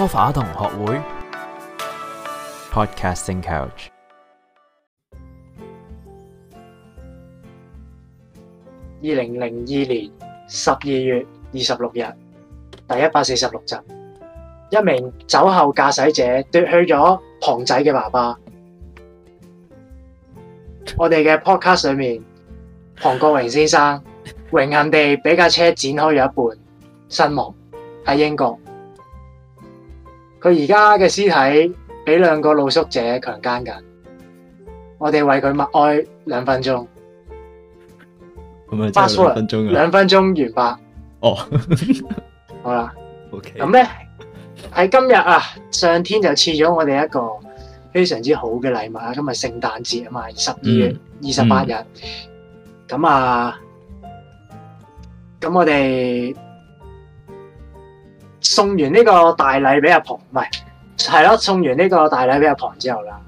科法同學會 Podcasting Couch，二零零二年十二月二十六日，第一百四十六集，一名酒後駕駛者奪去咗龐仔嘅爸爸。 我哋嘅 Podcast 上面，龐國榮先生，榮幸地俾架車剪開咗一半，身亡喺英國。佢而家嘅屍體俾兩個露宿者強奸緊，我哋為佢默哀兩分鐘。咁啊，花咗兩分鐘啊，兩分鐘完畢。哦、oh. 好啦，OK。咁咧喺今日啊，上天就賜咗我哋一個非常之好嘅禮物，聖誕節12、嗯嗯、啊！今日聖誕節啊嘛，十二月二十八日。咁啊，咁我哋。送完呢個大禮俾阿婆，唔係，係咯，送完呢個大禮俾阿婆之後啦，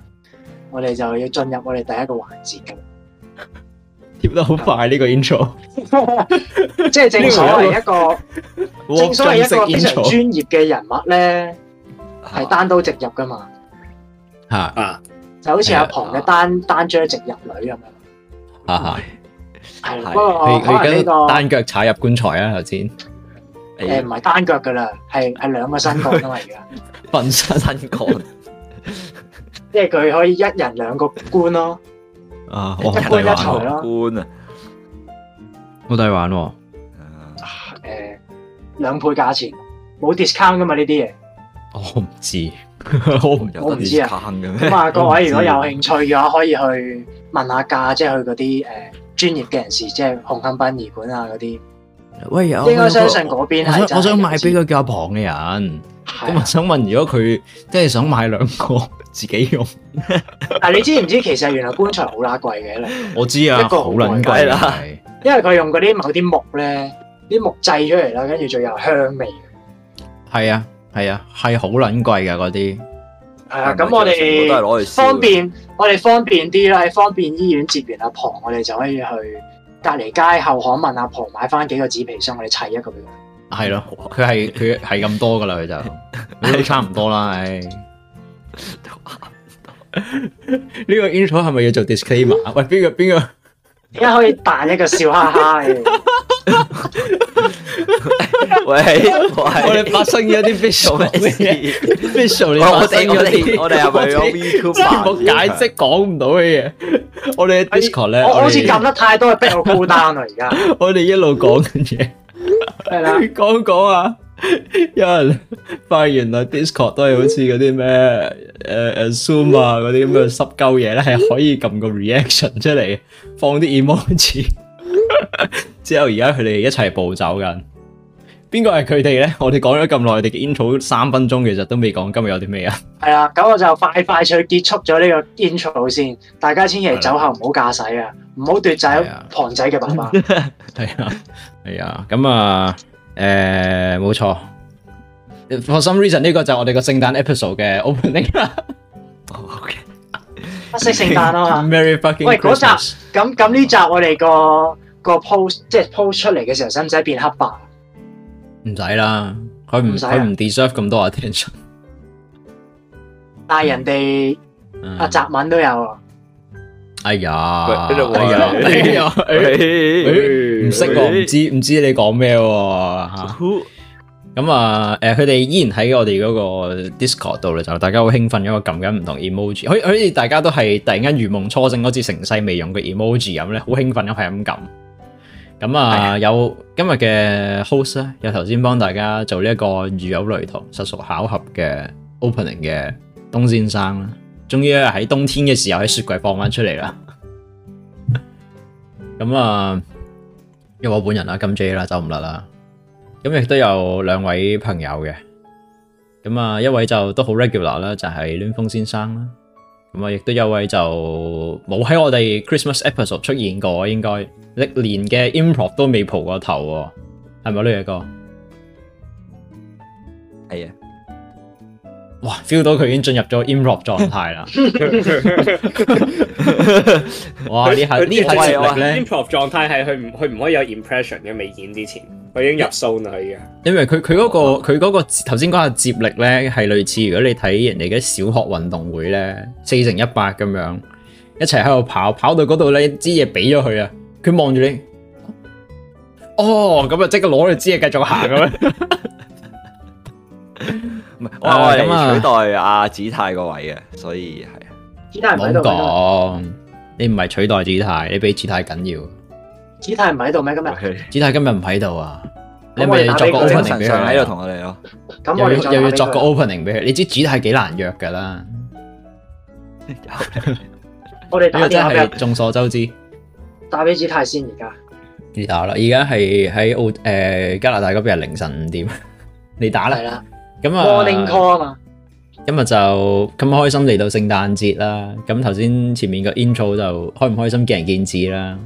我哋就要進入我哋第一個環節啦。跳得好快呢、嗯這個 intro， 即係正所謂一個正所謂一個非常專業嘅人物咧，係、啊、單刀直入噶嘛。吓吓，就好似阿婆嘅單、啊、單直入女咁樣。係、啊、係、嗯，你佢而家單腳踩入棺材啊，頭先。誒、欸，唔係單腳噶啦，係係兩個身份啊嘛，而 家身身份，即係佢可以一人兩個官咯，啊，我帶人去玩一官一才啊，我帶玩喎、啊，誒、呃，兩倍價錢，冇 discount 噶嘛呢啲嘢，我唔知，我唔知啊，咁 啊，各 位、嗯、如果有興趣嘅話，可以去問下價，即係去嗰啲誒專業嘅人士，即係紅磡殯儀館啊嗰啲。喂，有應該相信嗰邊。我想買俾個叫阿龐嘅人，咁、啊、我想問，如果佢即係想買兩個自己用，啊 你知唔知道其實原來棺材好乸貴嘅？我知道啊，一個好撚貴啦，因為佢用嗰啲某啲木咧，啲木製出嚟啦，跟住仲有香味。係啊係啊，係好撚貴噶嗰啲。係啊，咁、啊、我哋方便，我哋方便啲啦，方便，一點方便醫院接完阿龐，我哋就可以去。隔離街後巷問阿婆買翻幾個紙皮箱，我哋砌一個俾佢。係咯，佢係佢係咁多㗎啦，佢就都 差唔多啦。唉、哎，呢 個 intro 係咪要做 disclaimer？ 喂，邊個邊個？而家可以彈一個笑哈哈嘅。 喂，喂，我哋發生咗啲 visual 嘅事，visual，你我哋又唔係講 video 我解釋講唔到嘅嘢。我哋 Discord 咧，我好似撳得太多，逼我高單啦，而家。我哋一路講緊嘢，係啦，講講啊，有人發現原來 Discord 都係好似嗰啲咩誒誒 zoom 啊嗰啲咁嘅濕鳩嘢咧，係可以撳個 reaction 出嚟，放啲 emoji， 之後而家佢哋一齊暴走緊。邊個係佢哋咧？我哋講咗咁耐，哋嘅 intro 三分鐘，其實都未講今日有啲咩啊？係啦，咁我就快快脆結束咗呢個 intro 先。大家千祈酒後唔好駕駛啊，唔好奪走堂仔嘅爸爸。係 啊，係啊，咁啊，誒，冇、呃、錯。For some reason 呢個就係我哋個聖誕 episode 嘅 opening 啦。 OK。 黑色聖誕啊嘛。Merry fucking、Christmas. 喂，嗰集咁咁呢集我哋、嗰個、嗰個 post 即係 post 出嚟嘅時候，使唔使變黑白？唔使啦，佢唔佢唔 deserve 咁、so、多 attention 但人哋阿澤敏都有。哎呀，哎呀，哎呀，哎，呀哎，唔識喎，唔知唔知，知你講咩喎。咁啊，誒、啊，佢 哋、啊啊、依然喺我哋嗰個 Discord 度咧，就大家好興奮，咁樣撳緊唔同 emoji，好似好似大家都係突然間如夢初醒嗰次成世未用嘅 emoji 咁咧，好興奮咁係咁撳。咁啊，有今日嘅 host 呢，又頭先幫大家做呢一個如有雷同實屬巧合嘅 opening 嘅東先生啦，終於喺冬天嘅時候喺雪櫃放返出嚟啦。咁 啊，因為我本人啦，金車啦，走唔得啦。咁亦都有兩位朋友嘅，咁啊，一位就都好 regular 啦，就係暖風先生啦。咁啊，亦都有位就冇喺我哋 Christmas episode 出現過，應該歷年嘅 improv 都未蒲過頭，係咪呢個？係啊，哇，feel 到佢已經進入咗 improv 狀態啦！ 哇，呢下呢位 improv 狀態係佢唔佢唔可以有 impression 嘅，未演之前。我已經入數你嘅，因為佢佢嗰個佢、嗰個頭先嗰下接力咧，係類似如果你睇人哋嘅小學運動會咧，四乘一百咁樣，一齊喺度跑，跑到嗰度咧支嘢俾咗佢啊，佢望住你，哦，咁啊即刻攞住支嘢繼續行咁樣，唔 係、 嗯、我係取代阿、啊 啊啊、子泰個位嘅，所以係子泰唔喺度，唔講，你唔係取代子泰，你比子泰緊要。子太唔喺度咩？今日子太今日唔喺度啊！你咪作個 opening 俾佢。喺度同我哋咯。咁我又要作個 opening 俾佢。你知子太幾難約噶啦。打 我哋如果真係眾所周知，打俾子太先而家。而打啦，而家係喺澳誒、呃、加拿大嗰邊係凌晨五點。 你打啦。咁啊。Morning call 啊嘛。今日就咁開心嚟到聖誕節啦。咁頭先前面個 intro 就開唔開心見仁見智啦。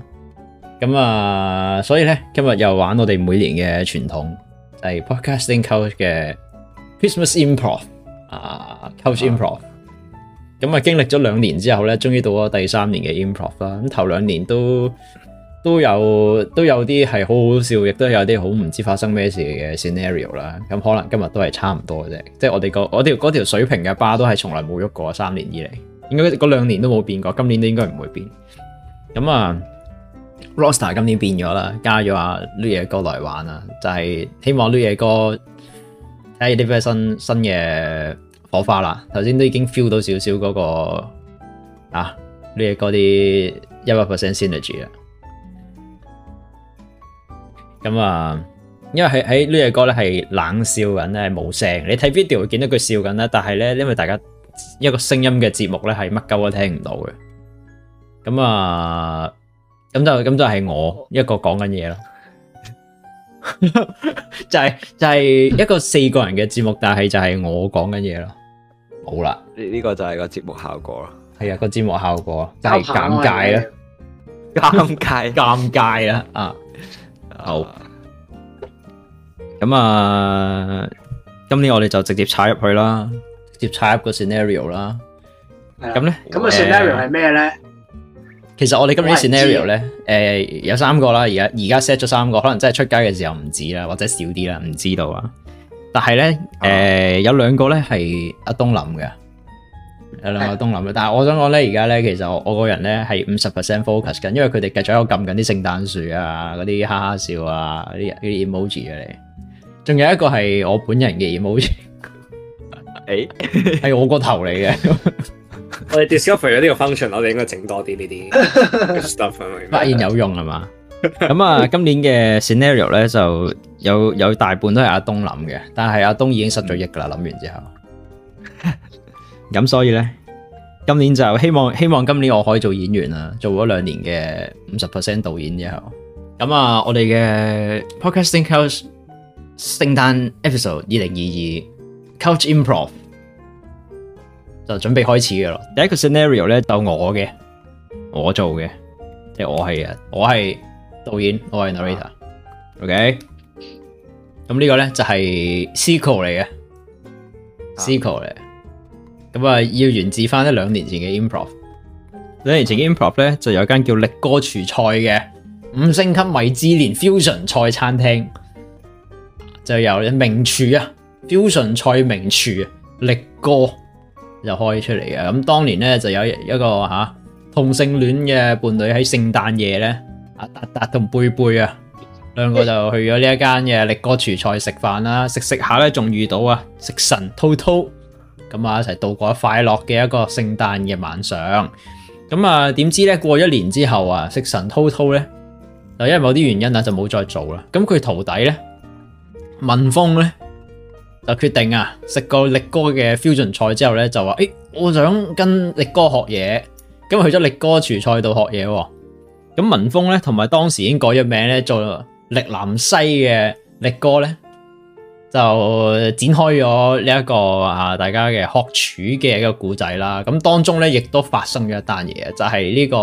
咁啊，所以咧今日又玩我哋每年嘅傳統，係、就係、Podcasting Coach 嘅 Christmas Improv 啊，Coach Improv。咁啊，improv, 經歷咗兩年之後咧，終於到咗第三年嘅 Improv 啦。咁頭兩年都都有都有啲係好好笑，亦都有啲好唔知發生咩事嘅 scenario 啦。咁可能今日都係差唔多啫，即、就、係、係、我哋個我條嗰條水平嘅 bar 都係從來冇喐過，三年以嚟，應該嗰兩年都冇變過，今年都應該唔會變。咁啊～Roster 今年變咗啦，加咗阿 Liu 嘢哥來玩啦，就係、是、希望 Liu 嘢哥開啲新新嘅火花啦。頭先都已經 feel 到少少嗰、那個啊 Liu 嘢哥啲一百 percent synergy 啦。咁啊，因為喺喺 Liu 嘢哥咧係冷笑緊咧，係冇聲。你睇 video 見到佢笑緊啦，但係咧因為大家一個聲音嘅節目咧係乜鳩都聽唔到嘅。咁啊。咁就咁就係我一個講緊嘢咯，就係就係一個四個人嘅節目，但係就係我講緊嘢咯。好啦，呢、呢、呢個就係個節目效果咯，係啊個節目效果就係尷尬啦，啊、 尷尬了 尷尬啦了 啊，好，咁啊，今年我哋就直接踩入去啦，直接踩入個 scenario 啦，咁咧，咁、咁個 scenario 係咩咧？其實我哋今日 scenario 咧，誒，有三個啦，而而家 set 咗三個，可能真係出街嘅時候唔止啦，或者少啲啦，唔知道啊。但係咧，誒有兩個咧係阿東林嘅，有兩個東林嘅。但係我想講咧，而家咧其實我我個人咧係五十 percent focus 緊，因為佢哋繼續喺度撳緊啲聖誕樹啊，嗰啲哈哈笑啊，啲啲 emoji 嚟。仲有一個係我本人嘅 emoji，誒係我個頭嚟嘅。 我哋 discover 咗呢個 function，我哋應該整多啲呢啲。發 現有用係嘛？咁 啊，今年嘅 scenario 咧就有有大半都係阿東諗嘅，但係阿東已經失咗憶噶啦，諗、嗯、完之後。咁 所以咧，今年就希望希望今年我可以做演員啦，做咗兩年嘅五十 percent 導演之後，咁啊，我哋嘅 Podcasting House 聖誕 episode 二零二二 Coach Improv，就準備開始嘅咯。第一個 scenario 呢，就我嘅，我做嘅，即、就、係、是、我係我係導演，我係 narrator。啊、OK，咁呢個呢，就係 circle 嚟嘅，circle 嚟。咁啊，啊，要源自翻一兩年前嘅 improv。兩年前嘅 improv 呢，就有一間叫力哥廚菜嘅五星級米芝蓮 fusion 菜餐廳，就由名廚啊，fusion 菜名廚力哥。就開出嚟嘅。咁當年咧就有一一個吓、啊、同性戀嘅伴侶喺聖誕夜咧，阿達達同貝貝啊，兩個就去咗、啊、呢一間嘅力哥廚菜食飯啦，食食下咧仲遇到啊食神滔滔，咁啊一齊度過快樂嘅一個聖誕嘅晚上，咁啊點知咧過一年之後啊食神滔滔咧，就因為某啲原因啊就冇再做啦，咁佢徒弟咧文峰咧，就決定啊！食過力哥嘅 fusion 菜之後咧，就話：，誒，我想跟力哥學嘢。咁去咗力哥廚菜度學嘢。咁文峰咧，同埋當時已經改咗名咧，做力南西嘅力哥咧，就展開咗呢一個啊，大家嘅學廚嘅一個故仔啦。咁當中咧，亦都發生咗一單嘢，就係、是這個、呢個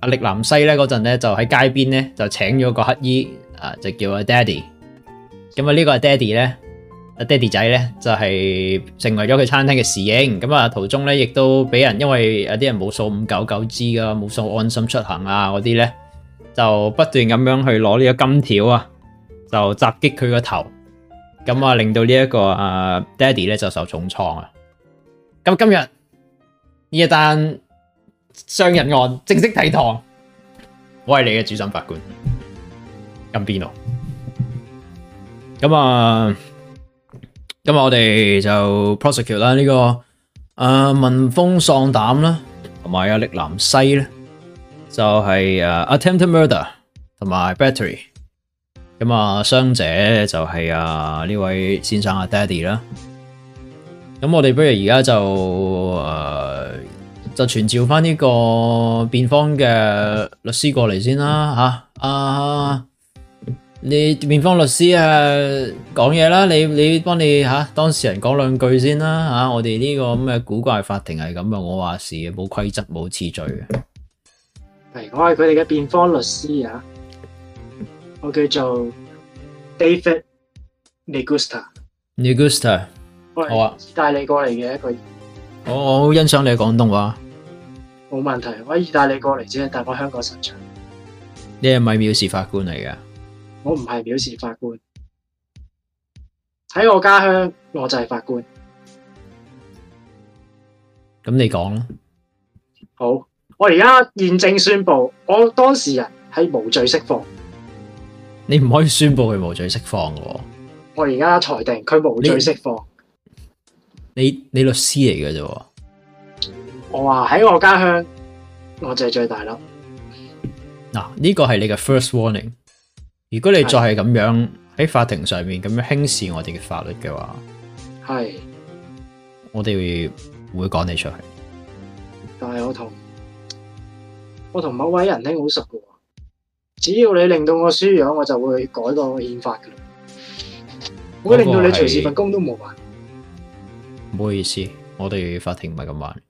阿力南西咧嗰陣咧，就喺街邊咧就請咗個乞衣啊，就叫阿 Daddy。咁啊，呢個阿 Daddy 咧。阿爹地仔咧就係、是、成為咗佢餐廳嘅侍應，咁啊途中咧亦都俾人，因為有啲人冇掃五九九支冇掃安心出行啊嗰啲咧，就不斷咁樣去攞呢個金條啊，就襲擊佢個頭，咁啊令到、這個、啊呢一個阿爹哋咧就受重創啊。咁今日呢一單傷人案正式提堂，我係你嘅主審法官，咁邊度？咁啊？今日我哋就 Prosecute 啦，呢、這個誒聞、啊、風喪膽啦，同埋阿力南西呢，就係、是 uh, attempt to murder 同埋 battery。咁啊，傷者就係啊呢位先生阿、啊、Daddy 啦。咁我哋不如而家就誒、啊、就傳召返呢個辯方嘅律師過嚟，先啦吓啊。啊你辯方律師啊，講嘢啦！你你幫你吓、啊、當事人講兩句先啦吓、啊！我哋呢個咁嘅古怪法庭係咁嘅，我話事嘅冇規則冇次序嘅。係，我係佢哋嘅辯方律師啊，我叫做 David Negusta。Negusta，好啊，意大利過嚟嘅一個人。我我好欣賞你嘅廣東話。冇問題，我喺意大利過嚟啫，但係我香港成長。你係咪藐視法官嚟嘅？我唔係藐視法官，喺我家鄉我就係法官。咁你講啦。好，我而家現正宣布，我當事人係無罪釋放。你唔可以宣布佢無罪釋放噶、哦。我而家裁定佢無罪釋放。你你，你律師嚟嘅啫。我話喺我家鄉我就係最大粒。嗱、啊，呢、這個係你嘅 first warning。如果你再係咁樣喺法庭上面咁樣輕視我哋嘅法律嘅話，係我哋會趕你出去。但係我同我同某位仁兄好熟嘅，只要你令到我輸樣，我就會改個憲法噶啦、那個，會令到你隨時份工都冇埋。唔好意思，我哋法庭唔係咁玩。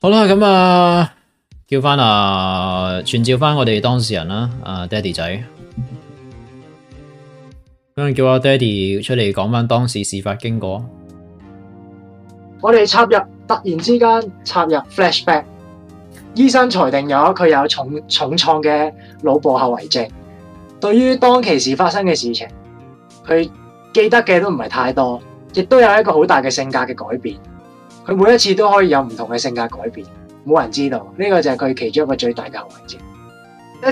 好啦，咁啊，叫翻啊，傳召翻我哋當事人啦，啊，爹哋仔。咁叫阿爹 y 出嚟講翻當時事發經過。我哋插入突然之間插入 flashback，醫生裁定咗佢有重重創嘅腦部後遺症。對於當其時發生嘅事情，佢記得嘅都唔係太多，亦都有一個好大嘅性格嘅改變。佢每一次都可以有唔同嘅性格改變，冇人知道呢、這個就係佢其中一個最大嘅遺症。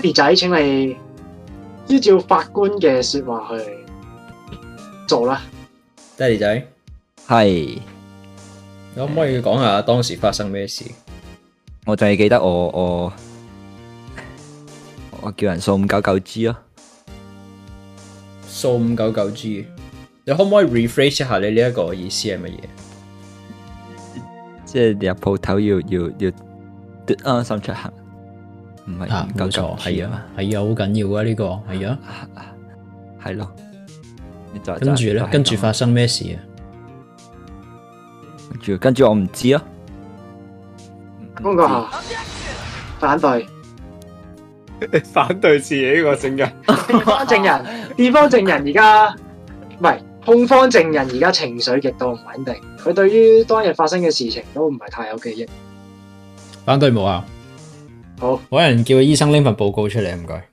爹 y 仔，請你依照法官嘅說話去。做啦，爹地仔，係，你可唔可以講下當時發生咩事？我淨係記得我我我叫人數五九九支啊，數五九九支，你可唔可以 refresh 下你呢一個意思係乜嘢？即係入鋪頭要要要安心、啊、出行，唔係啊？冇錯，係啊，係、這個、啊，好緊要啊！呢個係啊，係咯。跟住咧、就是，跟住發生咩事啊？跟住我唔知咯。告下，反對， 反對自己個性格。辯 方證人，辯方證人而家唔係控方證人，而家情緒極度唔穩定。佢對於當日發生嘅事情都唔係太有記憶。反對冇啊？好，冇人叫醫生拎份報告出嚟，唔該，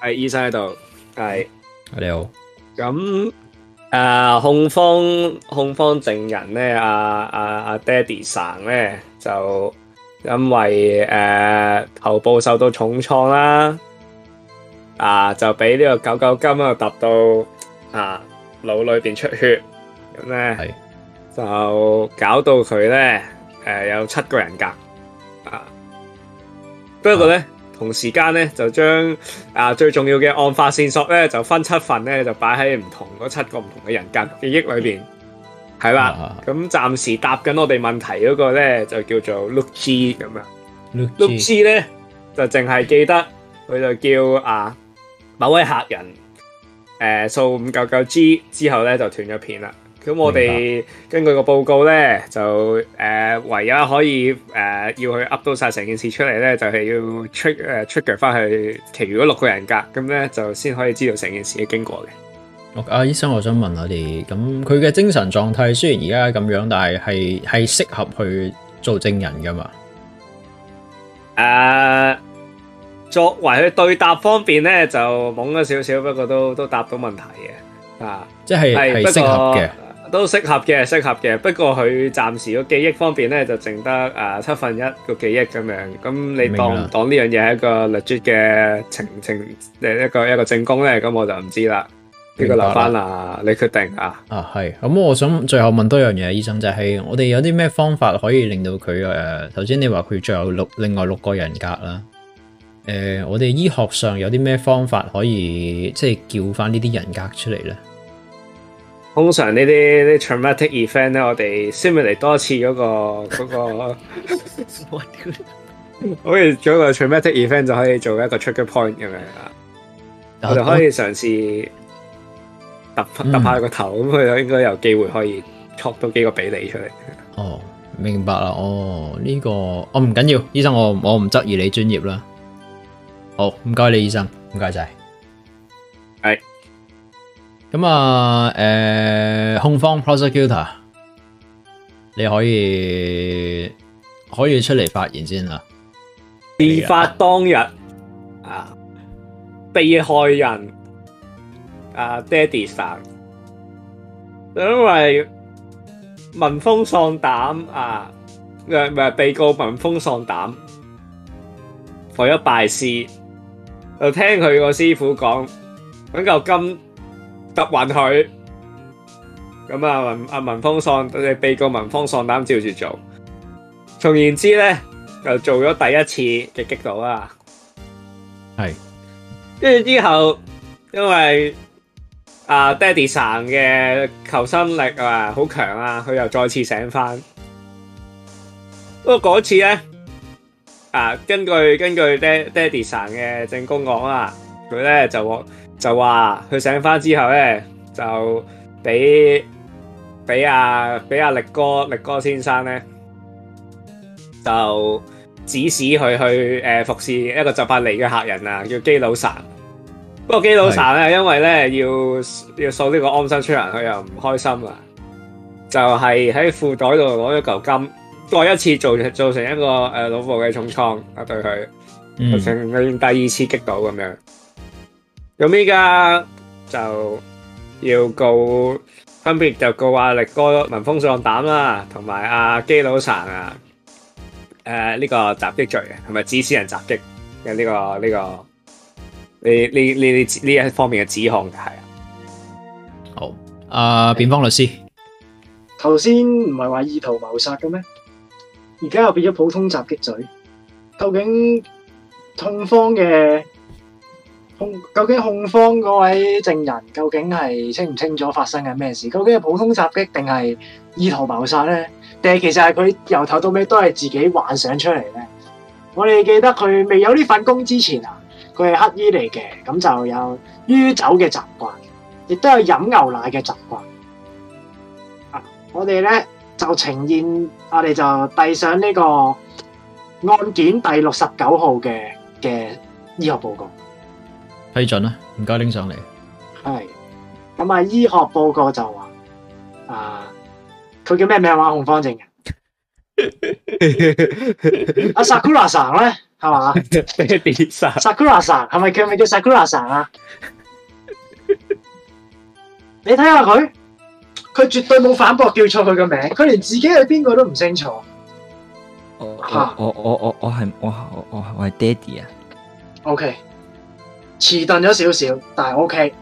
係醫生喺度。係，你好。咁誒，控方控方證人咧，阿阿阿爹哋成咧，就因為誒頭部受到重創啦，啊就俾呢個狗狗金啊揼到啊腦裏邊出血，咁咧就搞到佢咧誒有七個人格。啊，不過咧。同時間咧就將啊最重要嘅案發線索咧就分七份咧就擺喺唔同嗰七個唔同嘅人格記憶裏邊，係啦。咁、啊、暫時答緊我哋問題嗰個咧就叫做 Lucy 咁樣。Lucy 咧就淨係記得佢就叫啊某位客人、呃、數五九九 G 之後咧就斷咗片啦。咁我哋根據個報告咧，就誒、呃、唯一可以誒、呃、要去噏到晒成件事出嚟咧，就係要 trigger 誒 trigger 翻去，其餘嗰六個人格咁咧，就先可以知道成件事嘅經過嘅。阿、啊、醫生，我想問下你，咁佢嘅精神狀態雖然而家咁樣，但係係係適合去做證人噶嘛？誒、啊，作為佢對答方面咧，就懵咗少少，不過都都答到問題嘅。啊，即係係適合嘅。都適合嘅，適合嘅。不過佢暫時個記憶方面咧，就剩得誒七分一，的一個記憶咁樣。咁你當唔當呢樣嘢係一個律師嘅情情誒一個一個證供咧？咁我就唔知啦。呢個留翻啦，你決定啊。啊，係。咁、嗯、我想最後問多一樣嘢，醫生就係、是、我哋有啲咩方法可以令到佢誒？頭、啊、先你話佢仲有六另外六個人格啦。誒、啊，我哋醫學上有啲咩方法可以即係、就是、叫翻呢啲人格出嚟咧？通常呢啲 traumatic event 咧，我哋先嚟多次嗰個嗰個，那個、 好似做一個 traumatic event 就可以做一個 trigger point 咁樣，我們就可以嘗試揼揼下個頭，咁佢就應該有機會可以 cut 到幾個比例出嚟。哦，明白啦，哦，呢、這個我唔緊要，醫生我我唔質疑你專業啦。好，唔該你醫生，唔該晒。咁啊，誒、呃，控方 prosecutor，你可以可以出嚟發言先啦。事發當日啊，被害人阿、啊、爹哋生，因為聞風喪膽啊，啊，被告聞風喪膽，為咗拜師，就聽佢個師傅講搵嚿金。得允許，咁啊文啊文峰喪，被告文峰喪膽照住做。從言之咧，又做咗第一次嘅擊倒啦。係，跟住之後，因為阿 Daddy 神嘅求生力啊好強啊，佢又再次醒返。不過嗰次咧，啊根據根據 Daddy 神嘅證供講啦，佢咧就我。就話佢醒翻之後咧，就俾俾阿俾阿力哥力哥先生咧，就指使佢去、呃、服侍一個執法嚟嘅客人啊，叫基魯薩。不過基魯薩咧，因為咧要要掃呢個安身出人，佢又唔開心啊，就係喺褲袋度攞咗嚿金，再一次做成成一個誒腦部嘅重創啊，對佢，造成佢第二次擊倒咁樣。咁依家就要告，分別就告阿、啊、力哥聞風喪膽啦，同埋阿基魯臣啊，誒呢、啊啊呃這個襲擊罪係咪指使人襲擊嘅呢個呢、這個？你你你你呢一方面嘅指控係啊？好，啊、呃、辯方律師，頭先唔係話意圖謀殺嘅咩？而家又變咗普通襲擊罪，究竟控方嘅？究竟控方嗰位證人究竟係清唔清楚發生緊咩事？究竟係普通襲擊定係意圖謀殺呢？定係其實係佢由頭到尾都係自己幻想出嚟呢？我哋記得佢未有呢份工之前啊，佢係乞衣嚟嘅，咁就有酗酒嘅習慣，亦都有飲牛奶嘅習慣。我哋呢就呈現我哋就遞上呢個案件第六十九號嘅嘅醫學報告。批准啦，唔該拎上嚟。係，咁啊醫學報告就話，啊佢叫咩名話紅方正嘅。阿 Sakura-san 咧係嘛？爹地，Sakura-san 係咪叫咪叫 Sakura-san 啊？你睇下佢，佢絕對冇反駁叫錯佢個名，佢連自己係邊個都唔清楚。我我我我我係我我我係爹地啊。OK。遲鈍咗少少，但係 OK。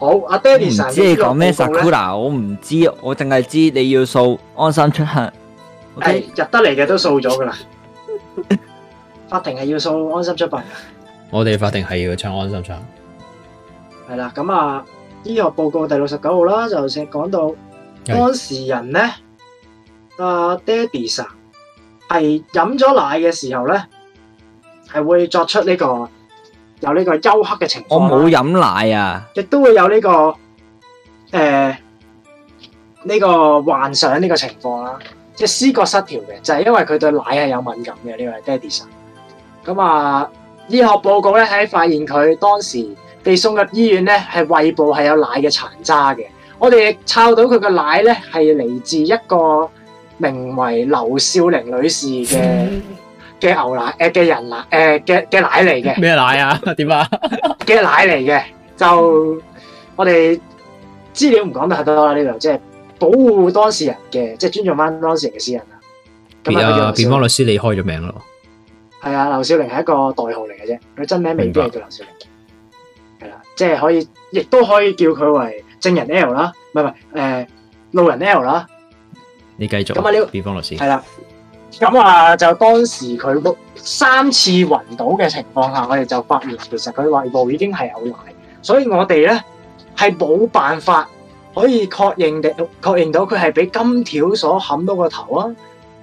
好，阿爹地神呢個報告咧，我唔知，我淨係知你要掃安心出行，係入得嚟，嘅都掃咗噶啦。法庭係要掃安心出行，我哋法庭係要唱安心唱，係啦。咁啊，醫學報告第六十九號啦，就講到當事人咧，阿爹地神係飲咗奶嘅時候咧，係會作出呢個。有呢個休克嘅情況，我冇飲奶啊，亦都會有呢、這個誒呢、呃這個幻想呢個情況啦，即、就、係、是、思覺失調嘅，就係、是、因為佢對奶係有敏感嘅呢位爹哋生。咁、這、啊、個，醫學報告咧喺發現佢當時被送入醫院咧，係胃部係有奶嘅殘渣嘅。我哋抄到佢嘅奶咧係嚟自一個名為劉少玲女士嘅。嘅牛奶，誒嘅人奶，誒嘅嘅奶嚟嘅。咩奶啊？點啊？嘅奶嚟嘅，就我哋資料唔講得太多啦呢度，即係保護當事人嘅，即係尊重翻當事人嘅私隱啦。咁啊，辯方律師你開咗名咯。係啊，劉少玲係一個代號嚟嘅啫，佢真名未必係叫劉少玲嘅。係啦，即係可以，亦都可以叫佢為證人 L 啦，唔係唔係，誒路人 L 啦。你繼續。咁啊，呢辯方律師。係啦。咁啊，就當時佢三次暈倒嘅情況下，我哋就發現其實佢胃部已經係有奶，所以我哋咧係冇辦法可以確認定確認到佢係俾金條所冚到個頭啊，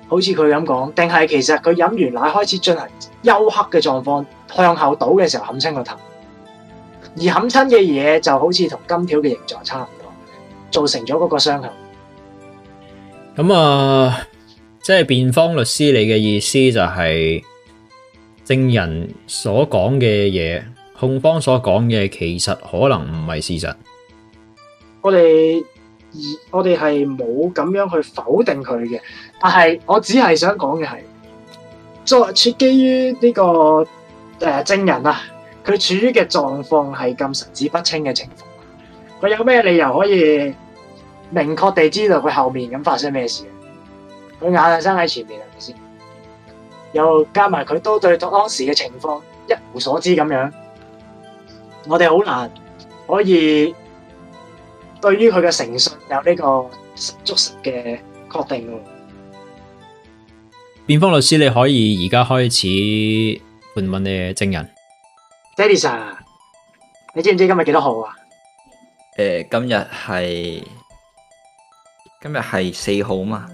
好似佢咁講，定係其實佢飲完奶開始進行休克嘅狀況，向後倒嘅時候冚親個頭，而冚親嘅嘢就好似同金條嘅形狀差唔多，造成咗嗰個傷口。咁啊～即係辯方律師，你嘅意思就係證人所講嘅嘢，控方所講嘅其實可能唔係事實。我們。我哋我哋係冇咁樣去否定佢嘅，但係我只係想講嘅係，作基於呢、這個誒、呃、證人啊，佢處於嘅狀況係咁神志不清嘅情況，佢有咩理由可以明確地知道佢後面咁發生咩事？佢眼係生喺前面，係咪先？又加埋佢都對當時嘅情況一無所知咁樣，我哋好難可以對於佢嘅誠信有呢個十足實嘅確定。辯方律師，你可以而家開始盤問你嘅證人。Daddy Sir，你知唔知今日幾多號啊？誒，今日係今日係四號嘛？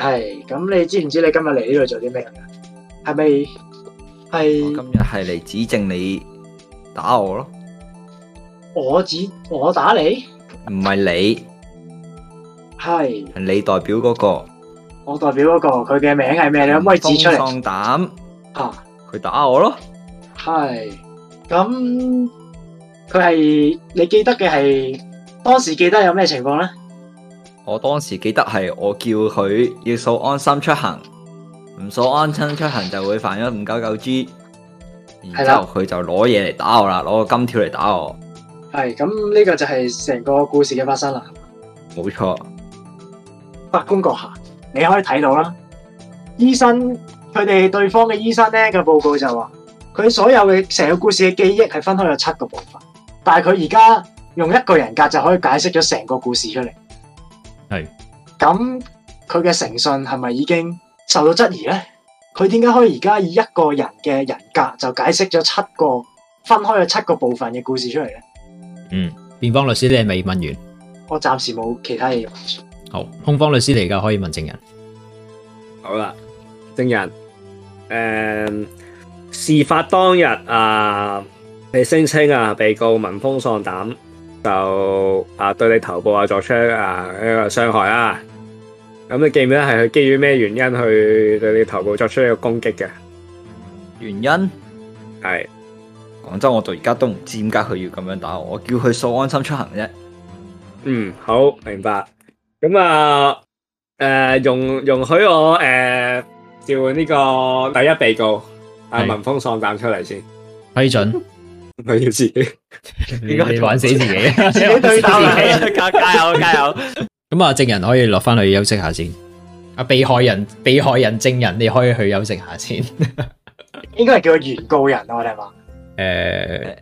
係，咁你知唔知你今日嚟呢度做啲咩噶？係咪係？我今日係嚟指證你打我咯。我指我打你？唔係你，係你代表嗰個。我代表嗰個，佢嘅名係咩？你可唔可以指出嚟？放膽吓，佢打我咯。係，咁佢係你記得嘅係當時記得有咩情況咧？我當時記得係我叫佢要掃安心出行，唔掃安心出行就會犯咗五九九 G，然之後佢就攞嘢嚟打我啦，攞個金條嚟打我。係，咁呢個就係成個故事嘅發生啦。冇錯，法官閣下，你可以睇到啦。醫生佢哋對方嘅醫生咧嘅報告就話佢所有嘅成個故事嘅記憶係分開有七個部分，但係佢而家用一個人格就可以解釋咗成個故事出嚟。係，咁佢嘅誠信係咪已經受到質疑咧？佢點解可以而家以一個人嘅人格就解釋咗七個分開咗七個部分嘅故事出嚟咧？嗯，辯方律師你係未問完？我暫時冇其他嘢。好，控方律師嚟㗎可以問證人。好啦，證人，誒、呃，事發當日啊，被、呃、你聲稱啊，被告聞風喪膽。就啊，對你頭部啊作出啊一個傷害啊。咁你記唔記得係佢基於咩原因去對你頭部作出一個攻擊嘅原因？係講真，我到而家都唔知點解佢要咁樣打我。我叫佢掃安心出行啫。嗯，好，明白。咁啊，誒、呃，容容許我誒、呃、召喚呢個第一被告阿文峰喪膽出嚟先。批准。我要自己，應 該玩死自己。對得起，加油加油。咁啊，證人可以落翻去休息下先。啊，被害人被害人證人，你可以去休息下先。應該係叫原告人咯，我哋話誒，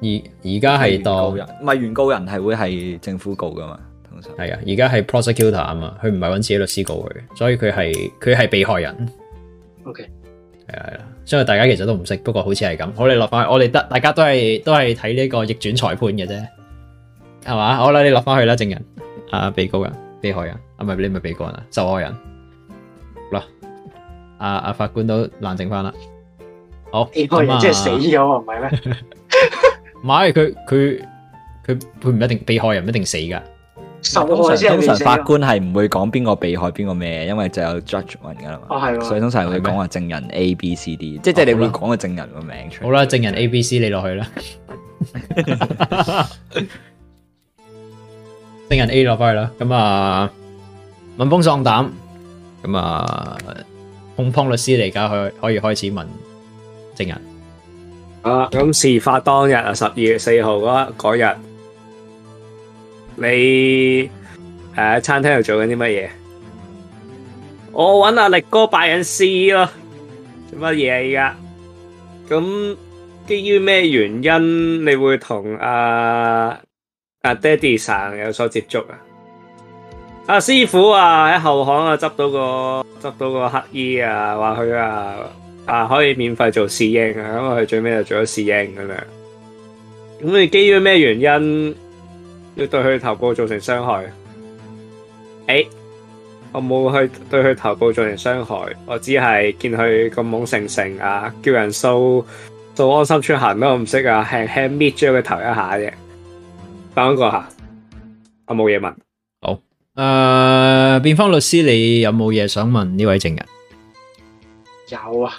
而而家係當唔係原告人，係會係政府告噶嘛？通常。係啊，而家係 prosecutor 啊嘛，佢唔係揾自己律師告佢，所以佢係佢係被害人。O K，係啊。所以大家其實都唔識，不過好似係咁。好，你落翻去，我哋大家都係都係睇呢個逆轉裁判嘅啫，係嘛？好了，你落翻去啦，證人、啊、被告人、被害人，啊咪你咪被告人受害人啦。阿、啊啊、法官都冷靜翻啦。好，被害人即係、就是、死咗，唔係咩？唔 係， 佢佢佢佢唔一定，被害人唔一定死㗎。嗯、通，常通常法官係唔會講邊個被害邊個咩，因為就有 judgement 噶啦嘛、啊啊，所以通常會講話證人 A、B C, D、哦、C、D，即係即係你會講個證人個名出嚟。好啦，證人 A、B、C 你落去啦， 證人 A 落翻去啦。咁啊，聞風喪膽，咁啊，控方律師嚟噶，可可以開始問證人。啊，咁事發當日啊，十二月四號嗰日。你喺餐廳度做緊啲乜嘢？我揾阿力哥拜緊師咯，做乜嘢而家？咁基於咩原因你會同阿阿爹地神有所接觸啊？阿師傅啊，喺後巷啊執到個執到個乞衣啊，話佢啊啊可以免費做侍應，咁啊佢最尾就做咗侍應咁樣。咁你基於咩原因，要對佢頭部造成傷害？誒、欸，我冇去對佢頭部造成傷害，我只係見佢咁懵盛盛啊，叫人掃做安心出行都唔識啊，輕輕搣咗佢頭一下啫。法官閣下，我冇嘢問。好，誒，辯方律師，你有冇嘢想問呢位證人？有啊，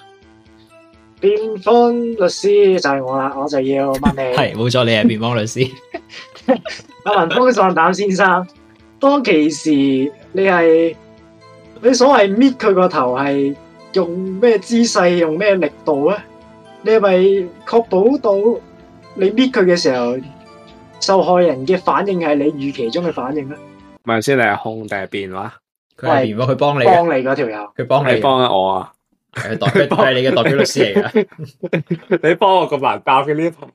辯方律師就係我啦，我就要問你。係， 冇錯，你係辯方律師。 阿文風喪膽先生，當其時你係你所謂搣佢個頭係用咩姿勢、用咩力度咧？你係咪確保到你搣佢嘅時候，受害人嘅反應係你預期中嘅反應咧？唔係先，你係控定係辯話？佢係個佢幫你幫你嗰條友，佢幫你幫緊我啊！係代表，係你嘅代表律師嚟嘅。你幫我個文包嘅呢 part。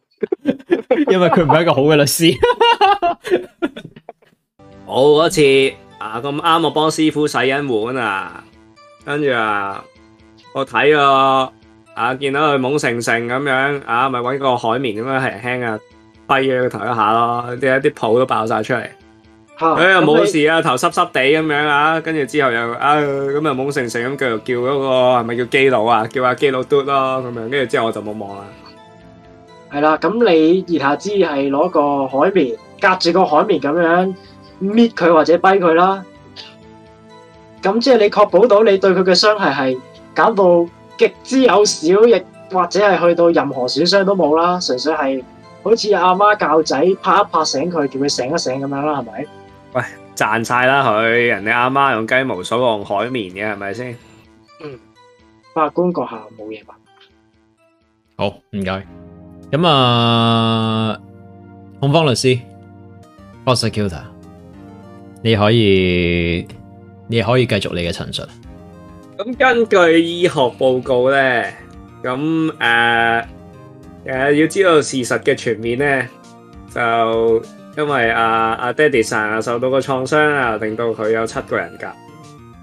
因為佢唔係一個好嘅律師。我嗰次啊咁啱我幫師傅洗緊碗啊，跟住啊我睇個啊見到佢懵成成咁樣啊，咪搵個海綿咁樣輕輕啊，弊咗佢頭一下咯，啲一啲泡都爆晒出嚟。佢又冇事啊，頭濕濕地咁樣啊，跟住之後又啊咁又懵成成咁，繼續叫嗰個係咪叫基佬啊？叫阿基佬嘟咯，咁樣跟住之後我就冇望啦。係啦，咁你熱下之係攞個海綿隔住個海綿咁樣搣佢或者逼佢啦。咁即係你確保到你對佢嘅傷係係減到極之有少，亦或者係去到任何損傷都冇啦。純粹係好似阿媽教仔拍一拍醒佢，叫佢醒一醒咁樣啦，係咪？喂，賺晒啦佢，人哋阿媽用雞毛掃，用海綿嘅係咪先？嗯，法官閣下冇嘢問。好，唔該。咁啊，控方律師，Prosecutor，你可以，你可以繼續你嘅陳述。咁根據醫學報告呢咁，誒、啊啊、要知道事實嘅全面呢，就因為阿阿爹地受到個創傷啊，令到佢有七個人格。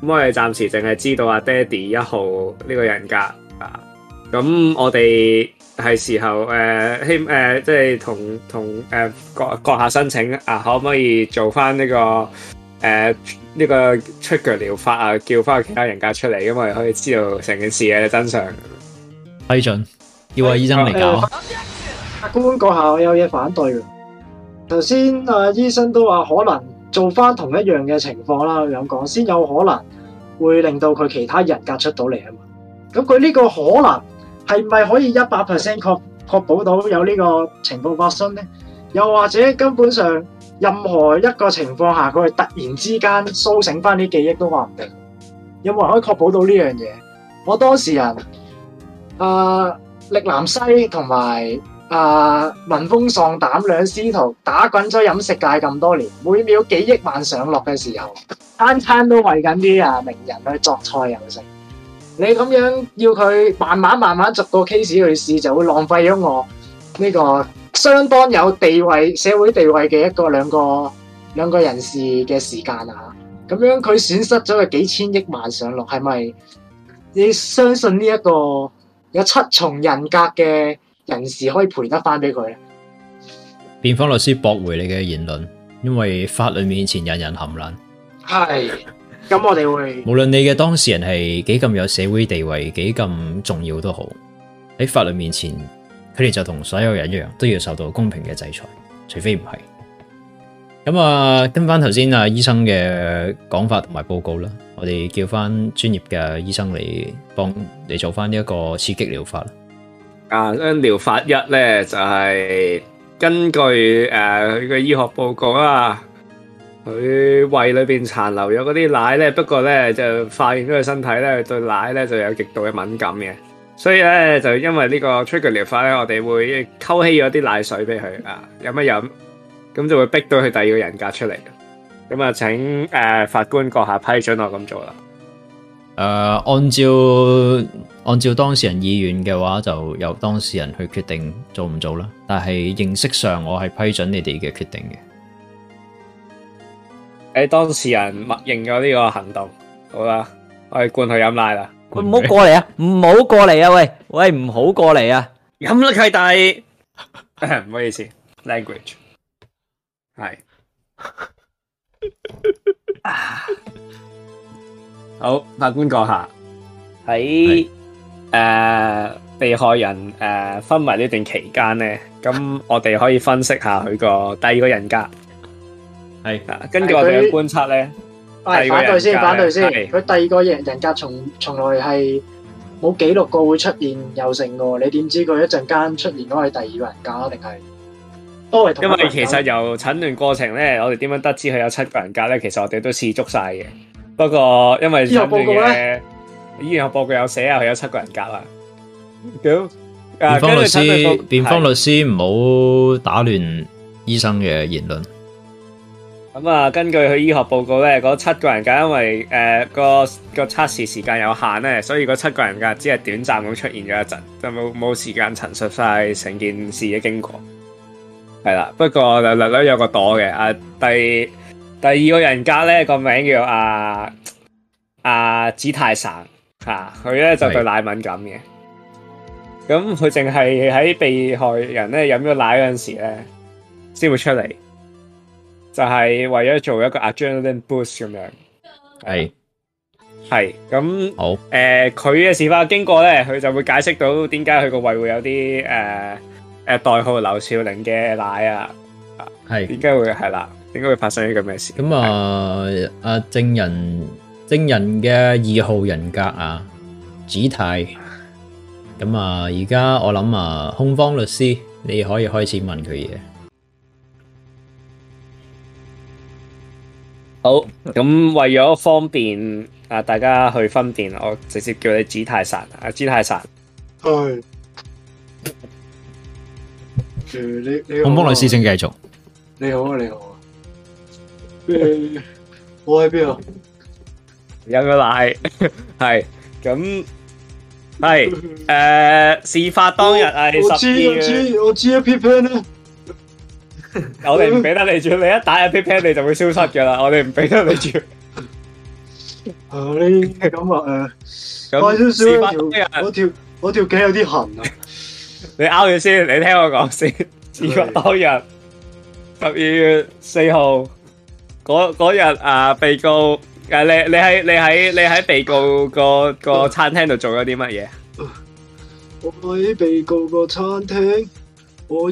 咁我哋暫時淨係知道阿爹地一號呢個人格啊。咁我哋。係時候誒，希、呃、誒、呃，即係同同誒、呃，各各下申請啊，可唔可以做翻、這、呢個誒，呢、呃這個出腳療法啊，叫翻其他人格出嚟，因為可以知道成件事嘅真相。批准要啊，醫生嚟搞。法官閣下，我有嘢反對。頭先啊，醫生都話可能做翻同一樣嘅情況啦，咁講先有可能會令到佢其他人格出到嚟啊嘛。咁佢呢個可能。係咪可以一百 percent 確確保到有呢個情報發生呢？又或者根本上任何一個情況下，佢突然之間甦醒翻啲記憶都話唔定。有冇人可以確保到呢樣嘢？我當事人啊，力南西同埋啊聞風喪膽兩師徒打滾咗飲食界咁多年，每秒幾億萬上落嘅時候，餐餐都為緊啲啊名人去作菜又食。你咁樣要佢慢慢慢慢逐個 case 去試，就會浪費咗我呢個相當有地位，社會地位嘅一個、兩個、兩個人士嘅時間啊！咁樣佢損失咗佢幾千億萬上落，係咪你相信呢一個有七重人格嘅人士可以賠得翻俾佢咧？辯方律師駁回你嘅言論，因為法律面前人人含撚。係。咁我哋會無論你嘅當事人係幾咁有社會地位，幾咁重要都好，喺法律面前，佢哋就同所有人一樣，都要受到公平嘅制裁，除非唔係。咁啊，跟翻頭先啊醫生嘅講法同埋報告啦，我哋叫翻專業嘅醫生嚟幫你做翻一個刺激療法啊，療法一呢，就係根據誒佢嘅醫學報告啊。佢胃裏邊殘留咗嗰啲奶咧，不過咧就發現咗佢身體咧對奶咧就有極度嘅敏感嘅，所以咧就因為呢個 trigger 療法咧，我哋會溝稀咗啲奶水俾佢啊，飲一飲，咁就會逼到佢第二個人格出嚟。咁啊，請、呃、誒法官閣下批准我咁做啦。誒、uh，按照按照當事人意願嘅話，就由當事人去決定做唔做啦。但係認識上，我係批准你哋嘅決定嘅。喺當事人默認咗呢個行動，好啦，我哋灌佢飲奶啦。喂，唔好過嚟啊！唔好過嚟啊！喂喂，唔好過嚟啊！飲力太大，唔好意思，language 係。好，法官講下喺誒被害人誒昏迷呢段期間咧，咁我哋可以分析下佢個第二個人格。係，根據我哋嘅觀察咧。係反對先，反對先。佢第二個人人格從從來係冇記錄過會出現又成噶，你點知佢一陣間出現都係第二個人格，定係都係同？因為其實由診斷過程咧，我哋點樣得知佢有七個人格咧？其實我哋都試足晒嘅。不過因為入報告咧，醫學報告有寫啊，佢有七個人格啊。咁辯方律師，辯方律師唔好打亂醫生嘅言論。咁啊，根據佢醫學報告咧，嗰七個人格因為誒、呃嗰個、嗰個測試時間有限咧，所以嗰七個人格只係短暫咁出現咗一陣，就冇冇時間陳述晒成件事嘅經過。係啦，不過略略略有個朵嘅啊，第第二個人格咧、嗰個名叫阿阿、啊啊、子太神嚇，佢、啊、咧就對奶敏感嘅，咁佢淨係喺被害人咧飲咗奶嗰陣時咧先會出嚟。就係為咗做一個 adrenaline boost 咁樣，係係咁好，佢嘅事發經過呢他佢就會解釋到點解佢個胃會有啲誒、呃、代號劉少玲嘅奶啊，係點解會係啦？點解會發生呢個咩事？咁啊，阿、呃、證人證人嘅二號人格啊，子泰，咁啊，而、呃、家我諗啊，控方律師你可以開始問佢嘢。好，咁為咗方便啊，大家去分辨，我直接叫你紫太神啊，紫太神係。你你好，洪峰律師，請繼續。你好啊，你好，你好 啊。我喺邊度？有個奶係咁係誒，事發當日啊。你，我知我知，我知我哋唔俾得你住，你一打入啲 pen 你就會消失噶啦。我哋唔俾得你住。啊，啲感覺啊，我條我條我條頸有啲痕啊。你拗佢先，你聽我講先。二月當日，十二月四號嗰嗰日啊，被告誒，你你喺你喺你喺被告個個餐廳度做咗啲乜嘢？我喺被告個餐廳，我。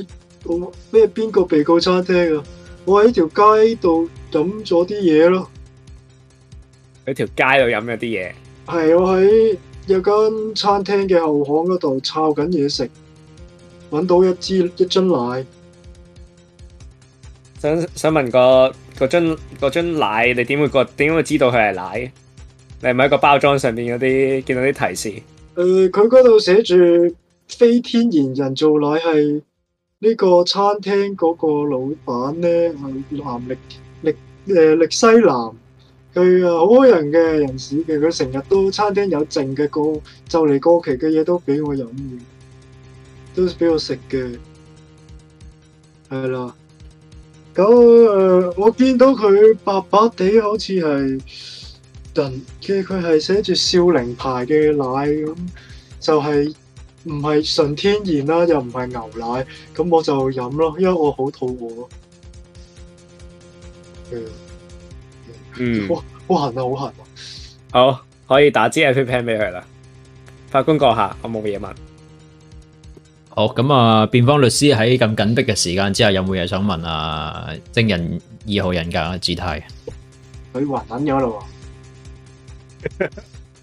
咩、哦？邊個被告餐廳啊？我喺呢條街度飲咗啲嘢咯。喺條街度飲咗啲嘢。係我喺有間餐廳嘅後巷嗰度抄緊嘢食，搵到一支一樽奶。想想問個樽樽奶，你點會個點會知道佢係奶？你係咪喺個包裝上面嗰啲見到啲提示？誒、呃，佢嗰度寫住非天然人造奶係。呢個餐廳嗰個老闆咧，係南力力誒力西南，佢啊，好好人嘅人士嘅，佢成日都餐廳有剩嘅，過就嚟，過期嘅嘢都俾我飲完，都俾我食嘅，係啦。咁誒，我見到佢白白地，好似係人嘅，佢佢係寫住少寧牌嘅奶咁，就係。唔係純天然啦，又唔係牛奶，咁我就飲咯，因為我好肚餓。嗯，嗯，好，好痕啊，好痕啊。好，可以打支 A 片俾佢啦。法官閣下，我冇嘢問。好，咁啊，辯方律師喺咁緊迫嘅時間之下，有冇嘢想問啊？證人二號人格姿態。佢話緊嘢咯。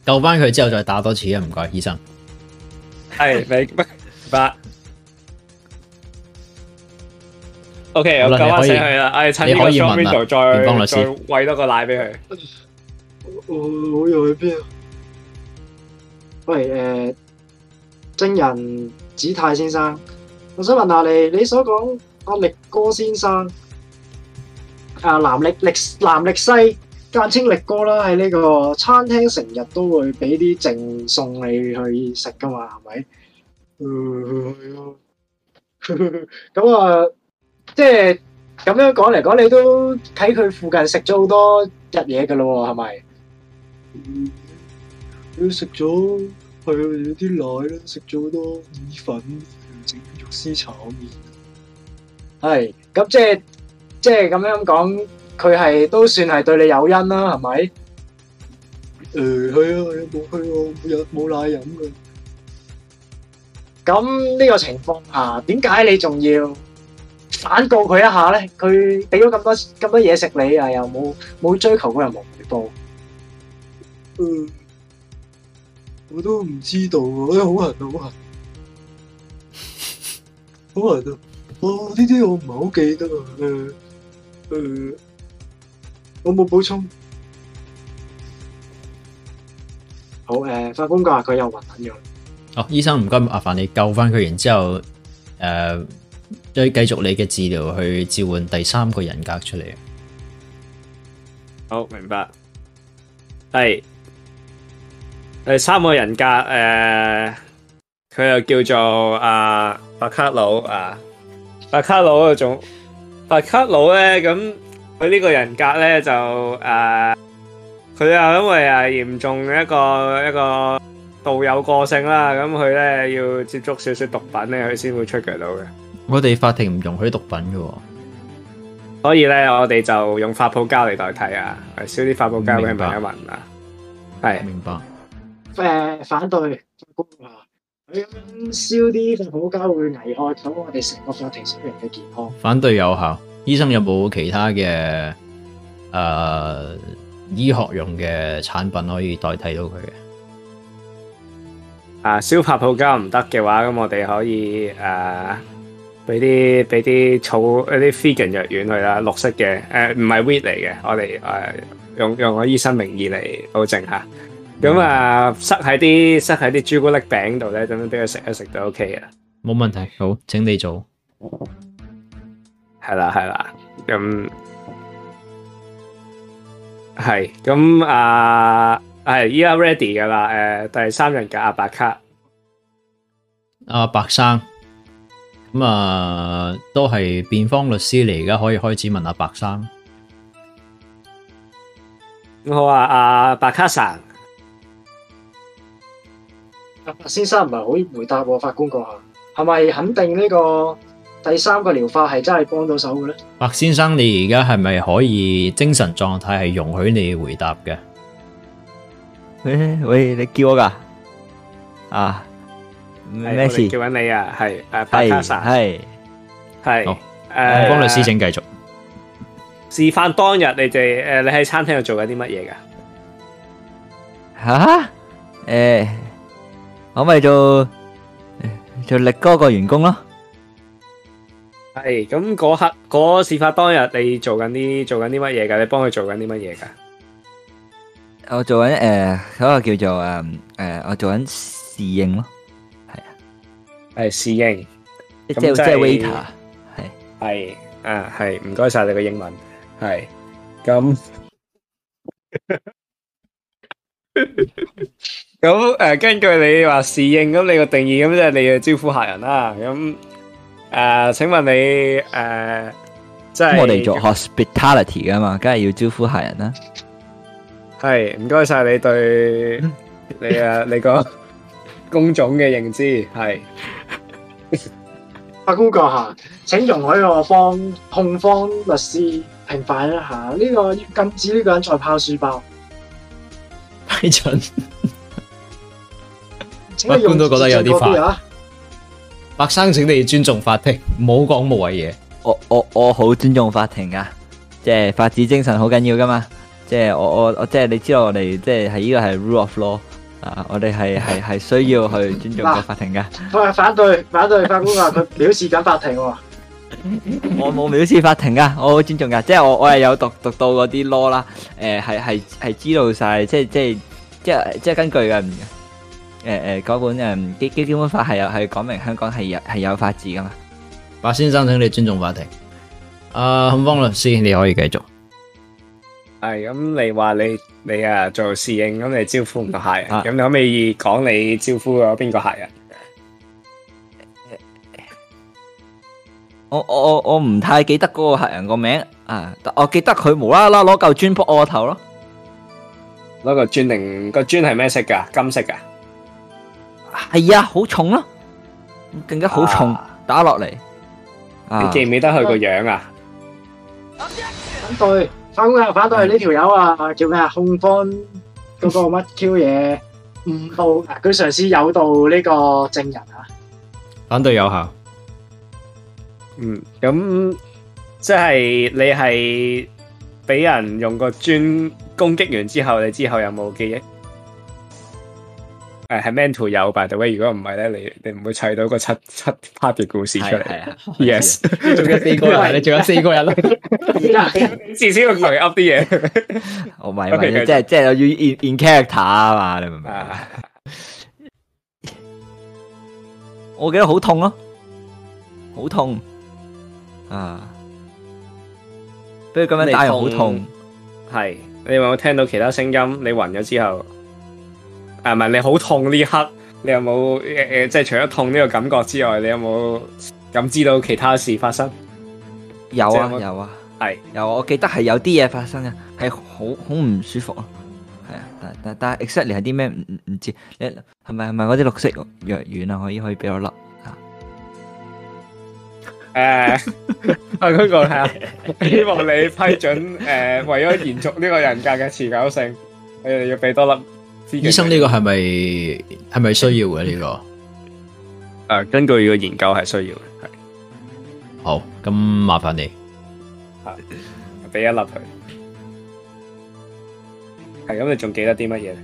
救翻佢之後，再打多次啊！唔該，醫生。係，你八，OK，我搞翻醒佢啦。哎，趁呢個窗邊度再再餵多個奶俾佢。我我又去邊啊？喂，誒，證人子泰先生，我想問下你，你所講阿力哥先生，阿南力力南力西。間清力哥啦，喺呢個餐廳成日都會俾啲剩餸你去食噶嘛，係咪？咁啊，即係咁樣講嚟講，你都喺佢附近食咗好多日嘢噶咯，係咪？你食咗係啊，有啲奶啦，食咗好多意粉、整肉絲炒麵。係，咁即係即係咁樣講。佢係都算係對你有恩啦，係咪？誒，係啊，冇去啊，冇飲，冇奶飲嘅。咁呢個情況啊，點解你仲要反告佢一下咧？佢俾咗咁多咁多嘢食你啊，又冇冇追求過，又冇回報？誒，我都唔知道啊，好痕啊，好痕，好痕啊！哦，呢啲我唔係好記得啊，誒，誒。我冇補充。好，誒、呃，法官話佢有混亂樣。哦，醫生唔該，麻煩你救翻佢，然之後誒、呃、再繼續你嘅治療，去召喚第三個人格出嚟。好，明白。係誒，第三個人格誒，佢、呃、又叫做阿巴、呃、卡魯啊，巴、呃、卡魯啊種，巴卡魯咧咁。佢呢個人格咧就誒，佢、呃、又因為誒嚴重一個一個道友個性啦，咁佢咧要接觸少少毒品咧，佢先會出劇到嘅。我哋法庭唔容許毒品噶，所以咧我哋就用發泡膠嚟代替啊，燒啲發泡膠俾佢聞一聞啊，係。明白。誒、呃，反對。佢咁樣燒啲發泡膠會危害到我哋成個法庭所有人嘅健康。反對有效。醫生有冇其他嘅誒、呃、醫學用嘅產品可以代替到佢嘅？啊，燒發泡膠唔得嘅話，咁我哋可以誒俾啲俾啲草一啲 Vegan 藥丸佢啦，綠色嘅誒唔係 weed 嚟嘅，我哋誒、啊、用用我醫生名義嚟保證吓。咁、嗯、啊塞喺啲塞喺啲朱古力餅度咧，等佢俾佢食一食都 OK 嘅。冇問題，好，請你做。係啦，係啦，咁係咁啊，係依家 ready 噶啦，誒、嗯嗯嗯，第三人嘅阿伯卡，阿、啊、白生，咁、嗯、啊，都係辯方律師嚟噶，可以開始問阿、啊、白生。好啊。阿、啊、白卡先生，阿白先生唔係好回答，法官閣下，係咪肯定呢、這個？第三個療法係真係幫到手嘅咧？白先生，你而家係咪可以精神狀態係容許你回答嘅？喂喂，你叫我噶？啊，咩事？叫緊你啊，係誒，阿卡莎，係係誒，光律師，請繼續。事發當日，你哋誒，你喺餐廳度做緊啲乜嘢噶？啊？誒，我咪做做力哥個員工咯。係咁嗰刻嗰事發當日，你做緊啲做緊啲乜嘢噶？你幫佢做緊啲乜嘢噶？我做緊誒嗰個叫做誒誒，我做緊侍應咯，係啊，係侍應，即係即係 waiter，係係啊係，唔該晒你個英文，係咁咁誒，根據你話侍應，咁你個定義咁即係你要招呼客人啦，咁。誒、呃，請問你誒，即、呃、係我哋做 hospitality 噶嘛，梗係要招呼客人啦。係，唔該晒你對你， 你，你啊，你個工種嘅認知係。法官閣下，請容許我方控方律師平反一下呢、這個禁止呢個人再拋書包。批准。法、 啊、官都覺得有啲快白生請你要尊重法庭，唔好講無謂嘢。我我我好尊重法庭噶，即係法治精神好緊要噶嘛。即係我我我即係你知道我哋即係喺呢個係 rule of law 啊，我哋係係係需要去尊重個法庭噶。我係反對反對法官話佢藐視緊法庭。我冇藐視法庭噶，我好尊重噶。即係我我係有讀讀到嗰啲 law 啦，誒係係係知道晒，即係即係即係即係根據噶。誒誒，嗰本誒基基基本法係有係講明香港係有係有法治噶嘛白先生，請你尊重法庭。啊，洪峰律師，你可以繼續。係咁，你話你你啊做侍應，咁你招呼唔到客人，咁你可唔可以講你招呼咗邊個客人？我我我我唔太記得嗰個客人個名啊，但我記得佢無啦啦攞嚿磚撲我個頭咯，攞個磚定個磚係咩色噶？金色噶。係、哎、啊，好重咯，更加好重、啊、打落嚟、啊。你記唔記得佢個樣啊？反對，反對，反對呢條友啊，嗯這個、叫咩啊？控方嗰個乜 Q 嘢五步，佢嘗試誘導呢個證人啊。反對有效。嗯，咁即係你係俾人用個磚攻擊完之後，你之後有冇記憶？係係 mental 有 by the way？但係如果唔係咧，你你唔會砌到個七七八八嘅故事出嚟。係啊，yes，仲有四個人，你仲有四個人咯。是時候再 up 啲嘢。哦，唔係唔係，即係即係要 in in character 啊嘛？你明唔明啊？我記得好痛咯，好痛啊！不如咁樣，你好痛。係，你有冇聽到其他聲音？你暈咗之後。係咪你好痛呢刻？你有冇誒誒，即、呃、係、呃、除咗痛呢個感覺之外，你有冇感知到其他事發生？有啊，就是、有，有，有啊，係有、啊。我記得係有啲嘢發生嘅，係好好唔舒服啊。係啊，但但但係 exactly 係啲咩？唔唔唔知。你係咪係咪嗰啲綠色藥丸啊？可以可以俾我粒啊？誒，嗰個係啊，希望你批准誒、呃，為咗延續呢個人格嘅持久性，我又要俾多粒。醫生，呢個係咪係咪需要嘅呢個？誒，根據個研究係需要嘅。好，咁麻煩你，係俾一粒佢。係咁，你仲記得啲乜嘢？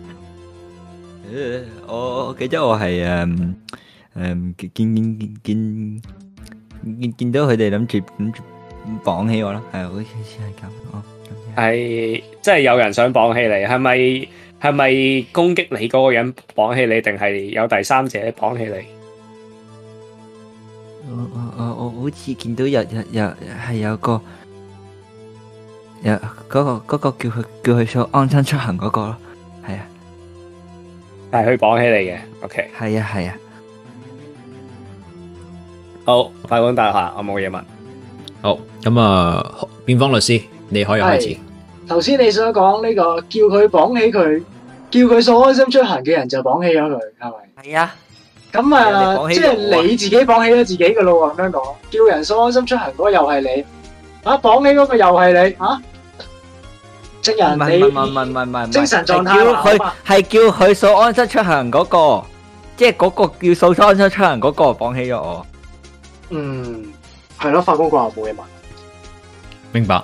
我記得我係誒誒，見見見見見到佢哋諗住綁起我啦。係，好似係咁啊。係，即係有人想綁起你，係咪？係咪攻擊你嗰個人綁起你，定係有第三者綁起你？我我我我好似見到有有有係有個有嗰個嗰個叫佢叫佢做安心出行嗰個，係啊，係佢綁起你嘅。O K，係啊係啊，好，法官大人，我冇嘢問。好，咁啊，辯方律師，你可以開始。頭先你想講呢個叫佢綁起佢，叫佢掃安心出行嘅人就綁起咗佢，係咪？係啊，咁啊，即係你自己綁起咗自己嘅咯，咁樣講，叫人掃安心出行嗰個又係你，啊，綁起嗰個又係你，啊，證人，你唔唔唔唔唔唔，精神狀態啊嘛，係叫佢掃安心出行嗰個，即係嗰個叫掃安心出行嗰個綁起咗我，嗯，係咯，法官閣下，冇嘢問，明白。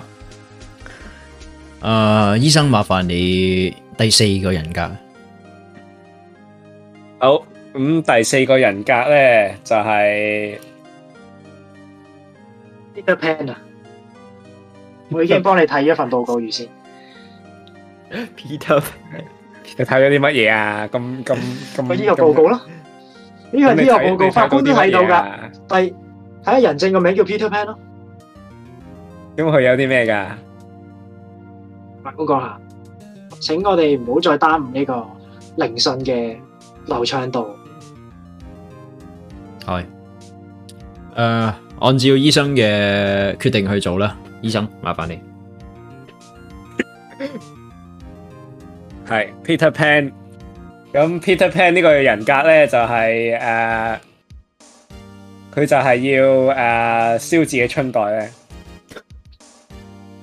誒，醫生麻煩你第四個人格。好，咁第四個人格咧就係 Peter Pan 啊。我已經幫你睇咗一份報告預先。Peter，你睇咗啲乜嘢啊？咁咁咁咁呢個醫學報告咯？呢個呢個醫學報告法官都睇到噶，係睇下人證個名叫 Peter Pan 咯。咁佢有啲咩噶？唔好下，請我哋唔好再耽誤呢個聆訊嘅流暢度。係，誒、uh,，按照醫生嘅決定去做啦。醫生，麻煩你。係 Peter Pan，咁 Peter Pan 呢個人格咧，就係、是、誒，佢、呃、就係要誒燒、呃、自己春袋咧，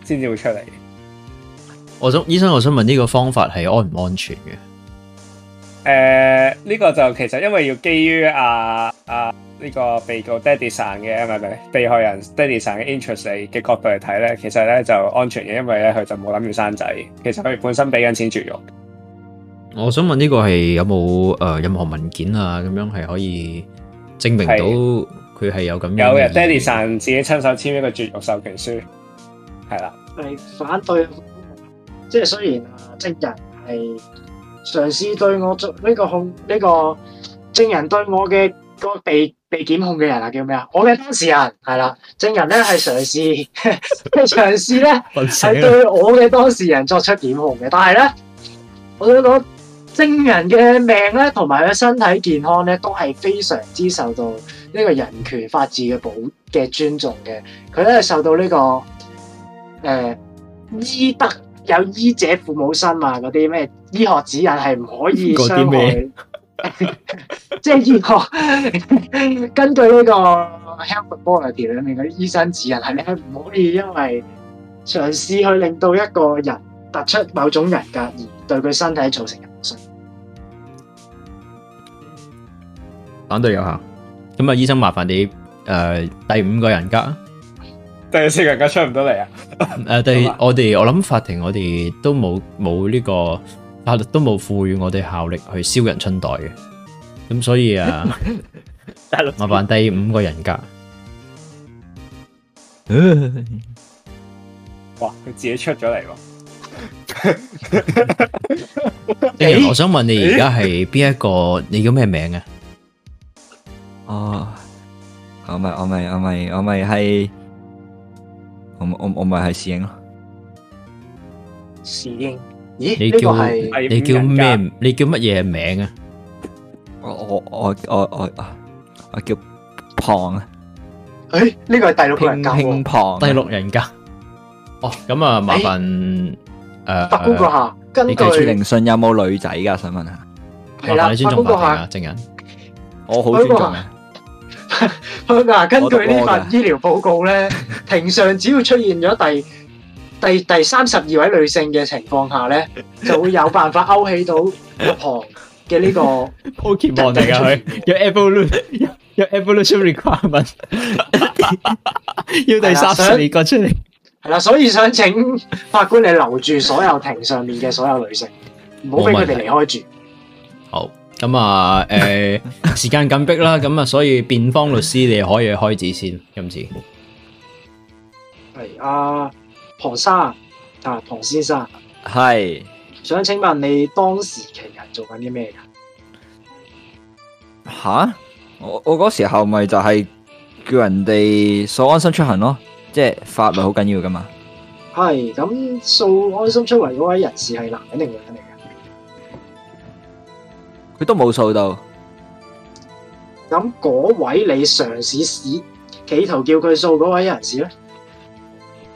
先至會出嚟。我想醫生，我想問呢個方法係安唔安全嘅？誒、呃、呢、這個就其實因為要基於啊，阿、啊、呢、這個被告 Daddison 嘅，係咪被害人 Daddison 嘅 interest 嘅角度嚟睇咧，其實咧就安全嘅，因為咧佢就冇諗住生仔，其實佢本身俾緊錢絕育。我想問呢個係有冇誒、呃、任何文件啊？咁樣係可以證明到佢係有咁樣的？有嘅，Daddison 自己親手簽一個絕育授權書，係啦，係反對。即係雖然啊，證人係嘗試對我做呢個控，呢、這個證人對我嘅個被被檢控嘅人啦、啊，叫咩啊？我嘅當事人係啦，證人咧係嘗試，係嘗試咧係對我嘅當事人作出檢控嘅。但係咧，我想講證人嘅命咧，同埋佢身體健康咧，都係非常之受到呢個人權法治嘅保嘅尊重嘅。佢咧係受到呢、這個誒、呃，醫德。有醫者父母心嘛？嗰啲咩醫學指引係唔可以傷害，即係醫學根據呢個 health quality 裏面嗰啲醫生指引係咧唔可以因為嘗試去令到一個人突出某種人格而對佢身體造成傷害。反對有效。咁啊，醫生麻煩你誒第五個人格啊！第四個人格出唔得嚟啊！ 啊我哋 我諗法庭我哋都冇冇呢個法律都冇賦予我哋效力去燒人春袋嘅，咁所以啊，麻 煩第五個人格， 哇！佢自己出咗嚟咯。欸，我想問你而家係邊一個？你叫咩名啊？哦，我咪我咪我咪我咪係。我我我咪係侍應咯，侍應，咦？呢個係你叫咩、這個？你叫乜嘢名啊？我我我我我啊，我叫龐啊。誒、欸，呢、這個係第六個人格喎。第六人格。哦，咁啊，麻煩誒、欸呃，特工閣下、呃，根據聆訊有冇女仔噶？想問下，係啦，特工閣下，證人，我好尊重、啊。嗱，根據呢份醫療報告咧，庭上只要出現咗第第第三十二位女性嘅情況下咧，就會有辦法勾起到日航嘅呢個 Pokemon 嚟噶，佢有 evolution，有 evolution requirement，要第三十二個出嚟，係啦，所以想請法官你留住所有庭上面嘅所有女性，唔好俾佢哋離開住。咁啊，誒、呃，時間緊迫啦，咁 啊，所以辯方律師你可以開始先，今次係啊，何生，啊，何先生係，想請問你當時其實做緊啲咩噶？吓，我我嗰時候咪就係叫人哋掃安心出行咯，即係法律好緊要噶嘛。係，咁掃安心出行嗰位人士係男定女嚟嘅？都冇數到，咁嗰位你嘗試試企圖叫佢數嗰位人士咧？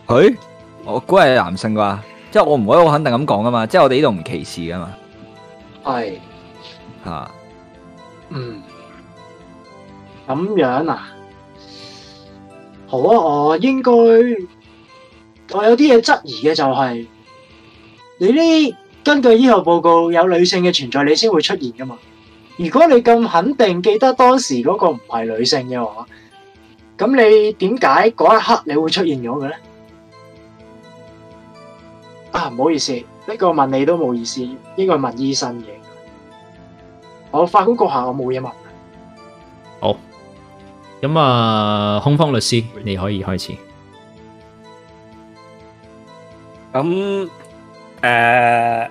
佢我估係男性啩，即係我唔會好肯定咁講噶嘛，即係我哋呢度唔歧視噶嘛。係吓，嗯，咁樣啊？好啊，我應該我有啲嘢質疑嘅就係你呢？根據醫學報告，有女性嘅存在，你先會出現噶嘛？如果你咁肯定記得當時嗰個唔係女性嘅話，咁你點解嗰一刻你會出現咗嘅咧？啊，唔好意思，呢個問你都冇意思，呢個問醫生嘅。我法官閣下，我冇嘢問。好，咁啊，控方律師，你可以開始。咁誒。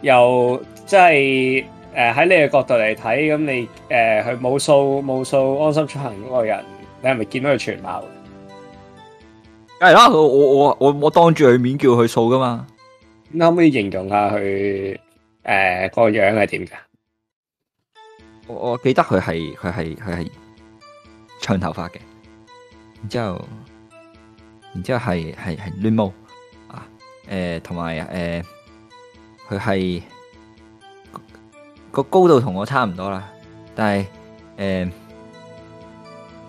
又即係誒，喺你嘅角度嚟睇，咁你誒，佢冇掃冇掃安心出行嗰個人，你係咪見到佢全貌？梗係啦，我我我我當住佢面叫佢掃噶嘛。你可唔可以形容下佢誒個樣係點噶？我我記得佢係佢係佢係長頭髮嘅，然之後，然之後係係係亂毛啊，誒，同埋誒。佢係個高度同我差唔多啦，但係誒、嗯，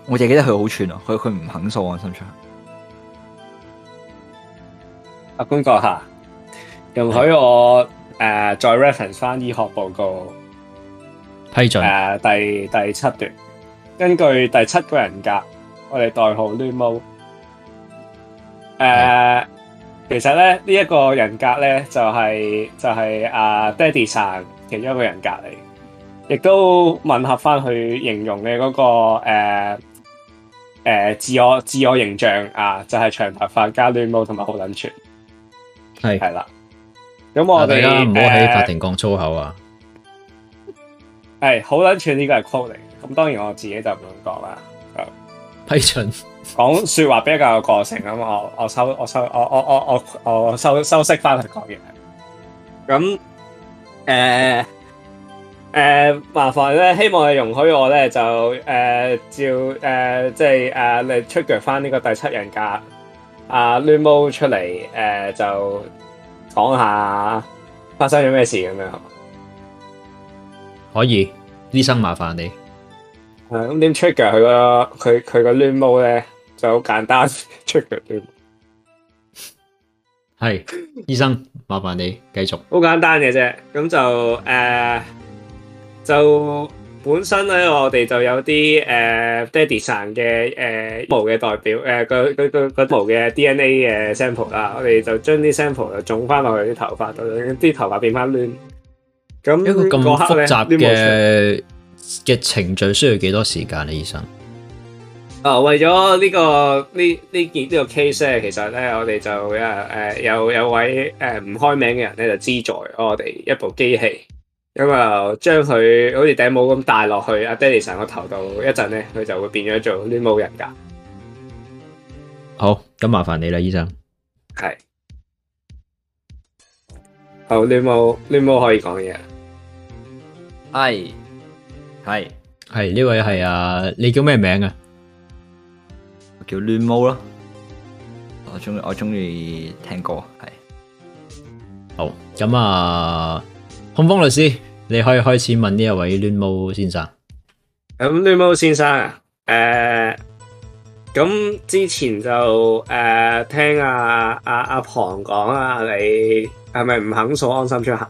我淨係記得佢好串哦，佢佢唔肯掃我身出。阿官閣下，容許我誒再 reference 翻醫學報告，批准誒、呃、第第七段，根據第七個人格，我哋代號亂毛誒。呃其實咧呢一，這個人格咧就係、是、就係、是、啊，爹地層其中一個人格嚟，亦都吻合翻去形容你嗰、那個誒誒、呃呃、自我自我形象啊，就係、是、長頭髮加亂毛同埋好撚串係係啦。咁我哋唔好喺法庭講粗口啊。係、呃、好撚串呢個係 call 嚟，咁當然我自己就唔會講啦。批准。講說話比較有過程，咁我我收我收我我我我我收收息翻去講嘢。咁誒誒麻煩咧，希望你容許我咧就誒、呃、照誒、呃、即係誒你出腳翻呢個第七人格，阿亂毛出嚟誒、呃、就講下發生咗咩事咁樣。可以，醫生麻煩你。誒咁點出腳佢個佢佢個亂毛咧？就好簡單出嘅添，係 醫生 麻煩你繼續。好簡單嘅啫，咁就誒、呃、就本身咧，我哋就有啲誒 Daddy 嘅誒毛嘅代表，誒、呃、佢，佢，佢，個毛嘅 DNA 嘅 sample 啦，我哋就將啲 sample 就種翻落去啲頭髮度，啲頭髮變翻攣。咁一個咁複雜嘅嘅程序需要幾多時間啊，醫生？啊，為咗呢個呢呢件呢個 case 咧，其實咧我哋就誒誒有有位誒唔開名嘅人咧就資助我哋一部機器，咁啊將佢好似頂帽咁戴落去阿戴利成個頭度，一陣咧佢就會變咗做暖帽人噶。好，咁麻煩你啦，醫生。係。好，暖帽，暖帽可以講嘢。係。係。係呢位係啊？你叫咩名啊？叫亂毛咯，我中我中意聽歌，係。好，咁啊！洪峰律師，你可以開始問呢一位亂毛先生。咁亂毛先生啊，誒、呃，咁之前就誒、呃、聽阿阿阿龐講啊，你係咪唔肯掃安心出行？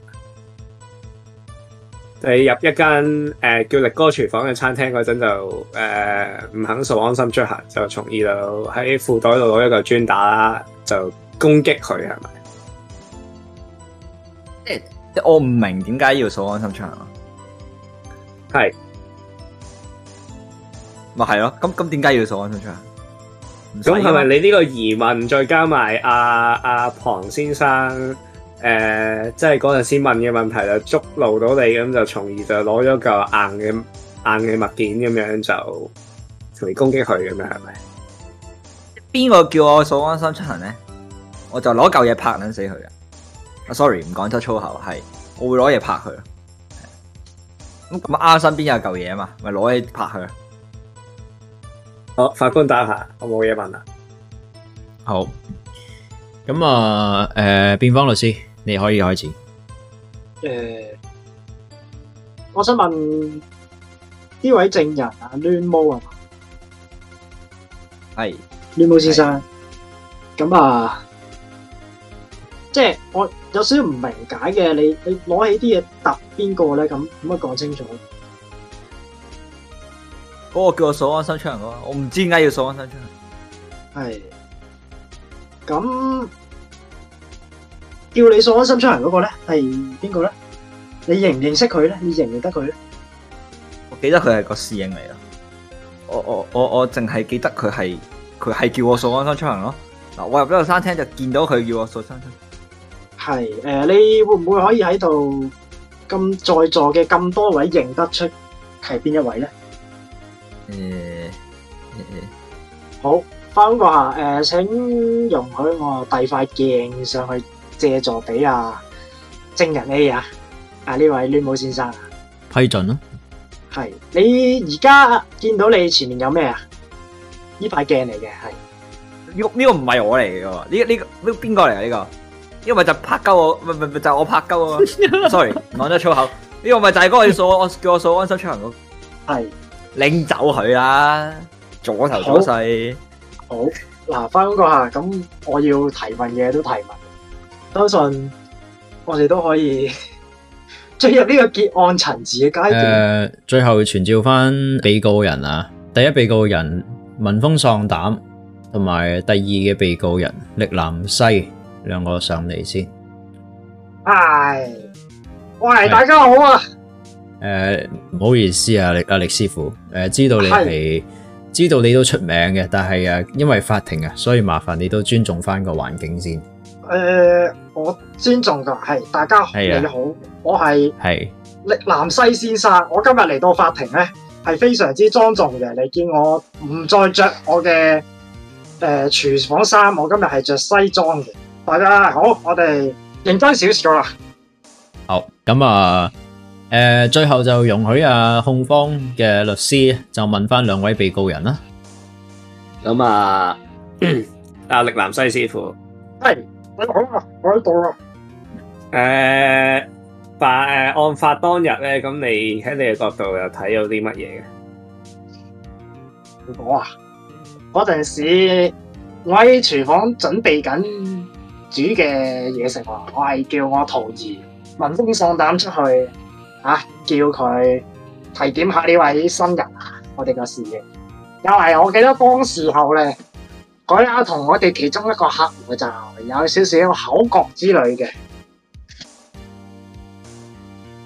你入一間誒、呃、叫 Nic 哥廚房嘅餐廳嗰陣就誒唔、呃、肯掃安心出行，就從二樓喺褲袋度攞一個磚打，就攻擊佢係咪？即即我唔明點解要掃安心出行啊？係，咪係咯？咁咁點解要掃安心出行？咁係咪你呢個疑問？再加埋阿阿龐先生。誒、呃，即係嗰陣時問嘅問題就捉漏到你，咁就從而就攞咗嚿硬嘅硬嘅物件咁樣就嚟攻擊佢咁樣係咪？邊個叫我掃安心出行咧？我就攞嚿嘢，拍捻死佢啊！啊，sorry，唔講得粗口，係我會攞嘢拍佢。咁咁啱身邊有嚿嘢啊嘛，咪攞嘢拍佢。好、哦、法官打下，我冇嘢問啦。好，咁啊，誒、呃，辯方律師。你可以開始。誒，我想問呢位證人啊，亂毛啊，係亂毛先生。咁啊，即係我有少少唔明解嘅，你你攞起啲嘢揼邊個咧？咁咁啊，講清楚。嗰個叫我掃安生出嚟噶嘛？我唔知點解要掃安生出嚟。係。咁。叫你掃安心出行嗰個咧係邊個咧？你認唔認識佢咧？你認唔認得佢？我記得佢係個侍應嚟啦。我我我我淨係記得佢係佢係叫我掃安心出行咯。嗱，我入咗個餐廳就見到佢叫我掃安心。係誒，你會唔會可以喺度咁在座嘅咁多位認得出係邊一位咧？誒，好，法官閣下誒，請容許我遞塊鏡上去。借助俾啊證人 A 啊啊呢位亂舞先生啊批准啦、啊、係你而家見到你前面有咩啊呢塊鏡嚟嘅係呢個唔係、呢個、我嚟嘅呢呢個邊、呢個嚟啊呢個咪、呢個呢個、就拍鳩我咪咪就、我拍鳩啊 sorry 講咗粗口呢個咪就係嗰、嗰個數我， 我叫我數安心出行左手左手個係拎走佢啦左頭左勢好嗱翻嗰個吓咁我要提問嘅都提問。相信我哋都可以進入呢個結案陳詞嘅階段，呃。最後傳召返被告人啊，第一被告人聞風喪膽，同埋第二嘅被告人力南西，兩個上嚟先。係、哎，喂，大家好啊。誒、呃，唔好意思啊，力阿力師傅，誒、呃，知道你係係知道你都出名嘅，但是因為法庭啊，所以麻煩你都尊重翻個環境先。誒、呃，我尊重噶，係大家好，你好，我係力南西先生，我今日嚟到法庭咧，係非常之莊重嘅。你見我唔再着我嘅誒廚房衫，我今日係着西裝嘅。大家好，我哋認真少少啦。好，咁啊，誒、呃，最後就容許阿、啊、控方嘅律師就問翻兩位被告人啦。咁啊，阿、 啊、力南西師傅係？好啊，我喺度啊。誒，但係，案發當日咧，咁你喺你嘅角度又睇到啲乜嘢嘅？我啊，嗰陣時我喺廚房準備緊煮嘅嘢食啊，我係叫我徒兒聞風喪膽出去吓、啊，叫佢提點下呢位新人啊，我哋個侍應，又係我記得當時候咧，改阿同我哋其中一個客戶就。有少少口角之類嘅，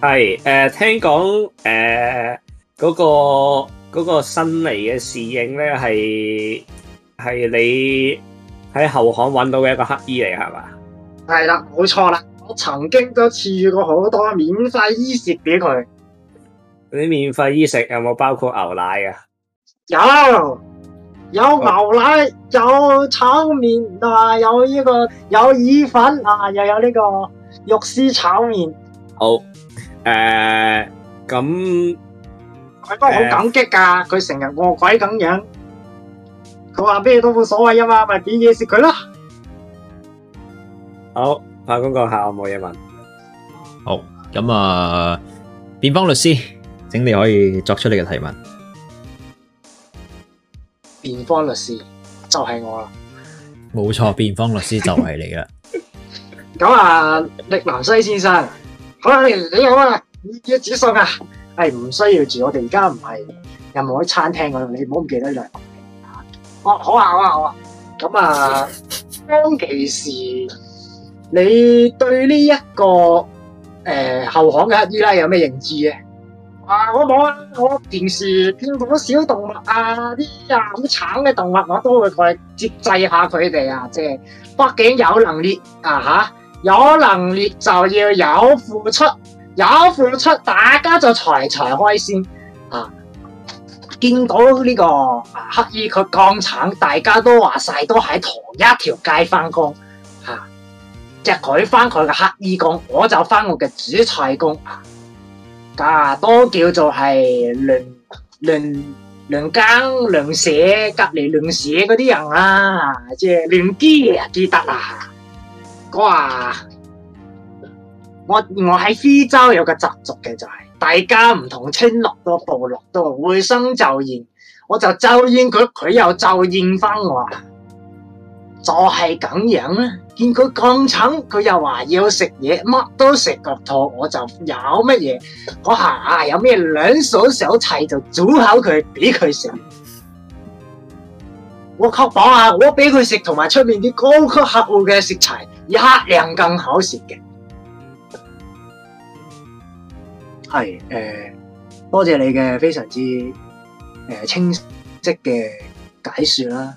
係、呃、誒聽講誒嗰個新嚟嘅侍應咧，係係你喺後巷揾到嘅一個乞衣嚟，係嘛？係啦，冇錯啦，我曾經都賜過好多免費衣食俾佢。你免費衣食有冇包括牛奶啊？有。有牛奶，有炒麵啊，有呢個有意粉啊，又有呢個肉絲炒麵。好，誒，咁佢都好感激噶，佢成日餓鬼咁樣，佢話咩都冇所謂啊嘛，咪點嘢食佢囉。好，阿公講下，我冇嘢問。好，咁啊，辯方律師，請你可以作出你嘅提問。辯方、就是、方律師就係我啦，冇錯，辯方律師就係你啦。咁啊，力南西先生， 好哎、啊，你好啊，要指數啊？哎，唔需要住，我哋而家唔係任何餐廳嗰度，你唔好唔記得啦。哦，好啊，好啊，好啊。咁啊，那啊 當其時，你對呢、這、一個誒、呃、後巷嘅乞兒咧有咩認知嘅？啊！我冇啊！我平時見到小動物啊，啲啊好慘嘅動物，我都會去接濟下佢哋啊。即係，畢竟有能力啊吓，有能力就要有付出，有付出大家就才才開先。啊！見到呢個啊乞衣佢咁慘，大家都話晒，都喺同一條街返工吓，即係佢返佢嘅乞衣工，我就返我嘅煮菜工都叫做係鄰鄰鄰間鄰舍，隔籬鄰舍嗰啲人啊，即係鄰居啊，記得啊，哥啊，我我喺非洲有個習俗嘅就係，大家唔同村落都部落都會生仇怨，我就仇怨佢，佢又仇怨返我，就係咁樣。見佢咁蠢，佢又話要食嘢，乜都食個妥，我就有乜嘢，我下有咩兩手手齊就煮好佢俾佢食。我確保啊，我俾佢食同埋出面啲高級客戶嘅食材，一樣更好食嘅。係，誒，多謝你嘅非常之誒清晰嘅解說啦。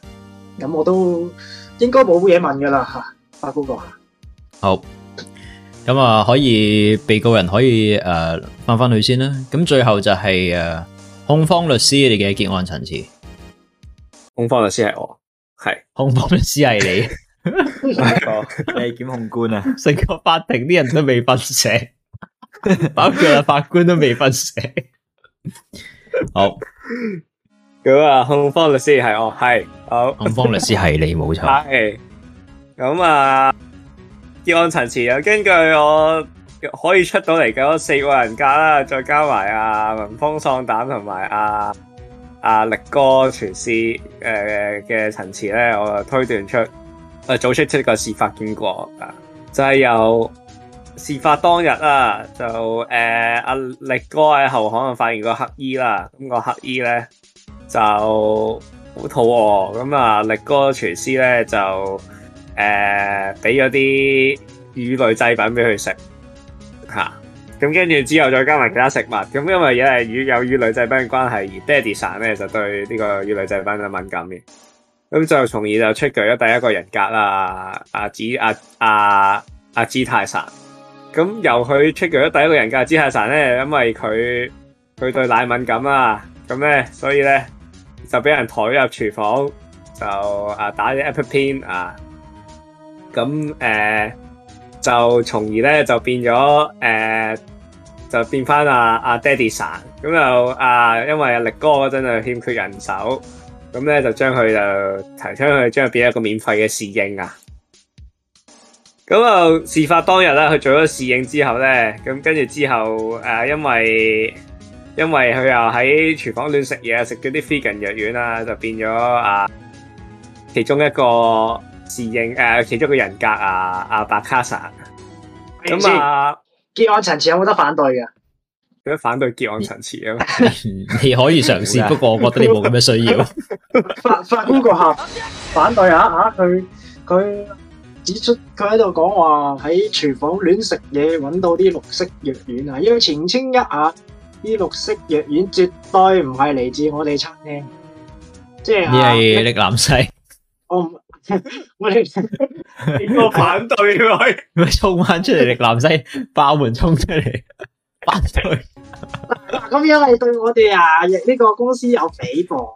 咁我都應該冇嘢問㗎啦吓。法官閣下，好，咁啊可以被告人可以返翻翻去先啦。咁最後就係控方律師你嘅結案陳詞。控方律師係我，係，控方律師係你。你係檢控官啊？成個法庭啲人都未瞓醒， 包括法官都未瞓醒。好，咁啊控方律師係我，係，好。控方律師係你，冇錯。 咁、嗯、啊，結案陳詞啊，根據我可以出到嚟嗰四個人格啦，再加埋啊文峰喪膽同埋阿阿力哥廚師誒嘅陳詞咧，我就推斷出，誒、啊，組織出個事發經過啊，就係、是、由事發當日啦、啊、就誒阿、啊、力哥喺後巷就發現過黑、那個黑衣啦，咁個黑衣咧就好肚餓，咁啊力哥廚師咧就。誒、呃，俾咗啲乳類製品俾佢食吓，咁跟住之後再加埋其他食物，咁因為因為乳有乳類製品嘅關係，而爹哋 d d 神咧就對呢個乳類製品就敏感嘅，咁就從而就出具咗第一個人格啦，阿、啊、紫、阿阿阿姿泰神，咁由佢出具咗第一個人格姿泰神咧，因為佢佢對奶敏感啊，咁咧所以咧就俾人抬入廚房就啊打啲 apple 片啊。咁誒，就從而咧就變咗誒，就變翻阿阿爹哋神咁，又阿，因為力哥真係欠缺人手，咁咧就將佢就提出去將佢變一個免費嘅侍應啊。咁又事發當日咧，佢做咗侍應之後咧，咁跟住之後誒，因為因為佢又喺廚房亂食嘢，食咗啲飛禽藥丸啊，就變咗啊其中一個。侍應誒，其中嘅人格啊，阿白卡薩咁啊。結案陳詞有冇得反對嘅？有得反對結案陳詞啊？你可以嘗試，不過我覺得你冇咁嘅需要。法官閣下，反對啊！吓佢佢指出佢喺度講話喺廚房亂食嘢，揾到啲綠色藥丸啊！要澄清一下，啲綠色藥丸絕對唔係嚟自我哋餐廳，即係。你係瀝南西？我唔。我哋我反對佢？咪衝翻出嚟，南西爆門衝出嚟，反對咁樣係對我哋啊！呢個公司有誹謗。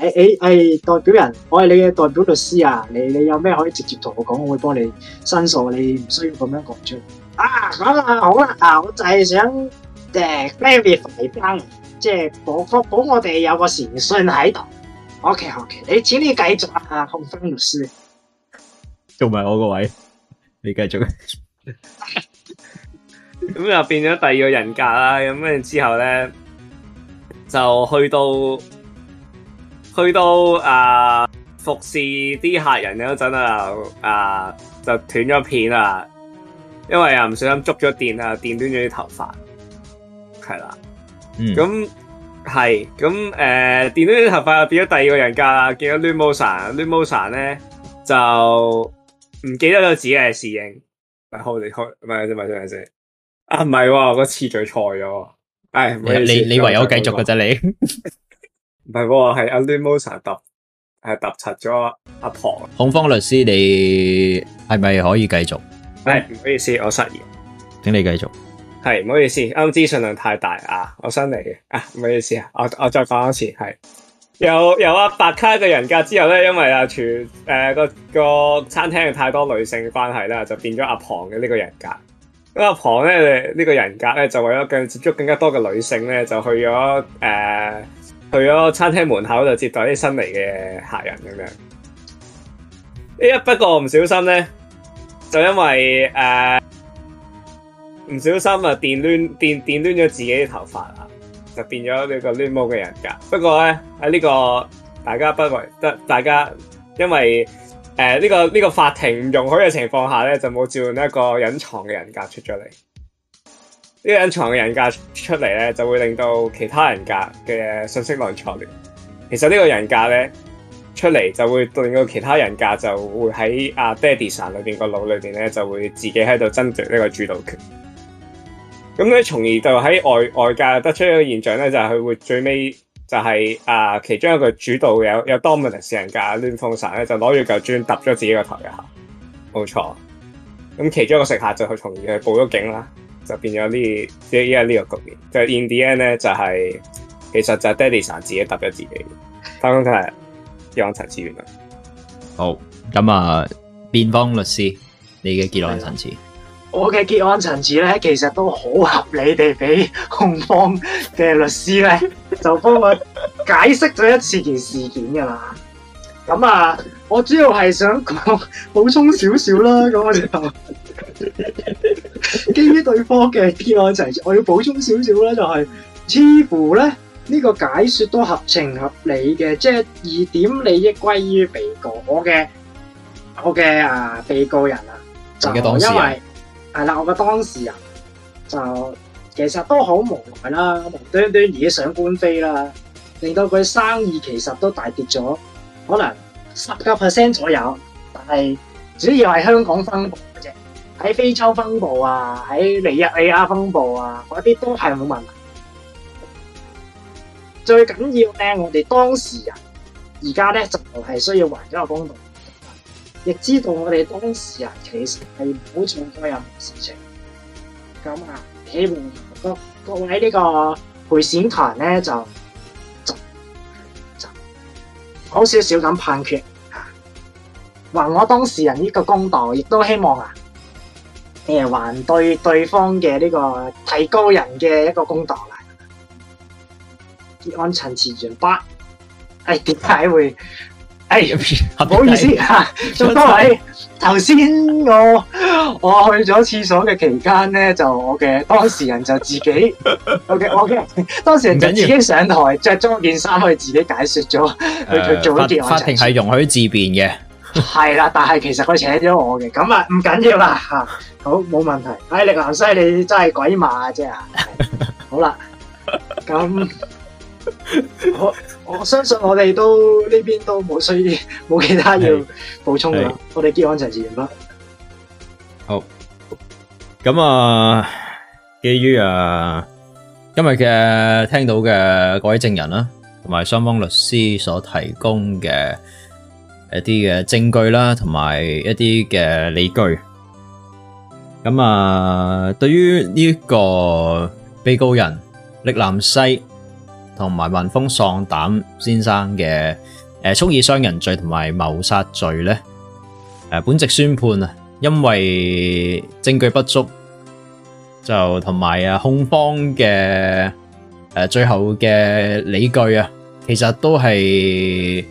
誒誒誒，代表人，我係你嘅代表律師啊！你你有咩可以直接同我講，我會幫你申訴。你唔需要咁樣講出嚟。啊，咁啊好啦啊，我就係想即係分別提綱，即係保保我哋有個誠信喺度。O K，O K，你請你繼續啊，紅番律師，仲唔係我個位，你繼續。咁 又 變咗第二個人格啦，咁跟住之後咧，就去到去到啊、呃、服侍啲客人嗰陣啊，啊、呃、就斷咗片啊，因為又唔小心捉咗電啊，電短咗啲頭髮，係啦，嗯，咁。係咁誒，電暖頭髮又變咗第二個人格啦，見到 Luisa，Luisa 咧就唔記得咗自己係侍應。啊、好你開，唔係先，唔係先，唔係先。啊唔係，我次序錯咗。唉，你你，你唯有繼續噶啫，你。唔 係、啊，係 Luisa 揼，係揼柒咗阿婆。控方律師，你係咪可以繼續？係唔好意思，我失言，請你繼續。係唔好意思，啱資訊量太大啊！我新嚟嘅啊，唔好意思啊，我我再講一次，係由由阿白卡嘅人格之後咧，因為阿全誒個個餐廳嘅太多女性嘅關係咧，就變咗阿龐嘅呢個人格。咁阿龐咧呢、呢個人格咧，就為咗更接觸更加多嘅女性咧，就去咗誒、呃、去咗餐廳門口就接待啲新嚟嘅客人咁樣。呢一不過唔小心咧，就因為誒。呃唔小心啊！電攣電電攣咗自己啲頭髮啊，就變咗呢個攣毛嘅人格。不過咧喺呢在、這個大家不為，即大家因為誒呢、呃這個呢、這個法庭唔容許嘅情況下咧，就冇召喚一個隱藏嘅人格出咗嚟。呢、這個隱藏嘅人格出嚟咧，就會令到其他人格嘅信息亂錯亂。其實呢個人格咧出嚟就會令到其他人格就會喺阿 Daddyson 裏邊個腦裏邊咧就會自己喺度爭奪呢個主導權。咁咧，從而就喺外外界得出一個現象咧，就係、是、佢會最尾就係、是、啊，其中一個主導有有 dominant 型架亂鳳神咧，就攞住嚿磚揼咗自己個頭一下，冇錯。咁其中一個食客就去從而去報咗警啦，就變咗呢家呢個局面。就是、in the end 呢，咧、就是，就係其實就 Daddy 爹地神自己揼咗自己。潘工睇下呢行陳詞完啦。好，咁啊，辯方律師，你嘅結論陳詞。我嘅結案陳詞咧，其實都好合理地俾控方嘅律師咧，就幫我解釋咗一次件事件噶啦。咁啊，我主要係想講補充少少啦。咁我就基於對方嘅結案陳詞，我要補充少少咧，就係似乎咧呢個解說都合情合理嘅，即係疑點利益歸於被告，我嘅我嘅啊，被告人啊，就因為。係啦，我嘅當事人就其實都好無奈啦，無端端而家上官飛啦，令到佢生意其實都大跌咗，可能十個 percent 左右。但係主要係香港分佈嘅啫，喺非洲分佈啊，喺尼日利亞分佈啊，嗰啲都係冇問題。最緊要咧，我哋當事人而家咧，就係需要還咗個公道。.亦知道我哋當事人其實係冇做錯任何事情。咁啊，希望各各位呢個陪審團咧，就好少少咁判決啊，還我當事人呢個公道，亦都希望啊，誒還對對方嘅呢個提高人嘅一個公道啦、哎。結案陳詞不係點解會？哎，唔好意思吓，仲、啊、多位。頭、啊、先我我去咗廁所嘅期間咧，就我嘅當事人就自己 ，OK OK，當事人就自己上台着咗件衫去自己解說咗、呃，去做一件案情。法庭係容許自辯嘅，係啦，但係其實佢請咗我嘅，咁啊唔緊要啦吓，好冇問題。哎，你咁西，你真係鬼馬啫啊， 啊！好啦，咁我。好。我相信我哋都呢邊都冇需要冇其他要補充啦。我哋結案陳詞啦。好，咁啊，基於啊今日嘅聽到嘅各位證人啦，同埋雙方律師所提供嘅一啲嘅證據啦，同埋一啲嘅理據。咁啊，對於呢個被告人力南西。同埋聞風喪膽先生嘅誒，蓄意傷人罪同埋謀殺罪咧，誒，本席宣判啊，因為證據不足，就同埋啊，控方嘅誒，最後嘅理據啊，其實都係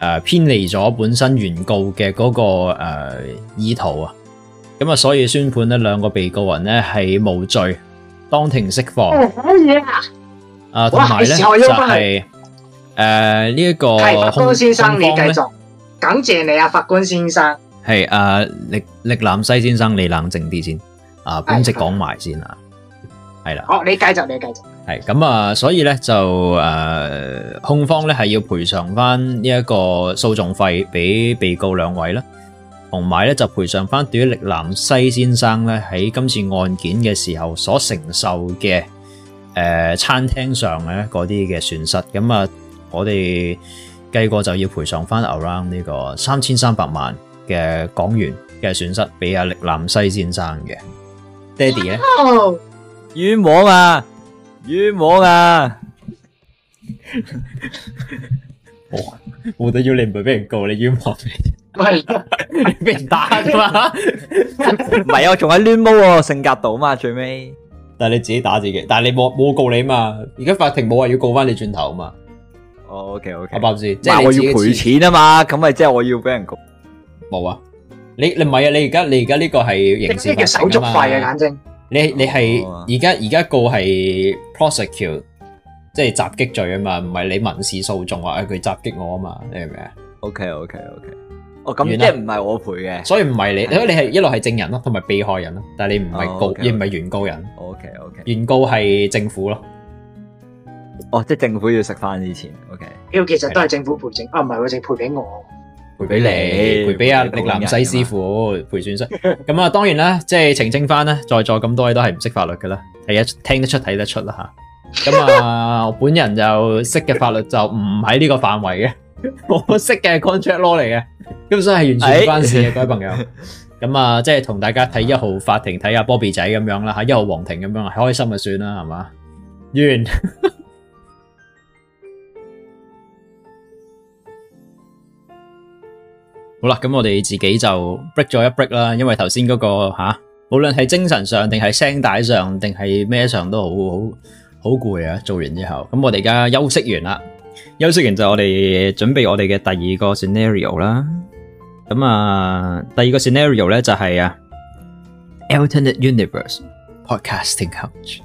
誒偏離咗本身原告嘅嗰個誒意圖啊，咁啊，所以宣判呢兩個被告人呢係無罪，當庭釋放。啊，同埋咧，係誒呢一個法官先生，你繼續，感謝你啊，法官先生。係誒，瀝瀝南西先生，你冷靜啲先，啊，本席講埋先啊，係啦。好，你繼續，你繼續。係咁啊，所以咧就誒，控方咧係要賠償翻呢一個訴訟費俾被告兩位啦，同埋咧就賠償翻對於瀝南西先生咧喺今次案件嘅時候所承受嘅。誒、呃，餐廳上咧嗰啲嘅損失，咁啊，我哋計過就要賠償翻 around 呢個三千三百萬嘅港元嘅損失俾阿力南西先生嘅爹哋咧。爸爸呢 wow. 冤枉啊！冤枉啊！Oh, 我都要你唔係俾人告你冤枉唔 係 你俾人打啫嘛？唔 係啊，仲喺亂毛喎，性格度嘛最尾。但係你自己打自己，但係你冇冇告你啊嘛？而家法庭冇話要告翻你轉頭啊嘛？O K O K 即係我要賠錢啊嘛？咁咪即係我要俾人告冇啊？你你唔係啊？你而家你而家呢個係刑事案手續費啊？眼睛你你係而家而家告係 prosecute，即係襲擊罪啊嘛？唔係你民事訴訟話誒佢襲擊我啊嘛？你係咪啊？O K O K O K。Okay, okay, okay. 哦，咁即係唔係我賠嘅，所以唔係你，你你係一路係證人咯，同埋被害人咯，但係你唔係告亦唔係原告人。O K O K，原告係政府咯。哦，即係政府要食翻之前。O K，呢個其實都係政府賠政，啊唔係，我淨賠俾我，賠俾你，賠俾阿木林西師傅賠損失。咁啊， 當然啦，即係澄清翻咧，在座咁多位都係唔識法律噶啦，係啊，聽得出睇得出啦吓。咁 啊，我本人就識嘅法律就唔喺呢個範圍嘅。我識嘅 contract law 嚟嘅，咁所以係完全唔關事嘅，各位朋友。咁啊，即係同大家睇一號法庭睇下 Bobby 仔咁樣啦，吓一號皇庭咁樣啊，開心就算啦，係嘛？完。好啦，咁我哋自己就 break 咗一 break 啦，因為頭先嗰個吓，無論係精神上定係聲帶上定係咩上都好好好攰啊！做完之後，咁我哋而家休息完啦。休息完就我哋準備我哋嘅第二個 scenario 啦。咁啊，第二個 scenario 咧就係啊 alternate universe podcasting couch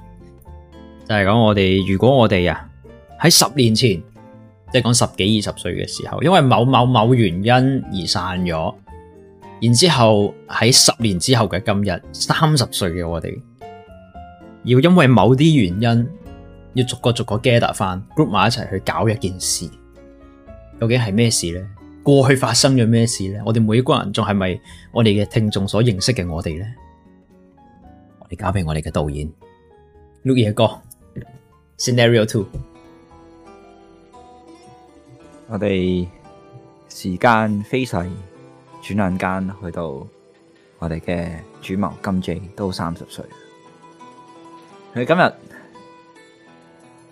就係講我哋如果我哋啊喺十年前，即係講十幾二十歲嘅時候，因為某某某原因而散咗，然之後喺十年之後嘅今日，三十歲嘅我哋要因為某啲原因。要逐個逐個 gather 翻，group 埋一齊去搞一件事。究竟係咩事呢？過去發生咗咩事呢？我哋每個人仲係咪我哋嘅聽眾所認識嘅我哋呢？我哋交俾我哋嘅導演，Lukas 哥，Scenario Two。我哋時間飛逝，轉眼間去到我哋嘅主謀金 Jay 都三十歲。佢今日，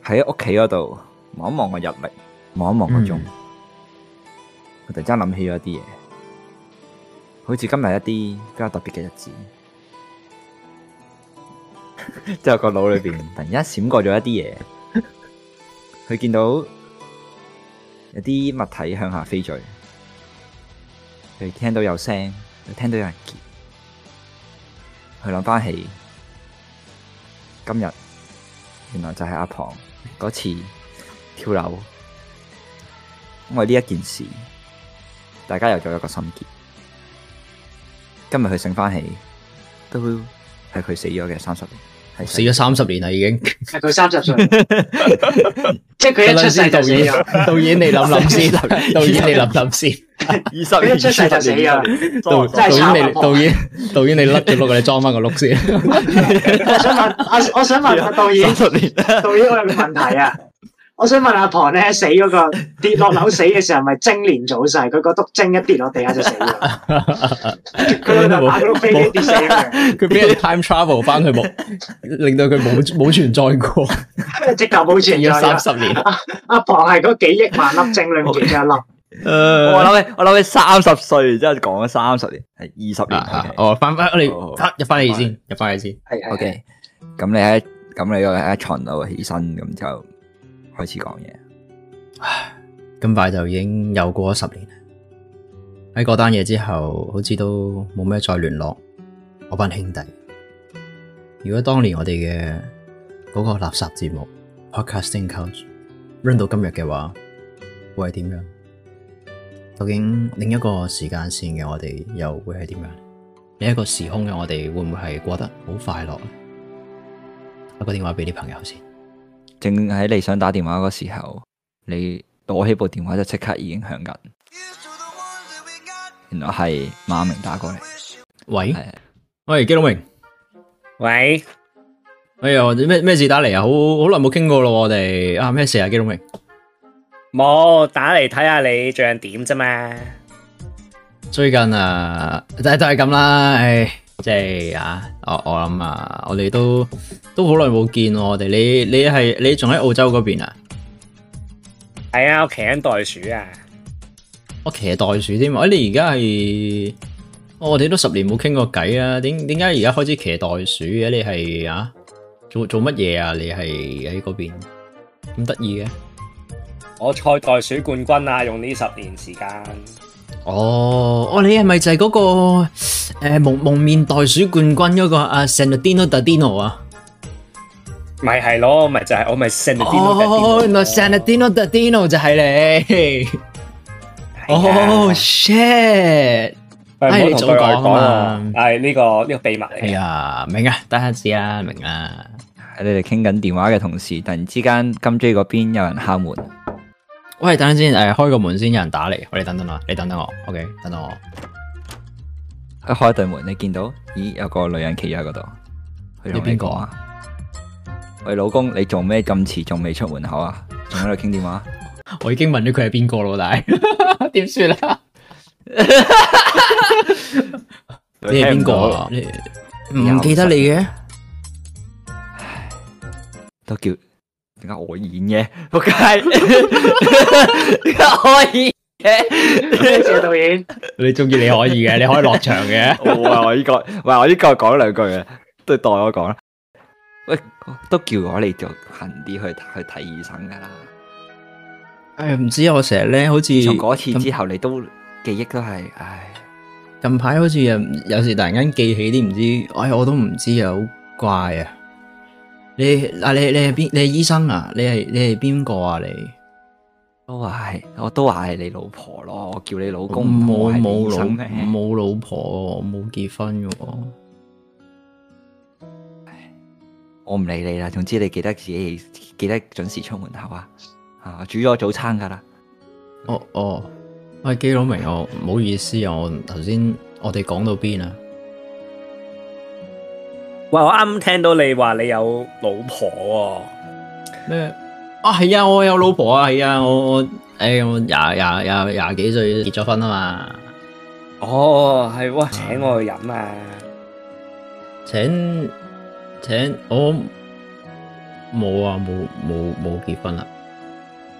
喺屋企嗰度望一望個日曆，望一望個鐘，佢突然間諗起咗一啲嘢，好似今日一啲比較特別嘅日子，之後個腦裏邊突然間閃過咗一啲嘢，佢見到有啲物體向下飛墜，佢聽到有聲，聽到有人叫，佢諗翻起今日原來就係阿旁。嗰次跳樓，因為呢一件事，大家又做一個心結。今日佢醒返起，都係佢死咗嘅三十年。死咗三十年啦，已經係佢三十歲，即係佢一出世就死，啊！ 導演，你諗諗先，導演你諗諗先，導演你諗諗先，二十出世就死啊！即導演，導演，你想想導演，你甩咗碌，你裝返個碌先。我想問阿，我想問導演，導演我有冇問題啊？我想問，問阿婆咧，死嗰、那個跌落樓死嘅時候，咪精年早逝？佢個督精一跌落地下就死咗，佢喺度拍嗰碌飛跌 死的。佢邊有 time travel 翻去冇， 令到佢冇冇存在過？即係積夠保存要三十年，啊。阿婆係嗰幾億萬粒精兩千年粒。誒 我諗起我諗你三十歲，即係講咗三十年，係二十年，okay、啊。哦，翻翻、啊、你入翻嚟先，入翻嚟先。係 okay，OK。咁你喺，咁你喺床度起身咁就。開始講嘢，唉，咁快就已經又過咗十年啦。喺嗰單嘢之後，好似都冇咩再聯絡我班兄弟。如果當年我哋嘅嗰個垃圾節目，podcasting coach run 到今日嘅話，會係點樣？究竟另一個時間線嘅我哋又會係點樣？另一個時空嘅我哋會唔會係過得好快樂？打個電話俾啲朋友先。正喺你想打電話嗰時候，你攞起部電話就即刻已經響緊，原來係馬明打過嚟。喂，喂，基隆明，喂，哎呀，咩咩事打嚟啊？好好耐冇傾過咯，我哋啊咩事啊，基隆明，冇打嚟睇下你最近點啫嘛？最近啊，就就係咁啦。唉即係啊！我我諗啊，我哋都都好耐冇見我哋。你你係你仲喺澳洲嗰邊啊？係啊，我騎緊袋鼠啊！我騎袋鼠添啊！哎，你而家係我哋都十年冇傾過偈啊！點點解而家開始騎袋鼠嘅？你係啊？做做乜嘢啊？你係喺嗰邊咁得意嘅？我賽袋鼠冠軍啊！用呢十年時間。哦、oh, 那個，哦、呃，你係咪就係嗰個誒蒙蒙面袋鼠冠軍嗰、那個阿 Sendino Dino a d 啊？咪係咯，咪就係、是、我咪 Sendino、oh, s n Dino Dardino，、哦、就係你。哦、 oh, oh,，shit！唔、哎、你同對外講啊，係呢、這個呢、這個秘密嚟。啊、哎，明啊，等下知啊，明啊。喺你哋傾緊電話嘅同時，突然之間金追嗰邊有人敲門。喂，等陣先，誒、嗯，開個門先，有人打嚟，我你，你等等我，你等等我，OK，等等我。一開對門，你見到，咦，有個女人企喺嗰度。你邊個啊？喂，老公，你做咩咁遲，仲未出門口啊？仲喺度傾電話？ 我已經問咗佢係邊個老但係點算啦？ 辦啊、 你係邊個？你唔記得你嘅？都叫。點解我演嘅扑街？點解可以嘅？多謝導演。你中意你可以嘅，你可以落場嘅。我話我呢個，喂，我呢個講兩句啊，都係代我講啦。喂，都叫我你做勤啲去去睇醫生噶啦。誒，唔知啊，我成日咧，好似從嗰次之後，你都記憶都係唉。近排好似又，有時突然間記起啲唔知，哎，我都唔知啊，好怪啊。你嗱，你你係邊，你係醫生啊？你係你係邊個啊？你都話係，我都話係你老婆咯。我叫你老公，冇冇老冇老，老婆，冇結婚嘅。唉，我唔理你啦，總之你記得自己記得準時出門口啊！啊，煮咗早餐噶啦。哦哦，喂、哎，基佬明，我唔好意思啊，我頭先，我哋講到邊啊？喂，我啱聽到你話你有老婆喎、哦？咩？啊，係啊，我有老婆啊，係啊，我我誒，我廿廿廿廿幾歲結咗婚啊嘛。哦，係喎、呃，請我去飲啊，請，請我冇啊，冇冇冇結婚啊。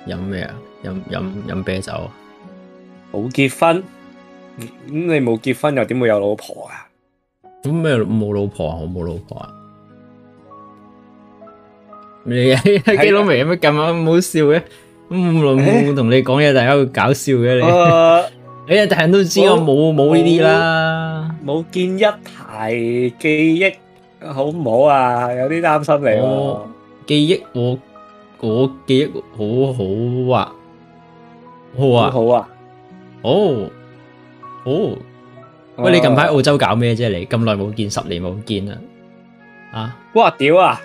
飲咩啊？飲飲飲啤酒。啊？冇結婚？咁、嗯、你冇結婚又點會有老婆啊？咁咩冇老婆啊？我冇老婆啊？咩啊？幾多名啊？咩咁啊？唔好笑嘅咁，我同你講嘢，大家會搞笑嘅你。你啊，大人都知我冇冇呢啲啦。冇見一排記憶，好唔好啊？有啲擔心你。記憶我，我記憶好好啊，好啊，好啊，哦，哦。喂，你近排澳洲搞咩啫？你咁耐冇見，十年冇見啊！啊，哇屌啊！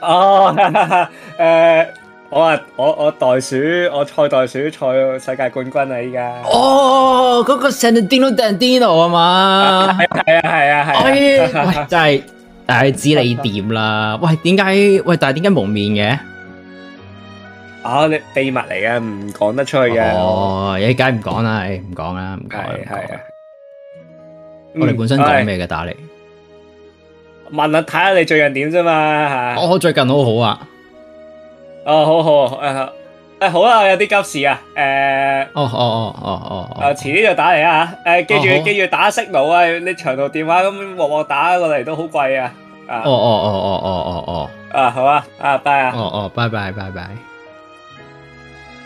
哦，誒、 呃，我啊，我我袋鼠，我賽袋鼠賽世界冠軍、哦那個、Dandino，啊！而家哦，嗰個、啊《成日 Central Daniel Daniel 啊嘛，係啊係啊係啊！喂，真係但係知你掂啦？喂，點解喂？但係點解蒙面嘅？啊、哦！你秘密嚟嘅，唔講得出嘅。哦，你梗係唔講啦，唔講啦，唔該。係啊。我、哦、你本身講咩嘅打嚟？問下睇下你怎樣、啊哦、最近點啫嘛。我最近好好啊。哦，好好。誒，好啦，好好我有啲急事啊。誒、嗯，哦哦哦哦哦。誒、哦、遲、哦、啲就打嚟啊誒、哦哦，記住記住打息 i 啊、哦、啊，啊，你長途電話咁鑊鑊打過嚟都好貴啊。哦、嗯、哦哦哦哦哦。啊，好啊。Bye、啊，拜啊。哦哦，拜拜拜拜。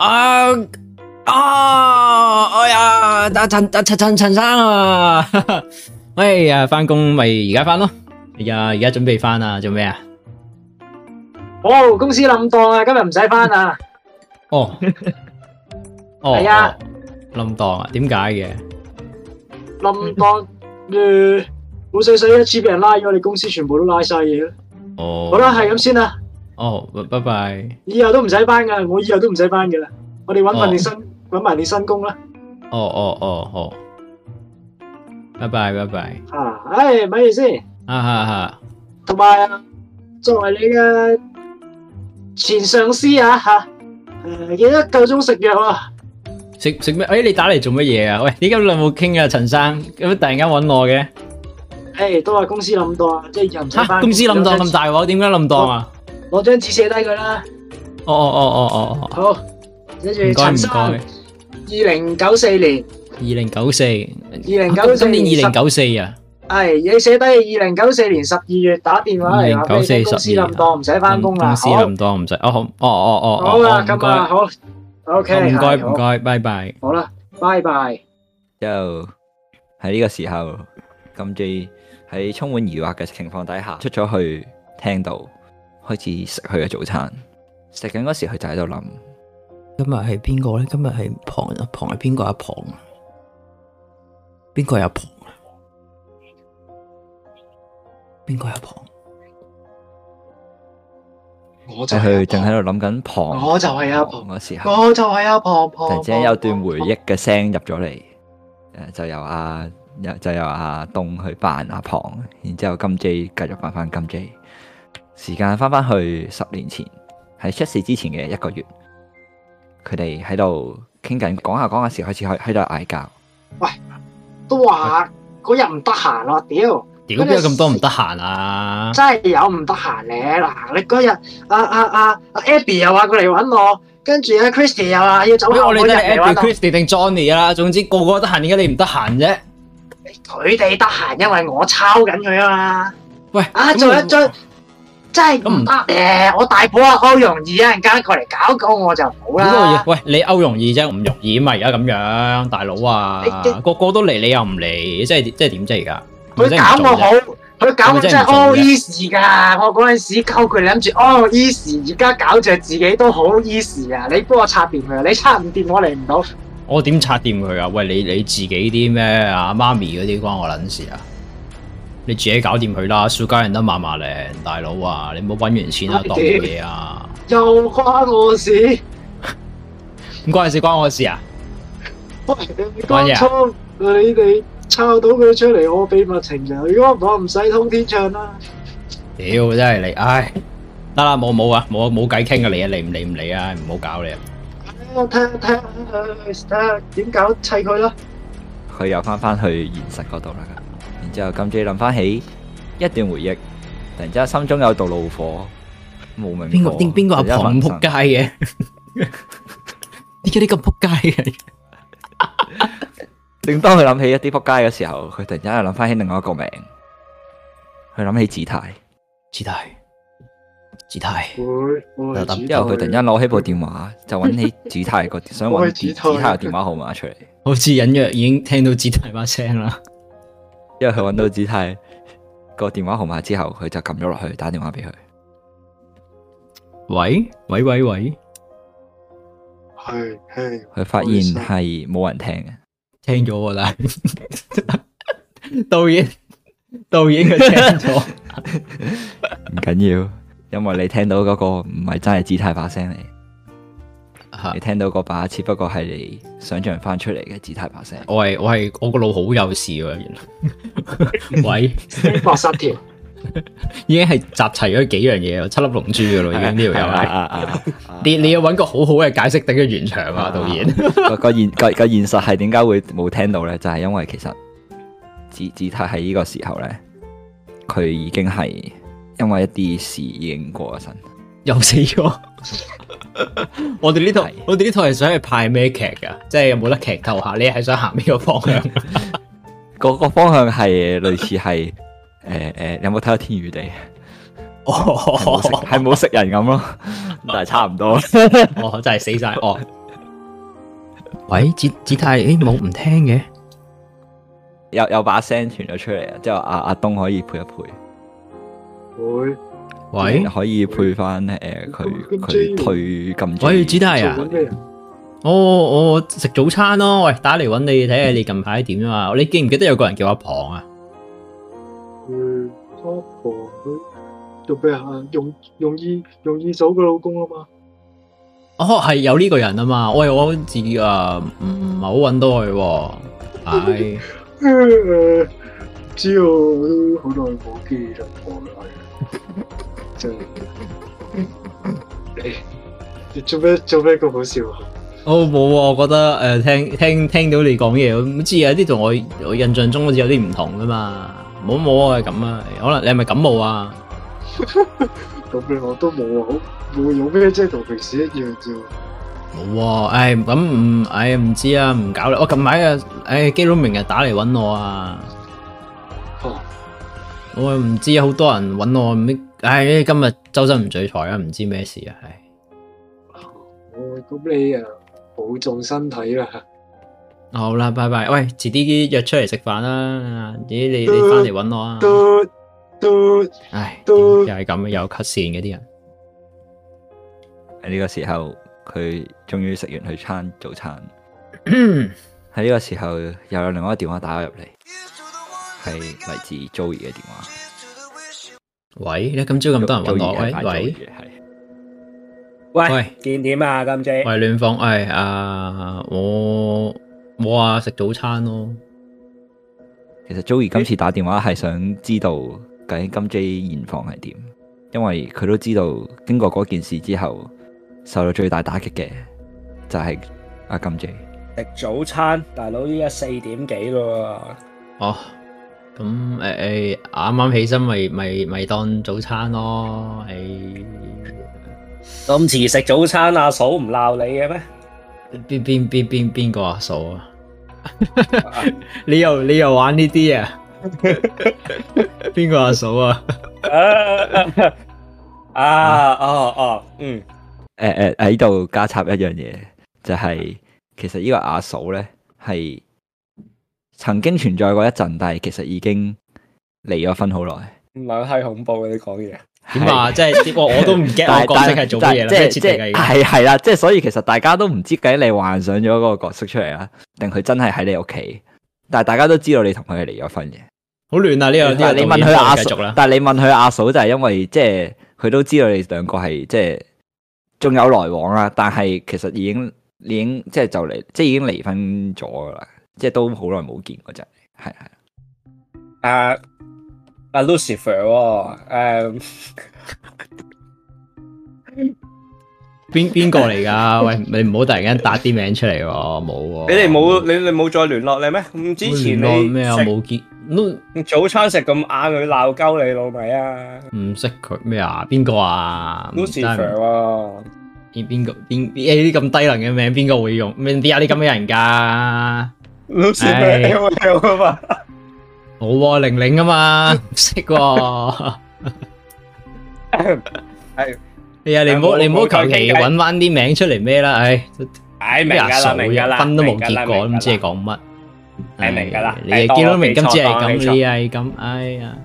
啊啊哎呀，打陳打陳陳陳生啊！喂呀，翻工咪而家翻咯？哎呀，而家準備翻啊？做咩啊？哦，公司冧檔啊！今日唔使翻啊！哦，係啊，冧檔啊？點解嘅？冧檔，好衰衰一次俾人拉咗，我哋公司全部都拉晒嘢啦。哦，好啦，係咁先啦。哦，拜拜！以後都唔使返㗎，我以後都唔使返㗎啦。我哋搵份你新搵埋你新工啦。哦哦哦哦，拜拜拜拜。吓，哎，唔好意思。吓吓吓，同埋啊，作為你嘅前上司啊吓，記得夠鐘食藥啊。食食咩？哎，你打嚟做乜嘢啊？喂，你咁耐冇傾㗎，陳生，咁突然間揾我嘅？哎，都話公司冧咗啊，即係又唔使返。公司冧咗咁大鑊，點解冧咗啊？我張紙寫低佢啦。哦哦哦哦哦。好，跟住唔該陳生，二零九四年。二零九四。二零九四。今年二零九四啊。係，你寫低二零九四年十二月打電話嚟，公司冧檔唔使翻工啦。公司冧檔唔使。哦好，哦哦哦。好啦，咁啊好。O K，唔該唔該，拜拜。好啦，拜拜。就喺呢個時候，跟住喺充滿疑惑嘅情況底下出咗去聽到。開始食佢嘅早餐，食緊嗰時佢就喺度諗：今日係邊個咧？今日係旁？阿旁係邊個阿旁啊？邊個阿旁啊？邊個阿旁？我就去正喺度諗緊旁，我就係阿旁嗰時候，我就係阿旁旁。突然之間有段回憶嘅聲入咗嚟，就由阿就由阿東去扮阿旁，然之後金 J 繼續扮翻金 J。時間翻翻去十年前，喺出事之前嘅一個月，佢哋喺度傾緊，講下講下時開始喺喺度嗌交。喂，都話嗰日唔得閒咯，屌！屌邊有咁多唔得閒啊？真係有唔得閒咧！嗱，你嗰日阿阿阿 Abby 又話過嚟搵我，跟住咧、啊、Christie 又話要走，我哋都係 Abby Christie 定 Johnny 啦。總之個個得閒，點解你唔得閒啫？佢哋得閒，因為我在抄緊佢啊嘛！喂，啊，再一再。真係咁唔得我大婆阿歐容易一陣間過嚟搞搞我，我就好啦。喂，你歐容易啫，唔容易嘛？而家咁樣，大佬啊，個個都嚟，你又唔嚟，即係即係點啫？而家佢搞我好，佢搞，搞我真係好 easy 噶。我嗰陣時溝佢諗住，哦，easy，而家搞着自己都好 easy 啊！你幫我拆掂佢啊，你拆唔掂我嚟唔到。我點拆掂佢啊？喂，你你自己啲咩啊媽咪嗰啲關我撚事啊？你自己搞掂佢啦，蘇家人都麻麻哋，大佬啊，你唔好搵完錢啊，當嘢啊，又關我事，唔關事關我事啊，關倉你哋抄到佢出嚟，我秘密情人，如果唔係唔使通天槍啦，屌真係你，唉，得啦，冇冇啊，冇冇計傾啊，嚟啊嚟唔嚟唔嚟啊，唔好搞你，睇下睇下睇下點搞砌佢咯，佢又翻翻去現實嗰度啦。之後，咁住諗翻起一段回憶，突然之間心中有道怒火，冇名邊個邊邊個阿狂扑街嘅？點解你咁扑街嘅？正 當佢諗起一啲扑街嘅時候，佢突然之間又諗翻起另外一個名，佢諗起子太，子太。子太。之後佢突然間攞起部電話，就揾起子太個想揾子太嘅電話號碼出嚟，好似隱約已經聽到子太把聲啦。因為佢揾到子泰個電話號碼之後，佢就撳咗落去打電話俾佢。喂喂喂喂，係係，佢發現係冇人聽嘅，聽咗啦。導演導演佢聽咗，唔緊要，因為你聽到嗰個唔係真係子泰把聲嚟。你聽到嗰把，只不過係你想象翻出嚟嘅字太拍聲。我係我係我個腦好有事喎， 喂，八十條已經係集齊咗幾樣嘢，七粒龍珠噶咯，已經呢條又係。你你要揾個好好嘅解釋，等佢完場啊！啊導演 個個現個個現實係點解會冇聽到咧？就係、是、因為其實字字太喺呢個時候咧，佢已經係因為一啲事已經過咗身，又死咗。 我哋呢套，我哋呢套係想去派咩劇噶？即係有冇得劇透下？你係想行邊 個方向？嗰個方向係類似係誒誒，有冇睇《天與地》？哦，係冇食、哦、食人咁咯， 但係差唔多。我真係死晒哦！哦 喂，子子泰，誒，冇、欸、唔聽嘅，有有把聲傳咗出嚟啊！即係話阿阿東可以陪一陪。會。喂，可以配翻誒，佢、呃、佢退咁。喂，子弟啊，我我食早餐咯。喂，打嚟揾你睇下你近排點啊嘛。你記唔記得有個人叫阿龐啊？阿龐佢做咩啊？容容易容易做佢老公啊嘛。哦，係有呢個人啊嘛。喂，我自己啊，唔係好揾到佢。唉、哎，唔 知喎，我都好耐冇見阿龐 你，你做咩做咩咁好笑啊？哦，冇，我覺得誒、呃，聽聽聽到你講嘢，唔知有啲同我我印象中好似有啲唔同噶嘛，冇冇係咁啊？可能你係咪感冒啊？咁 樣話我都冇啊，冇用咩即係同平時一樣咋？冇啊，唉、哎，咁唔，唉、哎，唔知啊，唔搞啦。我近排啊，唉，基佬明日打嚟搵我啊。我、oh。唔、哎、知好多人搵我。唉、哎，今日周身唔聚財啊，唔知咩事啊，係、哎。係咁你啊，保重身體啦。好啦，拜拜。喂，遲啲約出嚟食飯啦。咦、哎，你你翻嚟揾我啊？都、呃、都，唉、呃，又係咁，有 cut 綫嘅啲人。喺呢個時候，佢終於食完佢餐早餐。喺呢 個時候，又有另外一個電話打咗入嚟，係嚟自 Joey 嘅電話。喂，你今朝咁多人揾我，喂喂喂，見點啊？金姐，喂，現狀，哎啊，我冇啊，食早餐咯，哦。其實 Joey 今次打電話係想知道究竟金姐現況係點，因為佢都知道經過嗰件事之後，受到最大打擊嘅就係阿金姐。食早餐，大佬依家四點幾咯。哦。咁誒誒，啱、哎、啱、哎、起身咪咪咪當早餐咯，誒咁遲食早餐，阿嫂唔鬧你嘅咩？邊邊邊邊邊個阿嫂啊？ 你又你又玩呢啲啊？邊 個阿嫂啊？啊哦哦，嗯，誒誒喺度加插一樣嘢，就係、是、其實個嫂嫂呢個阿嫂咧係。曾經存在過一陣，但係其實已經離咗婚好耐。唔係太恐怖，你講嘢點啊？即係我我都唔 get 我角色係做乜嘢即係係係啦，即係所以其實大家都唔知究竟你幻想咗個角色出嚟啦，定佢真係喺你屋企？但係大家都知道你同佢係離咗婚嘅，好亂啊！呢樣嘢你問佢阿嫂，但係你問佢阿嫂就係因為即係佢都知道你兩個係即係仲有來往啦，但係其實已經你已經即係就嚟，即係已經離婚咗噶啦。即係都好耐冇見嗰隻，係係啊。阿、uh, uh, Lucifer，誒、uh, 邊邊個嚟噶？ 喂，你唔好突然間打啲名出嚟喎，冇喎。你哋冇你你冇再聯絡你咩？唔之前咩啊？冇見。早餐食咁晏，佢鬧鳩你老味啊？唔識佢咩啊？邊個啊？Lucifer，邊邊個邊誒啲咁低能嘅名，邊個會用？咩？邊有啲咁嘅人噶、啊？老師咪 L.L. 噶嘛？冇，玲玲噶嘛？唔識喎。係。哎呀，你唔好你唔好求其搵翻啲名出嚟咩啦，哎。哎，明噶啦，明噶啦，明噶啦。分都冇結果，都唔知你講乜。明噶啦，你見到明今次係咁，你係咁，哎呀。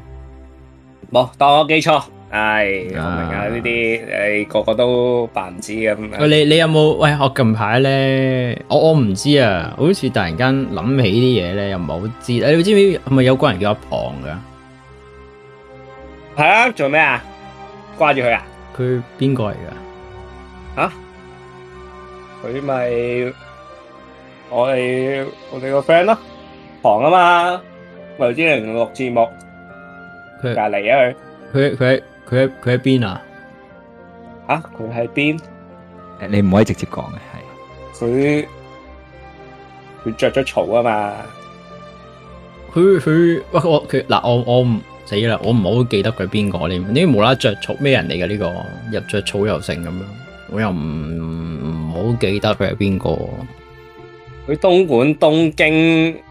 冇，當我記錯。係，我明啊，呢啲誒個個都扮唔知咁樣。喂，你你有冇？喂，我近排咧，我我唔知啊，好似突然間諗起啲嘢咧，又唔係好知。誒，你知唔知係咪有個人叫阿龐噶？係啊，做咩啊？掛住佢啊？佢邊個嚟噶？啊？佢咪我哋我哋個 friend 咯，旁啊嘛。我頭先嚟錄節目，佢隔離啊佢，佢佢。佢喺佢喺邊啊？吓、啊？佢喺邊？你唔可以直接講嘅係。佢佢着咗草啊嘛。佢佢我佢嗱我我死啦！我唔好記得佢邊個呢？你無啦啦着草咩人嚟嘅，呢個入着草又成咁樣，我又唔唔好記得佢係邊個。佢東莞東京。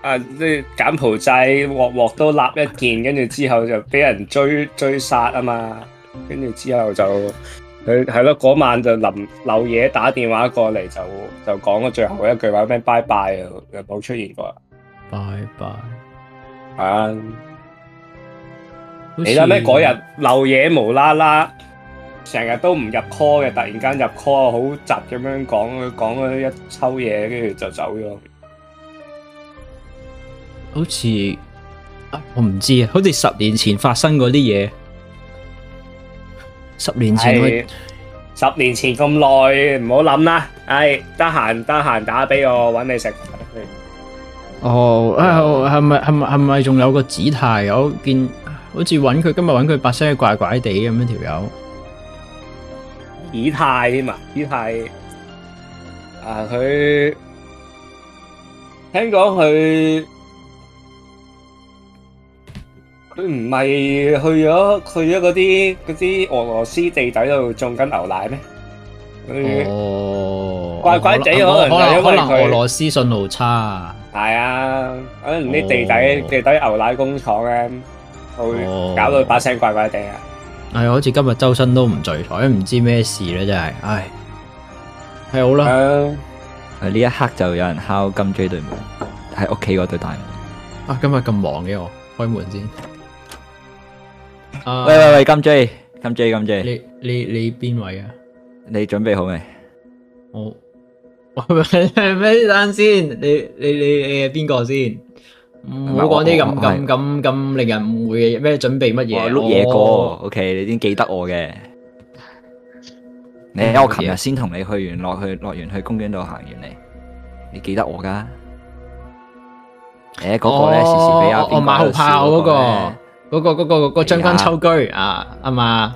啊！啲柬埔寨鑊鑊都立一件，跟住之後就俾人追追殺啊嘛！跟住之後就佢係咯，嗰晚就林漏嘢打電話過嚟，就就講咗最後一句話咩，拜拜。e 又冇出現過拜拜。e 啊！你諗咩？嗰日漏嘢無啦啦，成日都唔入 call 嘅，突然間入 call 好窒咁樣講，佢講咗一抽嘢，跟住就走咗。好似我唔知啊，好似十年前發生嗰啲嘢。十年前去，十年前咁耐，唔好諗啦。唉得閒得閒打畀我，搵你食。哦，係咪係咪係咪仲有個子泰？我見好似搵佢今日搵佢，把聲怪怪地咁樣條友。子泰添啊，子泰。啊，佢聽講佢。佢唔係去咗去咗嗰啲嗰啲俄羅斯地底度種緊牛奶咩？哦，怪怪哋，可能可能俄羅斯信號差。係啊，可能啲地底地底牛奶工廠咧，會搞到把聲怪怪哋啊！係，好似今日周身都唔聚財，唔知咩事咧，真係，唉，係好啦。係啊，呢一刻就有人敲緊對門，喺屋企嗰對大門。啊，今日咁忙嘅，我開門先。喂喂喂，金 J，金 J，金 J，你你你邊位啊？你準備好未？我，喂喂，咩聲先？你你你你係邊個先？唔好講啲咁咁咁咁令人誤會嘅嘢，咩準備乜嘢？碌嘢哥，OK，你先記得我嘅。你我琴日先同你去完落去樂園去公園度行完嚟，你記得我噶？誒，嗰個咧時時俾我馬後炮嗰個。嗰、那個嗰、那個嗰、那個將軍抽車，啊啊、居啊，阿媽，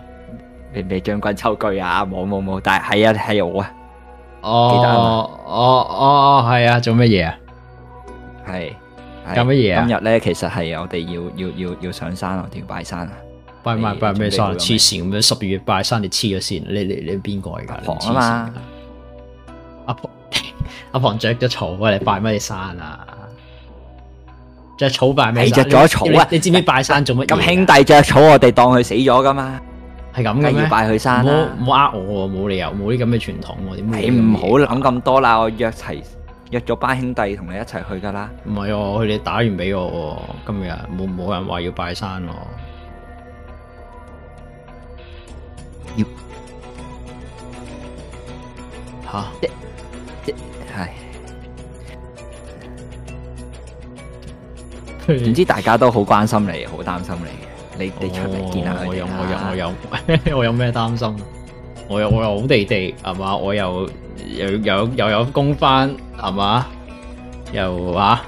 你未將軍抽車啊，冇冇冇，但係啊係我啊，記得哦哦哦，係、哦哦、啊，做乜嘢啊？係做乜嘢啊？今日咧，其實係我哋要要要要上山啊，定拜山啊，拜拜拜咩山？黐線咁樣，十二月拜山，你黐咗線？你你你邊個嚟㗎？阿龐阿龐阿龐着咗草啊，你，啊 你拜乜嘢、嗯、山啊？着草拜你着咗草啊？你知唔知拜山做乜嘢？咁兄弟着草，我哋當佢死咗噶嘛？係咁嘅，要拜佢山、啊。唔好唔好呃我，冇理由冇啲咁嘅傳統。你唔好諗咁多啦，我約齊約咗班兄弟同你一齊去噶啦。唔係、啊，佢哋打完俾我。今日冇冇人話要拜山。要吓？誒誒，係、哎。哎唔 知大家都好關心你，好擔心你，你你出嚟見下我。有我有我有，我有咩擔 心？我又我又好地地係嘛？我又又又又有工返係嘛？又啊，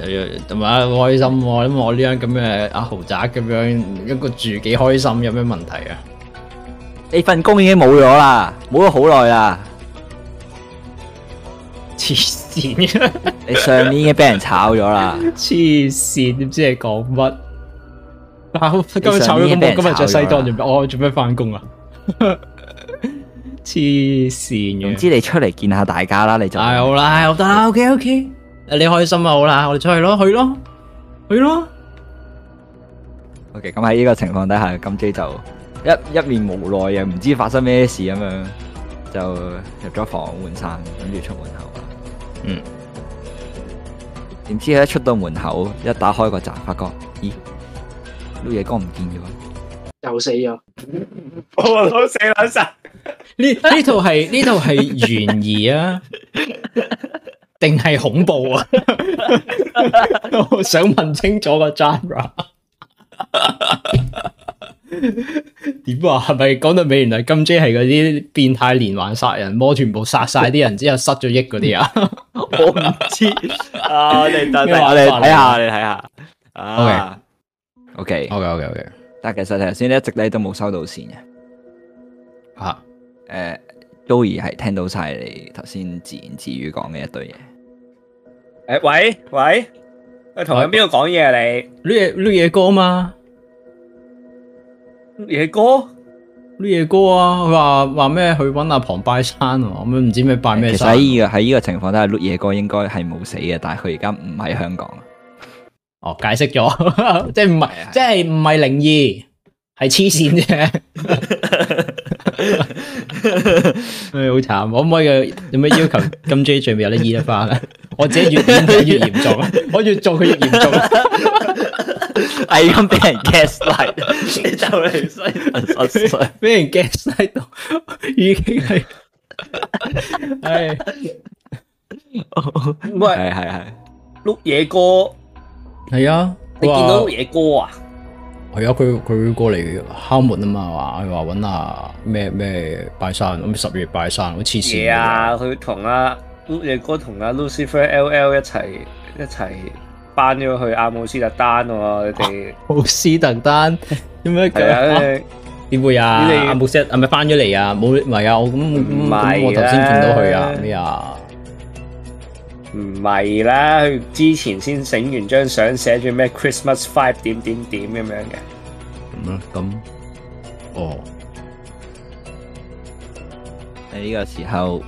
又同埋開心咁，我呢樣咁嘅啊豪宅咁樣一個住幾開心，有咩問題啊？你份工已經冇咗啦，冇咗好耐啦。黐線。 你上面已經俾人炒咗啦！黐線，唔知你講乜？今日炒咗咁多，今日着西裝我準備翻工啊？黐線嘅，總之你出嚟見下大家啦，你就係、哎、好啦，係得啦，OK OK，你開心啊好啦，我哋出去咯，去咯，去咯，OK。咁喺呢個情況底下，金 J 就一一面無奈又唔知發生咩事咁樣，就入咗房換衫，跟住出門口。嗯，點知一出到門口，一打開個閘，發覺，咦，老爺哥唔見咗，又死咗，好死卵神，呢呢 套係呢 套係懸疑啊，定係恐怖啊？ 我想問清楚個 genre。 點 啊？係咪講到美原來金 J 係嗰啲變態連環殺人魔，全部殺晒啲人之後失益，失咗億嗰啲啊？我唔知啊！我哋等我哋睇下，哋睇下 OK，OK，OK，OK。Okay. Okay. Okay, okay, okay. 但係其實頭先一直你都冇收到線嘅吓。誒 Joey 係聽到晒你頭先自言自語講嘅一堆嘢。喂，喂喂，同緊邊個講嘢？你呢嘢呢嘢哥嘛？碌野哥，碌野哥啊！佢話話咩？去搵阿龐拜山啊，咁樣唔知咩拜咩山啊。其實喺喺呢個情況底下碌野哥應該係冇死嘅，但係佢而家唔喺香港。哦，解釋咗， 即係唔係，即係唔係靈異，係黐線啫。係好慘，可唔可以有咩要求？金 J 最尾有得醫得返啦！我自己越變佢越嚴重，我越做佢越嚴重。係咁俾人 gaslight，真係衰，俾人 gaslight 到已經係，係，唔係係係碌嘢哥，係啊，你見到碌嘢哥啊？係啊，佢佢會過嚟敲門啊嘛，話佢話搵啊咩咩拜山，咁十月拜山，好似係。啊，佢同阿 l u 哥同阿、啊、Lucifer LL 一齊一齊搬咗去阿姆斯特丹，哦、啊，斯特丹啊，啊，啊，你哋。阿姆斯特丹點解咁啊？點會啊？阿姆斯特係咪翻咗嚟啊？冇唔係啊？我咁唔係，我頭先見到佢啊咩啊？唔係啦，佢之前先醒完張相，寫住咩 Christmas Five 點點點咁樣嘅。咁、嗯、啦，咁哦，喺呢個時候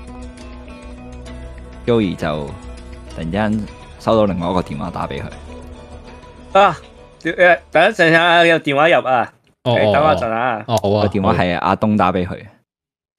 Joey 就突然間收到另外一個電話打畀佢。啊，誒，等一陣啊，有電話入啊。等一陣啊、哦哦。哦，好啊。個、啊、電話係阿東打畀佢。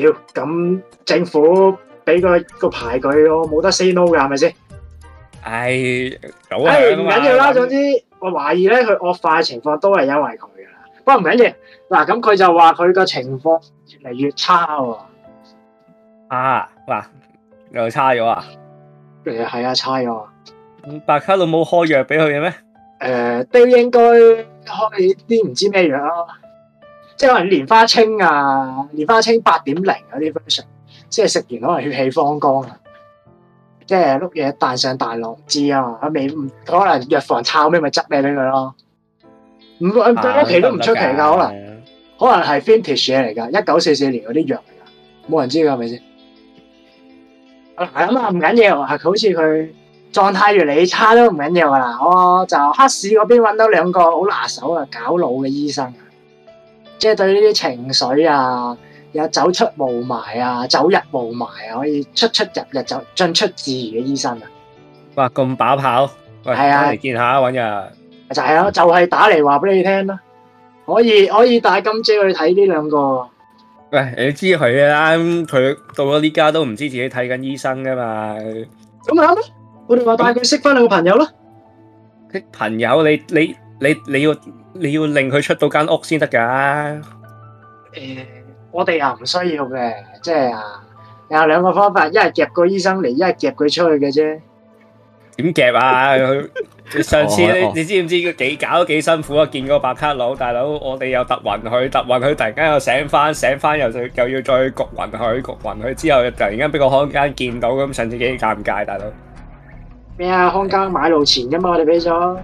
屌，咁政府俾個個牌佢我冇得 say no 嘅係咪先？唉，係，唉、哎，唔緊要啦，總之我懷疑咧佢惡化嘅情況都係因為佢噶啦，不過唔緊要。嗱，咁佢就話佢個情況越嚟越差喎、哦。啊，嗱，又差咗啊？誒、嗯，係啊，差咗。白卡都冇開藥俾佢嘅咩？誒、呃，都應該開啲唔知咩藥咯。即係可能蓮花清啊，蓮花清八點零嗰啲 version，即係食完可能血氣方剛啊，即係碌嘢彈上大浪知啊，嘛。佢未、啊，可能藥房抄咩咪執咩俾佢咯，唔對屋企都唔出奇噶，可能可能係 vintage 嘢嚟噶，一九四四年嗰啲藥嚟噶，冇人知噶係咪先？咁啊唔緊要啊，佢好似佢狀態越嚟越差都唔緊要噶啦，我就黑市嗰邊搵到兩個好拿手啊搞腦嘅醫生。即係對呢啲情緒啊，有走出霧霾啊，走入霧霾啊，可以出出入入就進出自如嘅醫生啊！哇，咁把炮，係啊，嚟見下，搵日就係咯，就係打嚟話俾你聽啦，可以可以帶金姐去睇呢兩個。喂，你知佢啊，佢到咗呢家都唔知自己睇緊醫生噶嘛？咁啊，我哋話帶佢識翻兩個朋友啦。佢朋友，你你。你你要你要令佢出到間屋先得噶。誒，我哋又唔需要嘅，即係啊，有兩個方法，一係夾個醫生嚟，一係夾佢出去嘅啫。點夾啊？佢上次你你知唔知佢幾搞都幾辛苦啊？見個白卡佬大佬，我哋又揼暈佢，揼暈佢，突然間又醒返，醒返又再又要再去焗暈佢，焗暈佢之後又突然間俾個漢奸見到咁，上次幾尷尬，大佬。咩啊？漢奸買路錢噶嘛，我哋俾咗。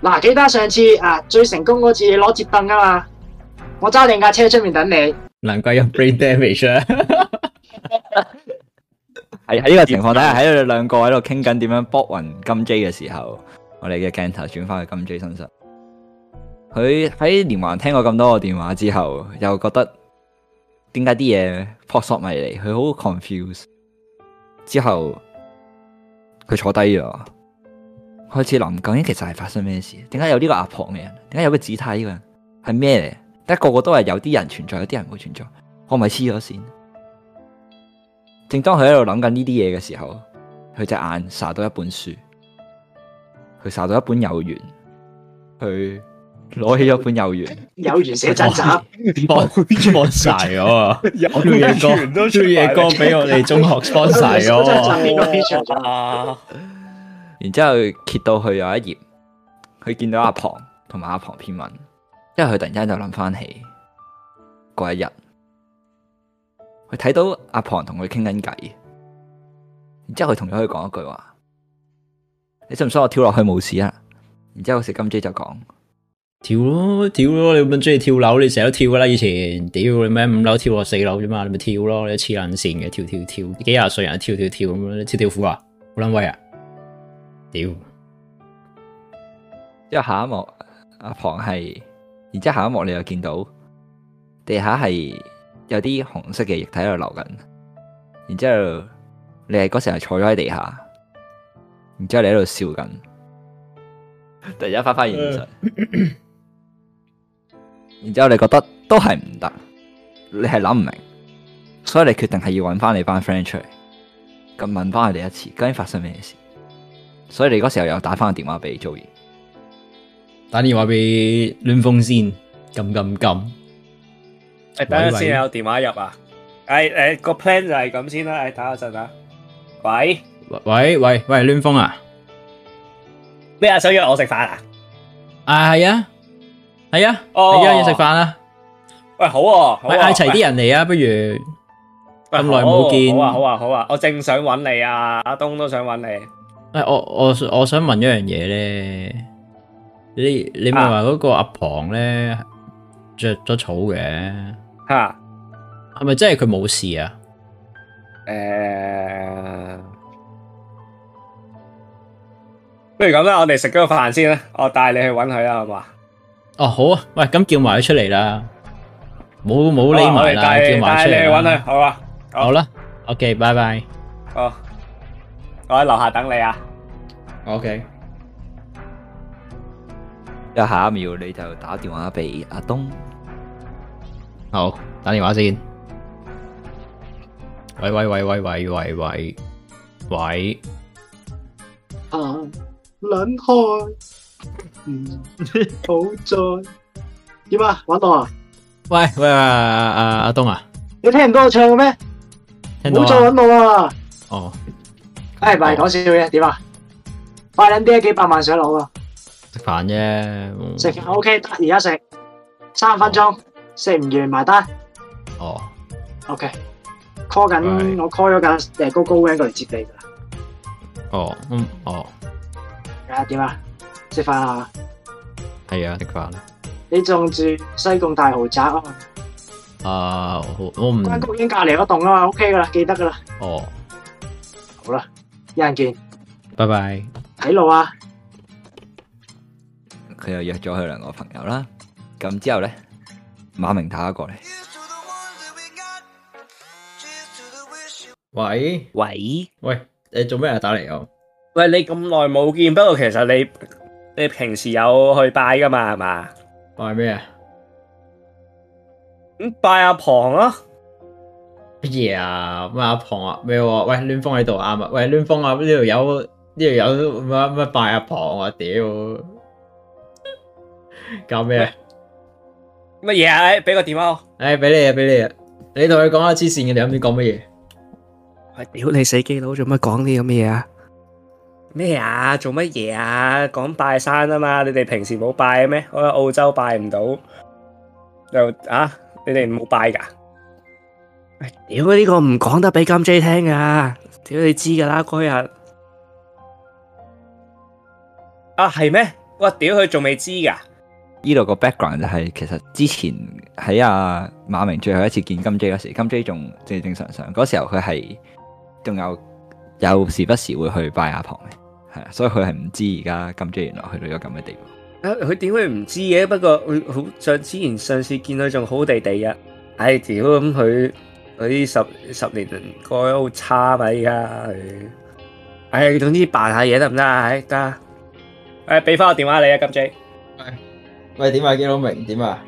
嗱、啊，記得上次啊，最成功嗰次攞折凳噶嘛，我揸定架車出面等你。難怪有 brain damage 啊！係喺呢個情況底下，喺佢哋兩個喺度傾緊點樣剝勻金 J 嘅時候，我哋嘅鏡頭轉翻去金 J 身上。佢喺連環聽過咁多個電話之後，又覺得點解啲嘢撲朔迷離，佢好 confuse。之後佢坐低咗。開始諗究竟其實係發生咩事？點解有呢個阿婆嘅人？點解有個紫太嘅人？係咩嚟？點解個個都係有啲人存在，有啲人冇存在？我咪黐咗線。正當佢喺度諗緊呢啲嘢嘅時候，佢隻眼掃到一本書，佢掃到一本有緣《遊園》，佢攞起咗本《遊 園》。遊園寫真集放晒咗啊！朱野哥，朱野哥俾我哋中學裝晒咗啊！ 然之後揭到去有一頁，佢見到阿婆同埋阿婆篇文，因為佢突然間就諗翻起嗰一日，佢睇到阿婆同佢傾緊偈，然之後佢同咗佢講一句話：你信唔信我跳落去冇事啊？然之後食金姐就講：跳咯，跳咯，你咁中意跳樓，你成日都跳噶啦。以前屌你咩五樓跳落四樓啫嘛，你咪跳咯，你黐撚線嘅跳跳跳，跳跳幾廿歲人跳跳跳咁樣，跳跳虎啊，好撚威啊！屌，之後下一幕阿龐係，然之後下一幕你又見到地下係有啲紅色嘅液體喺度流緊，然之後，後你係嗰時係坐咗喺地下，然之後你喺度笑緊，突然間翻返現實，呃、然之後你覺得都係唔得，你係諗唔明，所以你決定係要揾翻你班 friend 出嚟，咁問翻佢哋一次，究竟發生咩事？所以你嗰時候又打翻個電話俾 Joey，打電話俾亂風先，撳撳撳。誒，等下先有電話入啊！誒誒，個 plan 就係咁先啦。誒，等一陣啊。喂喂喂喂，亂風啊！咩啊？想約我食飯啊？啊，係啊，係啊。哦。你約我食飯啊？喂，好，我嗌齊啲人嚟啊，不如咁耐冇見，好啊，好啊，好啊。我正想揾你啊，阿東都想揾你。我我我想問一樣嘢咧，你你咪話嗰個阿龐咧着咗草嘅吓，係咪真係佢冇事啊？誒，不如咁啦，我哋食咗個飯先啦，我帶你去揾佢啦，好嘛？哦，好啊，喂，咁叫埋佢出嚟啦，冇冇匿埋啦，叫埋出嚟，揾佢，好啊？好啦，OK，拜拜。哦，我喺樓下等你啊。O K，一下一秒你就打電話俾阿東，好打電話先。喂喂喂喂喂喂喂喂，啊，分開，唔好再點啊？揾我啊？喂喂阿阿東啊？你聽唔到我唱嘅咩？唔好再揾我啊！哦，哎唔係講笑嘅，點啊？快、哎、啲，幾百萬上樓啊！食飯啫，食、嗯、飯 OK，得而家食，三分鐘，食唔完埋單。哦，哦，OK，call 緊，我 call 咗架誒高高 van 過嚟接你噶啦。哦，嗯，哦，而家點啊？食飯啊？係啊，食飯啦！你仲住西貢大豪宅啊嘛！啊，我唔關高 w 隔籬個棟啊嘛，OK 噶啦，記得噶啦。哦，好啦，一陣見，拜拜。喺度啊！佢又約咗佢兩個朋友啦。咁之後咧，馬明打過嚟。喂喂喂，你做咩啊？打嚟哦。喂，你咁耐冇見，不過其實你你平時有去拜噶嘛？係嘛？拜咩啊？咁拜阿龐咯。乜嘢啊？乜阿龐啊？咩？喂，亂風喺度啊嘛？喂，亂風啊！呢度有。呢條友乜乜拜阿婆啊！屌，搞咩？乜嘢啊？誒，俾個電話我，誒，俾你啊，俾你啊，你同佢講下黐線嘅，你諗住講乜嘢？誒，屌你死基佬，做乜講呢咁嘅嘢啊？咩啊？做乜嘢啊？講拜山啊嘛？你哋平時冇拜嘅咩？我喺澳洲拜唔到又啊？你哋冇拜噶？誒，屌！呢個唔講得俾金姐聽噶，屌你知噶啦，嗰日。啊，係咩？我屌佢仲未知噶？呢度個 background 就係、是，其實之前喺啊馬明最後一次見金 J 嗰時，金 J 仲正正常常，嗰時候佢係仲有有時不時會去拜阿婆嘅，係，所以佢係唔知而家金 J 原來去到咗咁嘅地步。啊，佢點會唔知嘅？不過佢好像之前上次見佢仲好地地、哎、啊。唉，屌、哎，咁佢佢十十年過得好差咪啊？唉，總之扮下嘢得唔得啊？得。誒，俾翻個電話你啊，金姐。喂，點啊，建佬明點啊？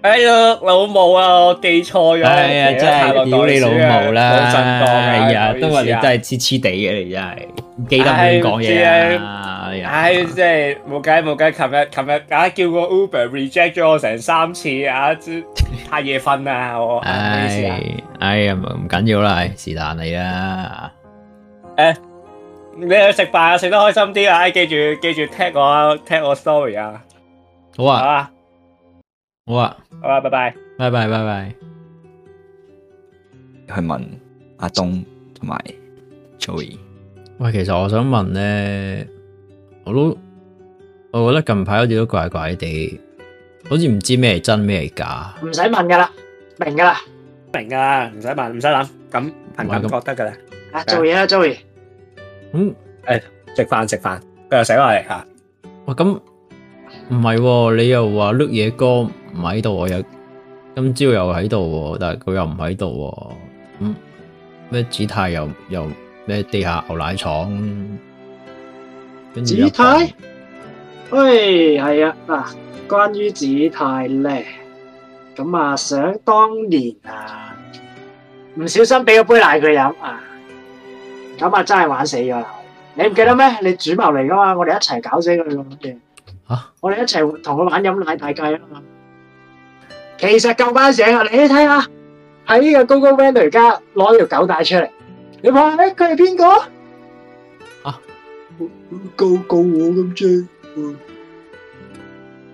哎呀，老母啊，我記錯咗。哎呀，真係老你老母啦，成日都話你真係痴痴地嘅，你真係。記得唔講嘢啊！哎，真係冇計冇計，琴日琴日啊叫個 Uber reject 咗我成三次啊，太夜瞓啦我。哎，哎呀，唔緊要啦，是但你啦。誒。你去食飯啊，食得開心啲啊！記住記住，tag 我，tag 我 story 啊！好啊，好啊，好啊，好啦，拜拜，拜拜，拜拜。去問阿東同埋 Joey。喂，其實我想問咧，我都，我覺得近排好似都怪怪地，好似唔知咩係真咩係假。唔使問噶啦，明噶啦，明噶啦，唔使問，唔使諗，咁憑感覺得噶啦。啊，做嘢啦，Joey。嗯，誒、哎，食飯食飯，佢又醒返嚟吓。哇、啊，咁唔係，你又話碌嘢哥唔喺度，我又今朝又喺度，但係佢又唔喺度。喎、嗯。咩子泰又又咩地下牛奶廠？子泰，喂、哎，係啊，嗱，關於子泰咧，咁啊，想當年啊，唔小心俾咗杯奶佢飲啊。咁啊，真係玩死咗啦！你唔記得咩？你主謀嚟噶嘛？我哋一齊搞死佢嘅，我哋一齊同佢玩飲奶大計啊嘛！其實救翻醒啊！你去睇下，喺呢個高高 van 度而家攞條狗帶出嚟，你睇佢係邊個啊？救救我咁啫！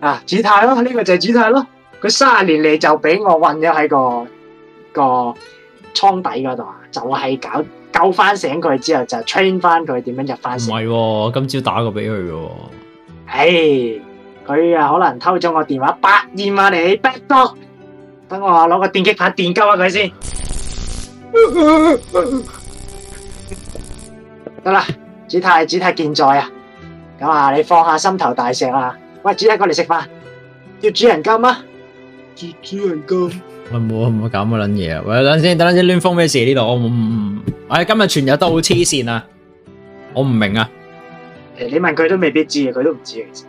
啊，紫太咯，呢個就係紫太咯，佢卅年嚟就俾我困咗喺個個倉底嗰度啊，就係搞。救翻醒佢之後就 train 翻佢點樣入翻。唔係，今朝打過俾佢。唉，佢啊可能偷咗我電話八二萬，你 back 到，等我攞個電擊棒電鳩下佢先。得啦，主太主太健在啊，咁啊你放下心頭大石啦。喂，主太過嚟食飯，要主人金啊。主主人金。我冇冇搞乜卵嘢啊！喂，等陣先，等陣先，亂風咩事？呢度我唔唔唔，哎，今日全日都好黐線啊！我唔明啊！你問佢都未必知，佢都唔知，知。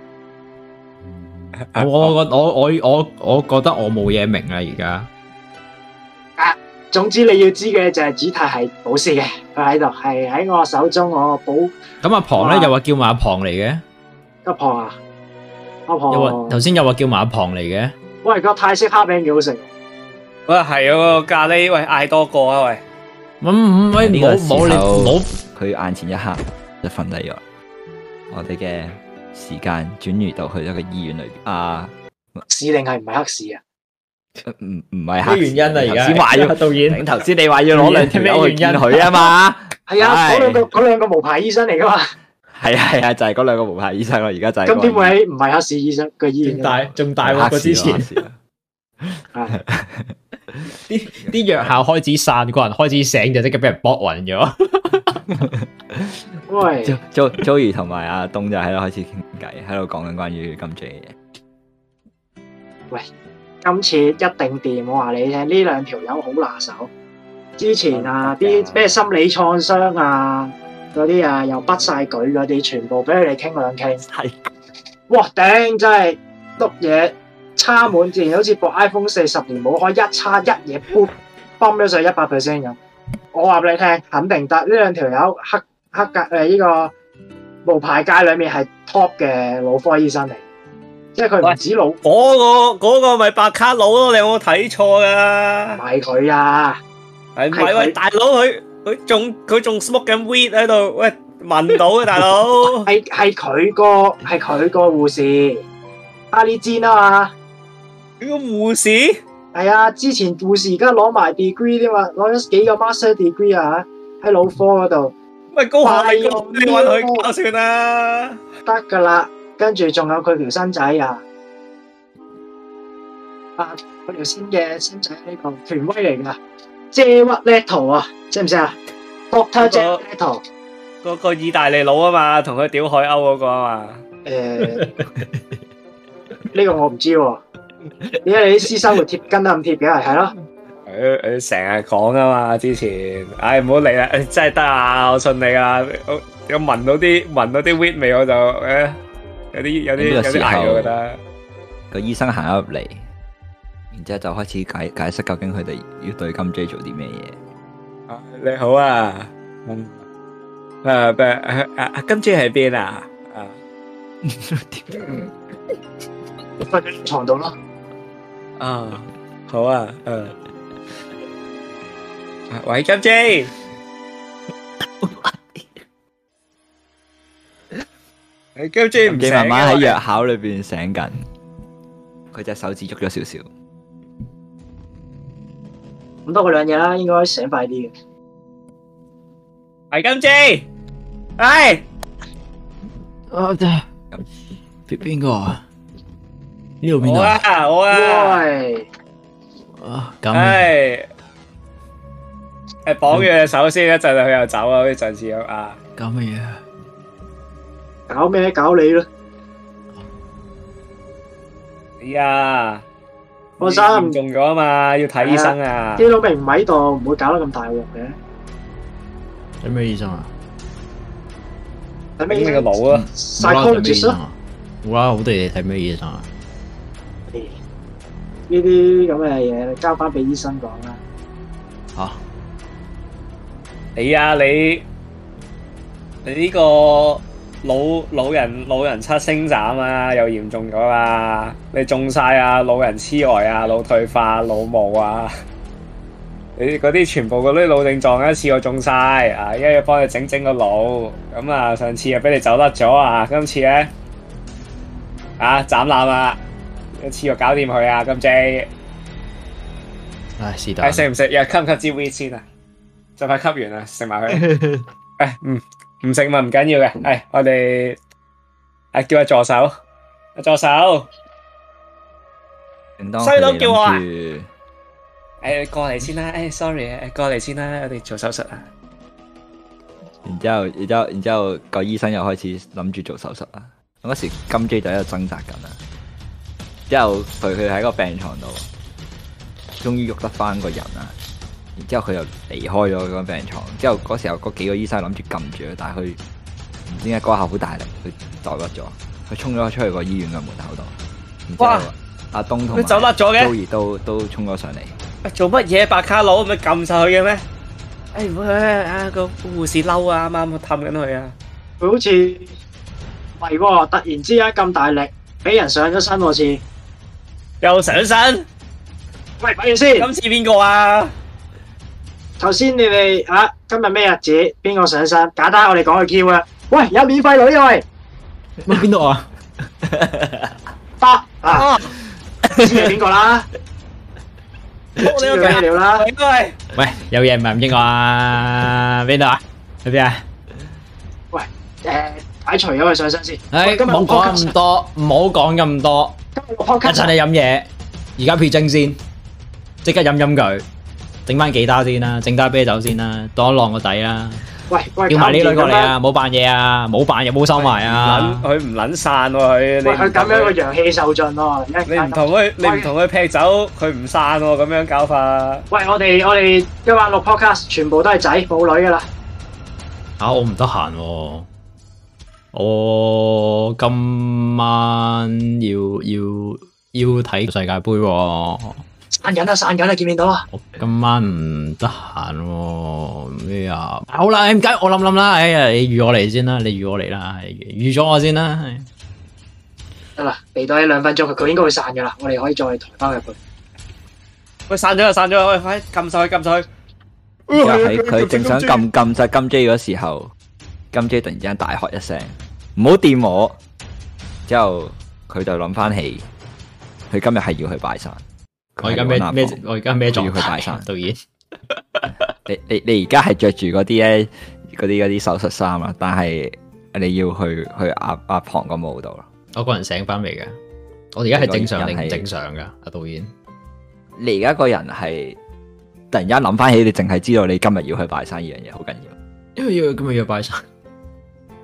其、啊、實、啊啊、我我我我我覺得我冇嘢明啊！而家啊，總之你要知嘅就係紫泰係保釋嘅，佢喺度，係喺我手中，我保。咁阿龐咧又話叫埋阿龐嚟嘅，阿龐啊！阿龐又話頭先又話叫埋阿龐嚟嘅。喂，個泰式蝦餅幾好食。喂，係哦，咖喱，喂，嗌多個啊，喂，冇冇你冇佢眼前一黑就瞓低咗。我哋嘅時間轉移到去一個醫院裏邊。啊，屎定係唔係黑市啊？唔唔係黑市。咩原因啊？而家先話要導演，頭先你話要攞兩條咩原因佢啊嘛？係啊，嗰兩個嗰兩個無牌醫生嚟噶嘛？係啊係啊，就係嗰兩個無牌醫生咯，而家就。咁點會唔係黑市醫生嘅醫院？大仲大鑊過之前。係。啲啲藥效開始散，個人開始醒就即刻俾人搏暈咗。喂，Jo Jo Joey 同埋阿東就喺度開始傾偈，喺度講緊關於金 J 嘅嘢。喂，今次一定掂，我話你聽，呢兩條友好拿手。之前啊，啲咩心理創傷啊，嗰啲啊又不晒舉嗰啲，全部俾佢哋傾兩傾。係，哇，頂真係篤嘢。叉滿電好似部 iPhone 四十年冇開一叉一嘢 boom 咗上一百 percent 咁，我話俾你聽，肯定得呢兩條友黑黑格誒呢、呃呢個無牌界裏面係 top 嘅腦科醫生嚟，即係佢唔止腦。嗰、嗰個、嗰個咪白卡佬咯，你有冇睇錯噶？唔係佢啊，係唔係喂大佬，佢佢仲佢仲 smoke 緊 weed 喺度喂，聞到啊 大佬。係係佢個係佢個護士阿里煎啊嘛。個護士係啊，之前護士而家攞埋 degree 啫嘛，攞咗幾個 master degree 啊，喺老科嗰度。咪高下要你搵佢，我算啦，得噶啦。跟住仲有佢條新仔啊，阿佢條新嘅新仔呢個權威嚟噶，Javelito 啊，識唔識啊？Doctor Javelito，嗰個意大利佬啊嘛，同佢屌海鷗嗰個啊嘛。誒，呢個我唔知喎。點解你啲私生活貼跟得咁貼嘅？係係咯。誒誒，成日講啊嘛，之前，哎，唔好嚟啦，真係得啊，我信你啦，我有聞到啲聞到啲味味，我就誒，有啲有啲有啲難，我覺得個醫生行入嚟，然之後就開始解解釋究竟佢哋要對金豬做啲咩嘢。你好啊，誒誒，阿金豬喺邊啊？啊，瞓喺床度咯。啊，好啊，嗯，喂，金姐，你金姐唔醒啊？佢媽媽喺藥考裏邊醒緊，佢隻手指喐咗少少，咁多過兩日啦，應該醒快啲嘅。喂，金姐，哎，哦，對，點邊個啊？呢度邊啊？喂，啊咁，係係綁住隻手先，一陣佢又走啊，佢暫時有啊。搞乜嘢，搞咩？搞你咯，依家我手嚴重咗啊嘛，要睇醫生啊。基佬明唔喺度，唔會搞得咁大鑊嘅。睇咩醫生啊？睇咩個腦啊？我睇咩醫生啊？我好對睇咩醫生啊？呢啲咁嘅嘢交翻俾醫生講啦。吓、啊、你啊，你你呢個老老人老人七星斬啊，又嚴重咗啦、啊。你中晒啊，老人痴呆啊，老退化、老毛啊，你嗰啲全部嗰啲老症狀一次次中晒啊，而家要幫你整整個腦，咁啊，上次又俾你走得咗啊，今次咧啊，斬爛啦！一次又搞掂佢啊！金 J，唉是但，唉食唔食？又吸唔吸支 V 先啊？就快吸完啦，食埋佢。唉，嗯，唔食咪唔緊要嘅。唉我哋唉叫下助手，個助手，衰佬叫我啊！唉，過嚟先啦！唉，sorry，唉，過嚟先啦！我哋做手術啊！然之後，然之後，然之後個醫生又開始諗住做手術啦。嗰時金 J 就喺度掙扎緊啦。之後佢佢喺個病床度，終於喐得翻個人啊！然之後佢又離開咗個病床，之後嗰時候嗰幾個醫生諗住撳住佢，但係佢唔知點解嗰下好大力，佢走甩咗，佢衝咗出去個醫院嘅門口度。哇！阿、啊、東同 Joey 都都衝咗上嚟。做乜嘢？白卡佬，咁咪撳晒佢嘅咩？哎呀、哎那個護士嬲啊！啱啱氹緊佢啊！佢好似唔係，突然之間咁大力俾人上咗身我似。又上身，喂，反正先，今次邊個啊？頭先你哋啊，今日咩日子？邊個上身？簡單，我哋講個 Q 啦。喂，有免費女嚟，邊度啊？八啊，知係邊個啦？冇理由啦，應該。喂，有嘢問邊個啊？邊度啊？去邊啊？喂，誒，解除咗佢上身先，今日唔好講咁多，唔好講咁多。一陣你飲嘢，而家撇精先，即刻飲飲佢，整翻幾打先啦，整打啤酒先啦，當一浪個底啦。喂喂，叫埋呢女過嚟啊！冇扮嘢啊，冇扮又冇收埋啊！佢唔捻散佢，佢咁樣個陽氣受盡咯。你唔同，你唔同佢劈酒，佢唔散喎。咁樣搞法。喂，我哋我哋今晚六，podcast 全部都係仔冇女噶啦。啊，我唔得閒。我今晚要要要睇世界杯，散緊啦，散緊啦，見唔見到啊！我今晚唔得閒，咩啊？但係好啦，唔緊，我諗諗啦。哎呀，你預我嚟先啦，你預我嚟啦，預咗我先啦。係得啦，嚟多一兩分鐘，佢佢應該會散噶啦。我哋可以再抬翻入去。喂，散咗啦，散咗啦，快快撳上去，撳上去。又係佢正想撳撳晒金 J 嗰時候，金 J 突然之間大喝一聲。唔好掂我，之後佢就諗翻起，佢今日係要去拜山。我而家咩咩？我而家咩狀態？導演，你你你而家係着住嗰啲咧，嗰啲嗰啲手術衫啊，但係你要去去阿阿龐嗰冇度咯。我個人醒翻嚟嘅，我而家係正常定係正常噶，阿導演。你而家個人係突然間諗翻起，你淨係知道你今日要去拜山呢樣嘢好緊要，因為要今日要拜山。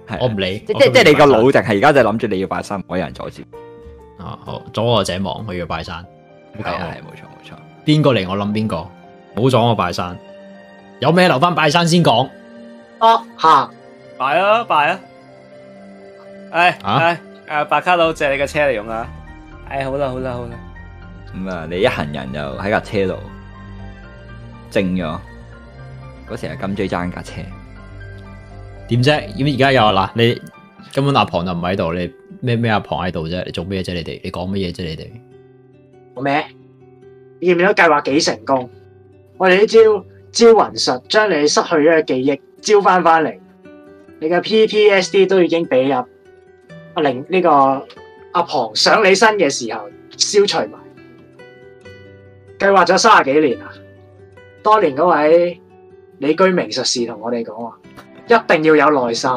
啊、我唔理，即係即係你個腦淨係而家就諗住你要拜山，冇人阻止。哦、啊，好，阻我者亡，我要拜山。係啊，係冇錯冇錯。邊個嚟我諗邊個，冇阻我拜山。有咩留翻拜山先講。哦、啊，哈，拜啊拜、哎、啊。哎哎，誒白卡佬借你個車嚟用下。哎好啦好啦好啦。咁、嗯、啊，你一行人就喺架車度，靜咗。嗰時係金追爭架車。點啫？而家有喇。你根本阿龐就唔喺度，你咩咩阿龐喺度啫？你做咩啫？你哋你講乜嘢啫？你哋好咩？你見到計劃幾成功？我哋呢招招魂術將你失去咗嘅記憶招翻翻嚟，你嘅 PPSD 都已經俾入阿玲呢個阿龐上你身嘅時候消除埋。計劃咗三十幾年啊？當年嗰位李居明術士同我哋講話一定要有耐心。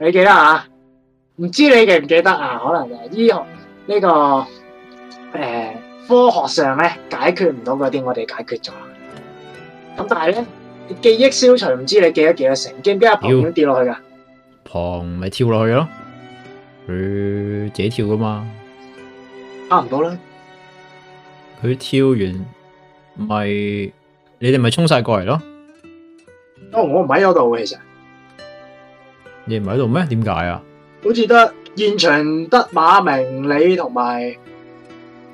你記得啊？唔知你記唔記得啊？可能就係醫學呢個誒科學上咧解決唔到嗰啲，我哋解決咗。咁但係咧，記憶消除唔知你記咗幾多成，記唔記得旁點跌落去噶？旁咪跳落去咯，佢自己跳噶嘛？差唔多啦。佢跳完咪？你哋咪衝晒過嚟咯？我唔喺嗰度其實。你唔喺度咩？點解啊？好似得現場得馬明你同埋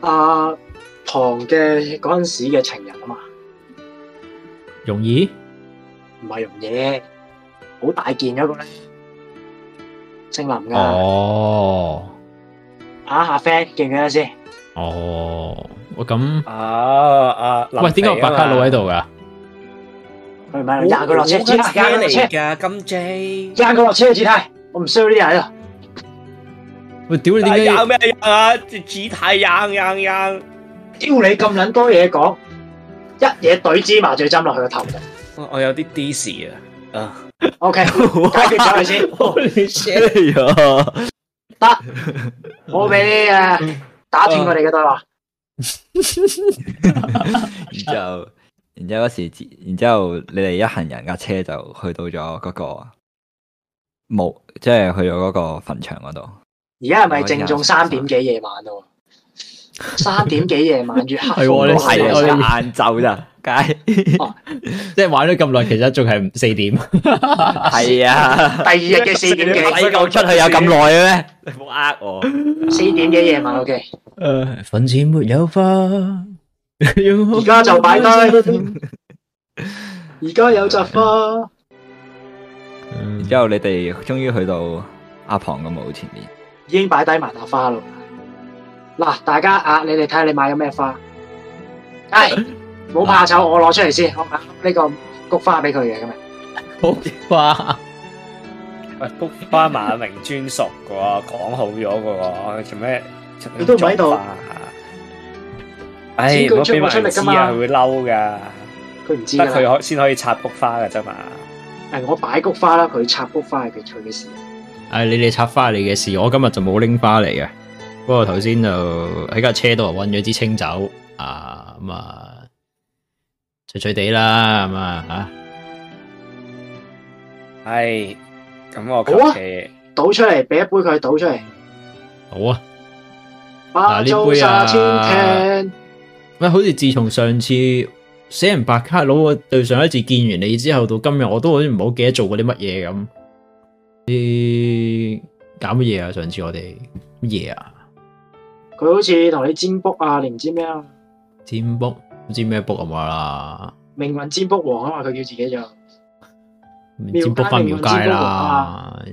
阿唐嘅嗰陣時嘅情人啊嘛。容易？唔係容易，好大件一個咧，姓林㗎。哦。啊，阿飛見佢先。哦。我咁啊啊！喂，點解有白卡佬喺度噶？我唔收呢啲嘢啦！我屌你點解？啊！紫太，樣樣樣，屌你咁捻多嘢講，一嘢懟支麻醉針落去個頭。我我有啲啲事啊。啊，OK，解決咗佢先。你死咗得，我俾你啊！打斷我哋嘅對話。 然之後，然之後嗰時，然之後你哋一行人架車就去到咗嗰個冇，即係去咗嗰個墳場嗰度。而家係咪正中三點幾夜晚咯？ 三點幾夜晚，月黑的。係 喎、啊，晏晝咋？ 解，即係玩咗咁耐，其實仲係四點。係啊，第二日嘅四點幾又出去有咁耐嘅咩？你冇呃我。四點幾夜晚，OK。誒，墳前沒有花，而家就擺低。而家有扎花。然之後你哋終於去到阿龐嘅墓前面，已經擺低埋紮花咯。嗱，大家啊，你哋睇下你買咗咩花。係。冇怕醜，我攞出嚟先，好，呢個菊花俾佢嘅今日。菊花，喂， 菊花馬明專屬，我 講好咗㗎喎，做咩？你都唔喺度。哎，如佢邊出嚟今日佢會嬲噶。佢唔知佢可先可以插菊花噶啫嘛。誒，我擺菊花啦，佢插菊花係佢嘅事。誒、哎，你哋插花係你嘅事，我今日就冇拎花嚟嘅。不過頭先就喺架車度搵咗支清酒啊，咁、嗯、啊。脆脆地啦，係嘛吓？係咁，我求其倒出嚟，俾一杯佢倒出嚟。好啊，嗱呢杯，啊啊啊、杯啊，喂、啊啊，好似自從上次死人白卡佬我，對上一次見完你之後到今日，我都好似唔好記得做過啲乜嘢咁。啲、啊、搞乜嘢啊？上次我哋乜嘢啊？佢好似同你占卜你不啊，你唔知咩啊？占卜。唔知咩 book 啊嘛啦，命運占卜王啊嘛，佢叫自己做占卜翻廟街啦，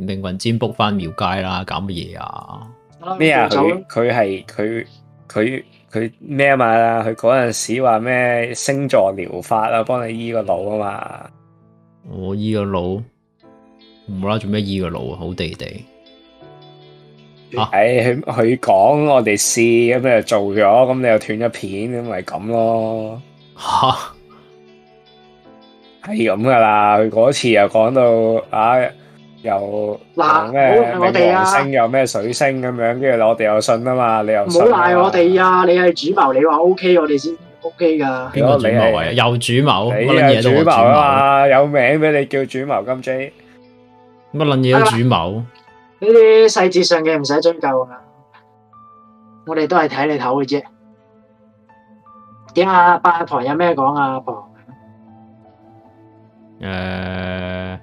命運占卜翻廟、啊、街啦，搞乜嘢啊？咩啊？佢佢係佢佢佢咩啊嘛？佢嗰陣時話咩星座療法啊，幫你醫個腦啊嘛？我醫個腦，唔好啦，做咩醫個腦啊？好地地。誒，佢佢講我哋試，咁你就做咗，咁你又斷一片，咁咪咁咯。吓，係咁噶啦。佢嗰次又講到啊，又講咩冥王星，又咩水星咁樣，跟住我哋又信啊嘛，你又唔好賴我哋啊！你係主謀，你話 OK，我哋先 OK 噶。邊個主謀嚟？又主謀，乜捻嘢都係主謀啊！有名俾你叫主謀金 Jay，乜捻嘢都主謀。呢啲細節上嘅唔使追究啊！我哋都係睇你頭嘅啫。點啊，阿阿婆有咩講啊？阿婆，誒，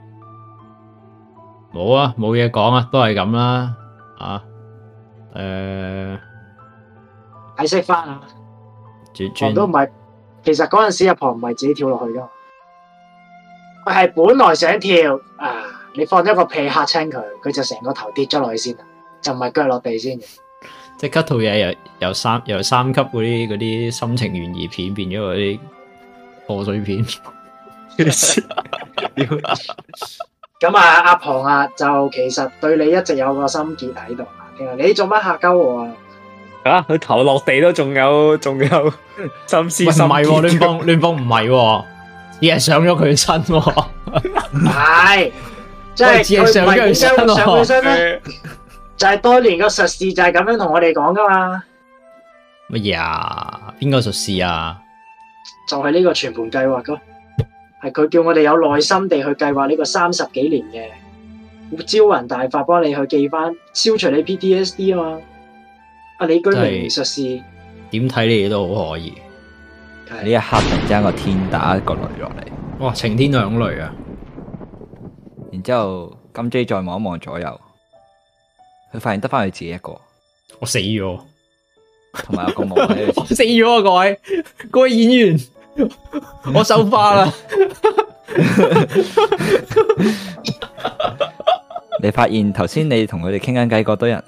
冇啊，冇嘢講啊，都係咁啦，啊，誒，係識翻啊，阿婆都唔係，其實嗰陣時阿婆唔係自己跳落去噶，佢係本來想跳啊。你放咗個屁，嚇親佢，佢就成個頭跌咗落去先，就唔係腳落地先。即刻套嘢，由由三由三級嗰啲啲心情懸疑片變咗嗰啲破碎片。咁 啊，阿婆啊，就其實對你一直有個心結喺度。你做乜嚇鳩我啊？啊，佢頭落地都仲有仲有心思心。唔係亂蹦亂蹦，唔係，啊，而係，啊 yeah, 上咗佢身，啊。唔 係。即係佢唔係上上本身咧， 就係當年個術士就係咁樣同我哋講噶嘛。乜嘢啊？邊個術士啊？就係呢個全盤計劃噶，係佢叫我哋有耐心地去計劃呢個三十幾年嘅招雲大法，幫你去記翻消除你 P T S D 啊嘛。阿李居明術士，點睇你都好可以。呢一刻突然間個天打一個雷落嚟，哇！晴天兩雷啊！然之後金 J 再望一望左右，佢發現得翻佢自己一個，我死咗，同埋有個帽，我死咗啊！各位，各位演員，我收花啦！ 你發現頭先你同佢哋傾緊偈嗰堆人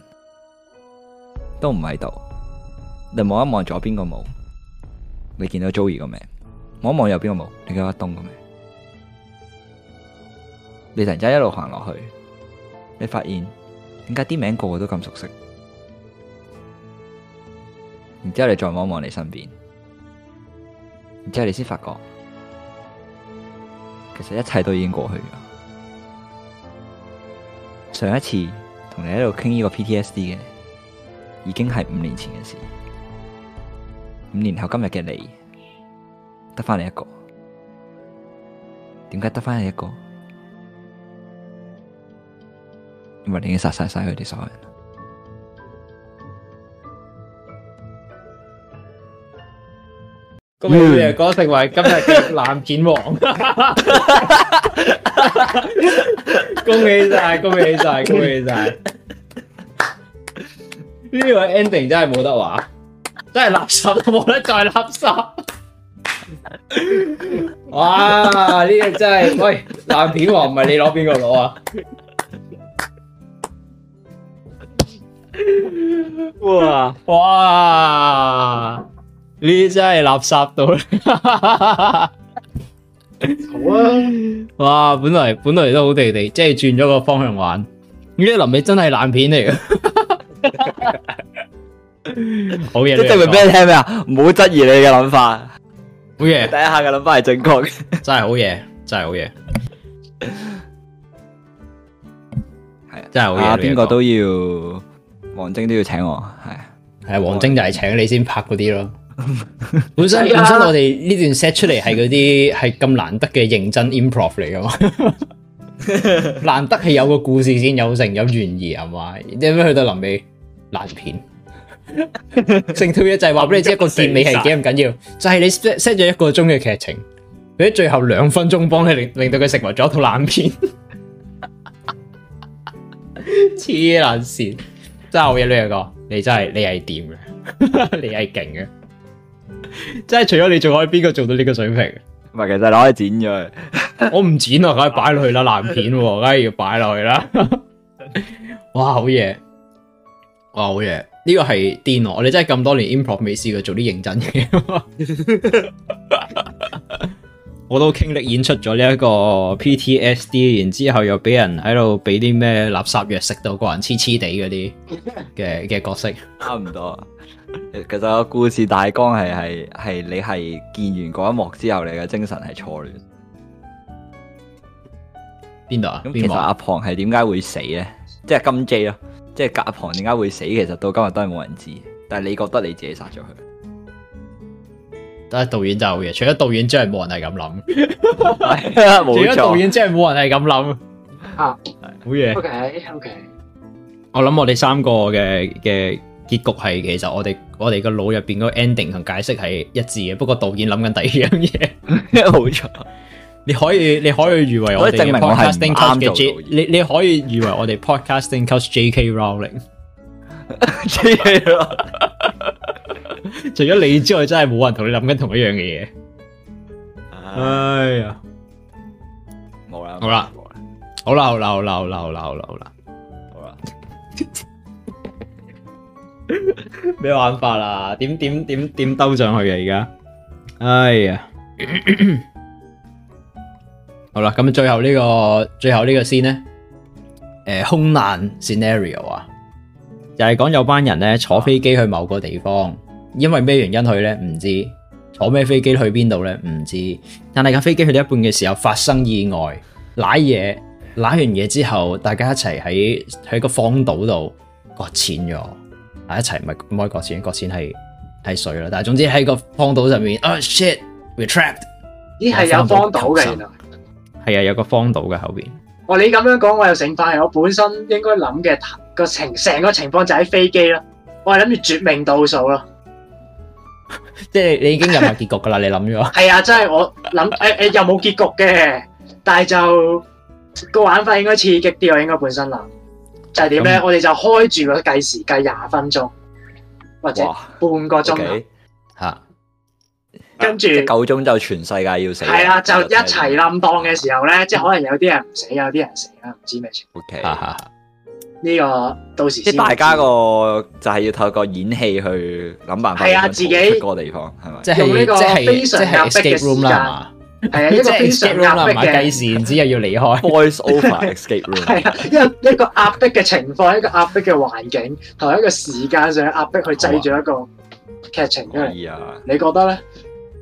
都唔喺度，你望一望左邊個帽，你見到 Joey 個名；望一望右邊個帽，你見到阿東個名。你突然間一路行落去，你發現點解啲名個個都咁熟悉？然之後你再望望你身邊，然之後你先發覺，其實一切都已經過去咗。上一次同你喺度傾呢個 PTSD 嘅，已經係五年前嘅事。五年後今日嘅你，得翻你一個，點解得翻你一個？我哋已經殺晒晒佢哋所有人。恭喜你啊，哥成為今日嘅爛片王！恭喜晒，恭喜晒，恭喜晒！呢個 ending 真係冇得話，真係垃圾都冇得再垃圾。哇！呢個真係，喂爛片王唔係你攞邊個攞啊？哇哇！呢啲真係垃圾到， 好啊！哇，本來本來都好地地，即係轉咗個方向玩。呢啲臨尾真係爛片嚟嘅！好嘢！即係證明俾你聽咩啊？唔好質疑你嘅諗法，好嘢！第一下嘅諗法係正確嘅，真係好嘢， 真係好嘢，係啊真係好嘢，邊個都要。王晶都要請我，係係王晶就係請你先拍嗰啲咯。本身本身我哋呢段 set 出嚟係嗰啲係咁難得嘅認真 improv 嚟噶嘛，難得係有個故事先有成有懸疑係嘛，點解去到臨尾爛片？成套嘢就係話俾你知一個結尾係幾唔緊要，就係、是、你 setset 咗一個鐘嘅劇情，喺最後兩分鐘幫你令令到佢成為咗一套爛片，黐爛線。真係好嘢呢個，你真係你係掂嘅，你係勁嘅，即係除咗你仲可以邊個做到呢個水平？唔係，其實攞去剪咗，我唔剪啊，梗係擺落去啦，爛片，梗係要擺落去啦。哇好嘢，哇好嘢，呢、這個係癲我，你真係咁多年 improv 未試過做啲認真嘅。 我都傾力演出咗呢一個 PTSD，然之後又俾人喺度俾啲咩垃圾藥食到個人痴痴地嗰啲嘅嘅角色，差唔多。其實個故事大綱係係係你係見完嗰一幕之後，你嘅精神係錯亂。邊度啊？其實阿龐係點解會死咧？即係、就是、金 J 咯，即係隔阿龐點解會死？其實到今日都係冇人知。但係你覺得你自己殺咗佢？都導演真係好嘢，除咗導演真係冇人係咁諗， 除咗導演真係冇人係咁諗。好嘢。OK OK。我諗我哋三個嘅嘅結局係，其實我哋我哋個腦入邊嗰個 ending 同解釋係一致嘅，不過導演諗緊第二樣嘢。冇 錯。你可以你可以譽為我哋證明我係啱嘅。J, 你你可以譽為我哋 podcasting cost J K Rowling。J K Rowling。除咗你之外，真係冇人同你諗緊同一樣嘅嘢。哎呀，冇啦，好啦，好啦，好啦，好啦，好啦，好啦，好啦，好啦，好啦，咩辦法啊？點點點點兜上去啊！而家，哎呀，好啦，咁最後呢個最後呢個先咧，誒，空難 scenario 啊，就係講有班人咧坐飛機去某個地方。因為咩原因去呢？唔知。坐咩飛機去邊度呢？唔知。但係架飛機去到一半嘅時候發生意外，瀨嘢瀨完嘢之後，大家一齊喺喺個荒島度擱淺咗，大家一齊咪開擱淺擱淺係係水啦。但係總之喺個荒島入面，啊 shit, retracted 咦係有荒島嘅原來係啊，有個荒島嘅後邊。哦，你咁樣講，我又醒翻，我本身應該諗嘅個情成個情況就喺飛機啦。我係諗住絕命倒數咯。 即係你已經有埋結局噶啦，你諗咗？係啊，即係我諗誒誒，又冇結局嘅，但係就個玩法應該刺激啲，我應該本身諗就係點咧？我哋就開住個計時計廿分鐘或者半個鐘吓，跟住夠鐘就全世界要死，係啊，就一齊冧檔嘅時候咧， 即係可能有啲人唔死，有啲人死啦，唔知咩情況。Okay, 呢、這個到時大家個就係要透過演戲去諗辦法，係啊，自己個地方係咪？用呢個非常壓迫嘅時間，係啊，一個非常壓迫嘅計時，然之後要離開。Voice over escape room 係啊，一個一個壓迫嘅情況、啊，一個壓迫嘅環境，、啊境，啊境，啊、境，同一個時間上壓迫去製造一個劇情出嚟。你覺得咧？誒、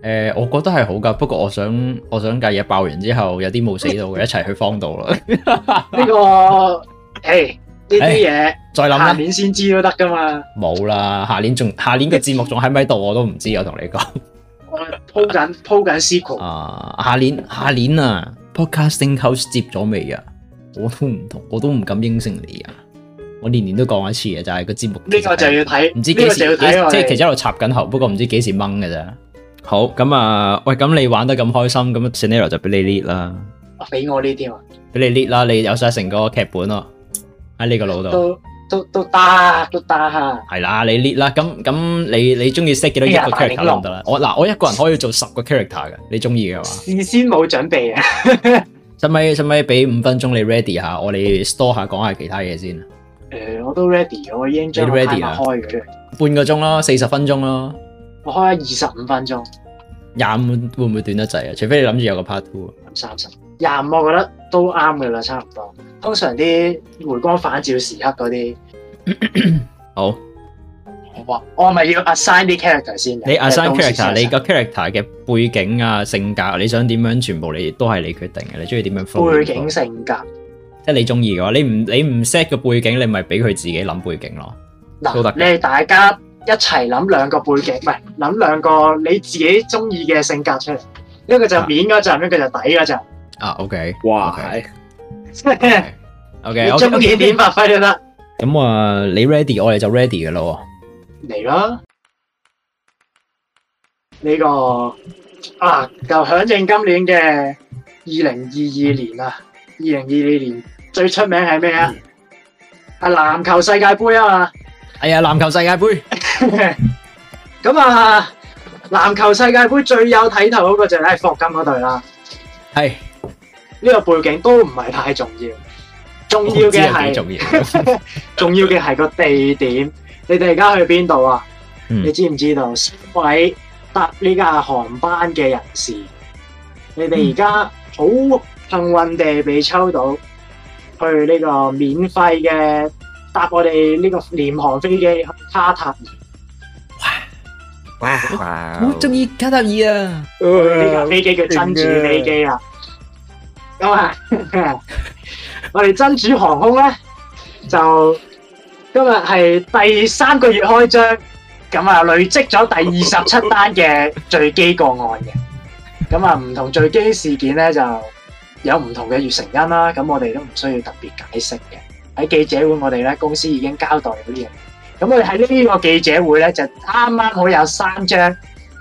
呃，我覺得係好噶，不過我想我想計嘢爆完之後，有啲冇死到嘅 一齊去荒島啦。呢、這個誒。 hey, 呢啲嘢，再諗啦，下年先知都得噶嘛。冇啦，下年仲下年嘅節目仲喺咪度，我都唔知。我同你講，我鋪緊 鋪緊思考啊。下年下年啊 ，Podcasting Coach 接咗未啊？我都唔同，我都唔敢應承你啊。我年年都講一次嘅，就係、是、個節目。呢、這個就要睇，唔知幾時。這個、要即係其實一路插緊喉，不過唔知幾時掹嘅啫。好咁啊，喂，咁你玩得咁開心，咁 scenario 就俾你 lead 啦。俾我呢啲啊？俾你 lead 啦，你有晒成個劇本咯。喺呢個腦度都都都得，都得係啦，你列啦，咁咁你你中意 set 幾多一個 character 得啦。我嗱我一個人可以做十個 character 嘅，你中意嘅話，事先冇準備啊！使咪使咪俾五分鐘你 ready 一下，我哋 store 下講下其他嘢先。誒、呃，我都 ready，我已經將我開咗半個鐘咯，四十分鐘咯。我開二十五分鐘，廿五會唔會短得滯啊？除非你諗住有一個 part two。三十。廿五，我覺得都啱嘅啦，差唔多。通常啲回光返照時刻嗰啲，好好啊。我係咪要 assign 啲 character 先？你 assign character，你個 character 嘅背景啊、性格，你想點樣，全部你都係你決定嘅。你中意點樣？背景性格，即係你中意嘅話，你唔你唔 set 個背景，你咪俾佢自己諗背景咯。嗱，都得，你係大家一齊諗兩個背景，唔係諗兩個你自己中意嘅性格出嚟。一個就面嗰陣，一個就底嗰陣。啊、ah,，OK，哇，係，OK，我中幾點發揮都得。咁啊，uh, 你 ready，我哋就 ready 嘅咯。嚟、這、啦、個，呢個啊就響應今年嘅二零二二年啊，二零二二年最出名係咩啊？係、嗯、籃、啊、球世界杯啊嘛。係、哎、啊，籃球世界杯。咁 啊，籃球世界杯最有睇頭嗰個就係霍金嗰隊啦。係、hey.。呢、這個背景都唔係太重要，重要嘅係重要嘅係 個地點。你哋而家去邊度啊？嗯、你知唔知道？位搭呢架航班嘅人士，你哋而家好幸運地被抽到去呢個免費嘅搭我哋呢個廉航飛機去卡塔爾。哇哇哇！好中意卡塔爾啊！呢架飛機叫親善飛機啊！咁啊，我哋真主航空咧，就今日係第三個月開張，咁啊累積咗第二十七單嘅墜機個案嘅。咁啊，唔同墜機事件咧就有唔同嘅月成因啦。咁我哋都唔需要特別解釋嘅。喺記者會，我哋咧公司已經交代咗呢樣嘢。咁我哋喺呢個記者會咧就啱啱好有三張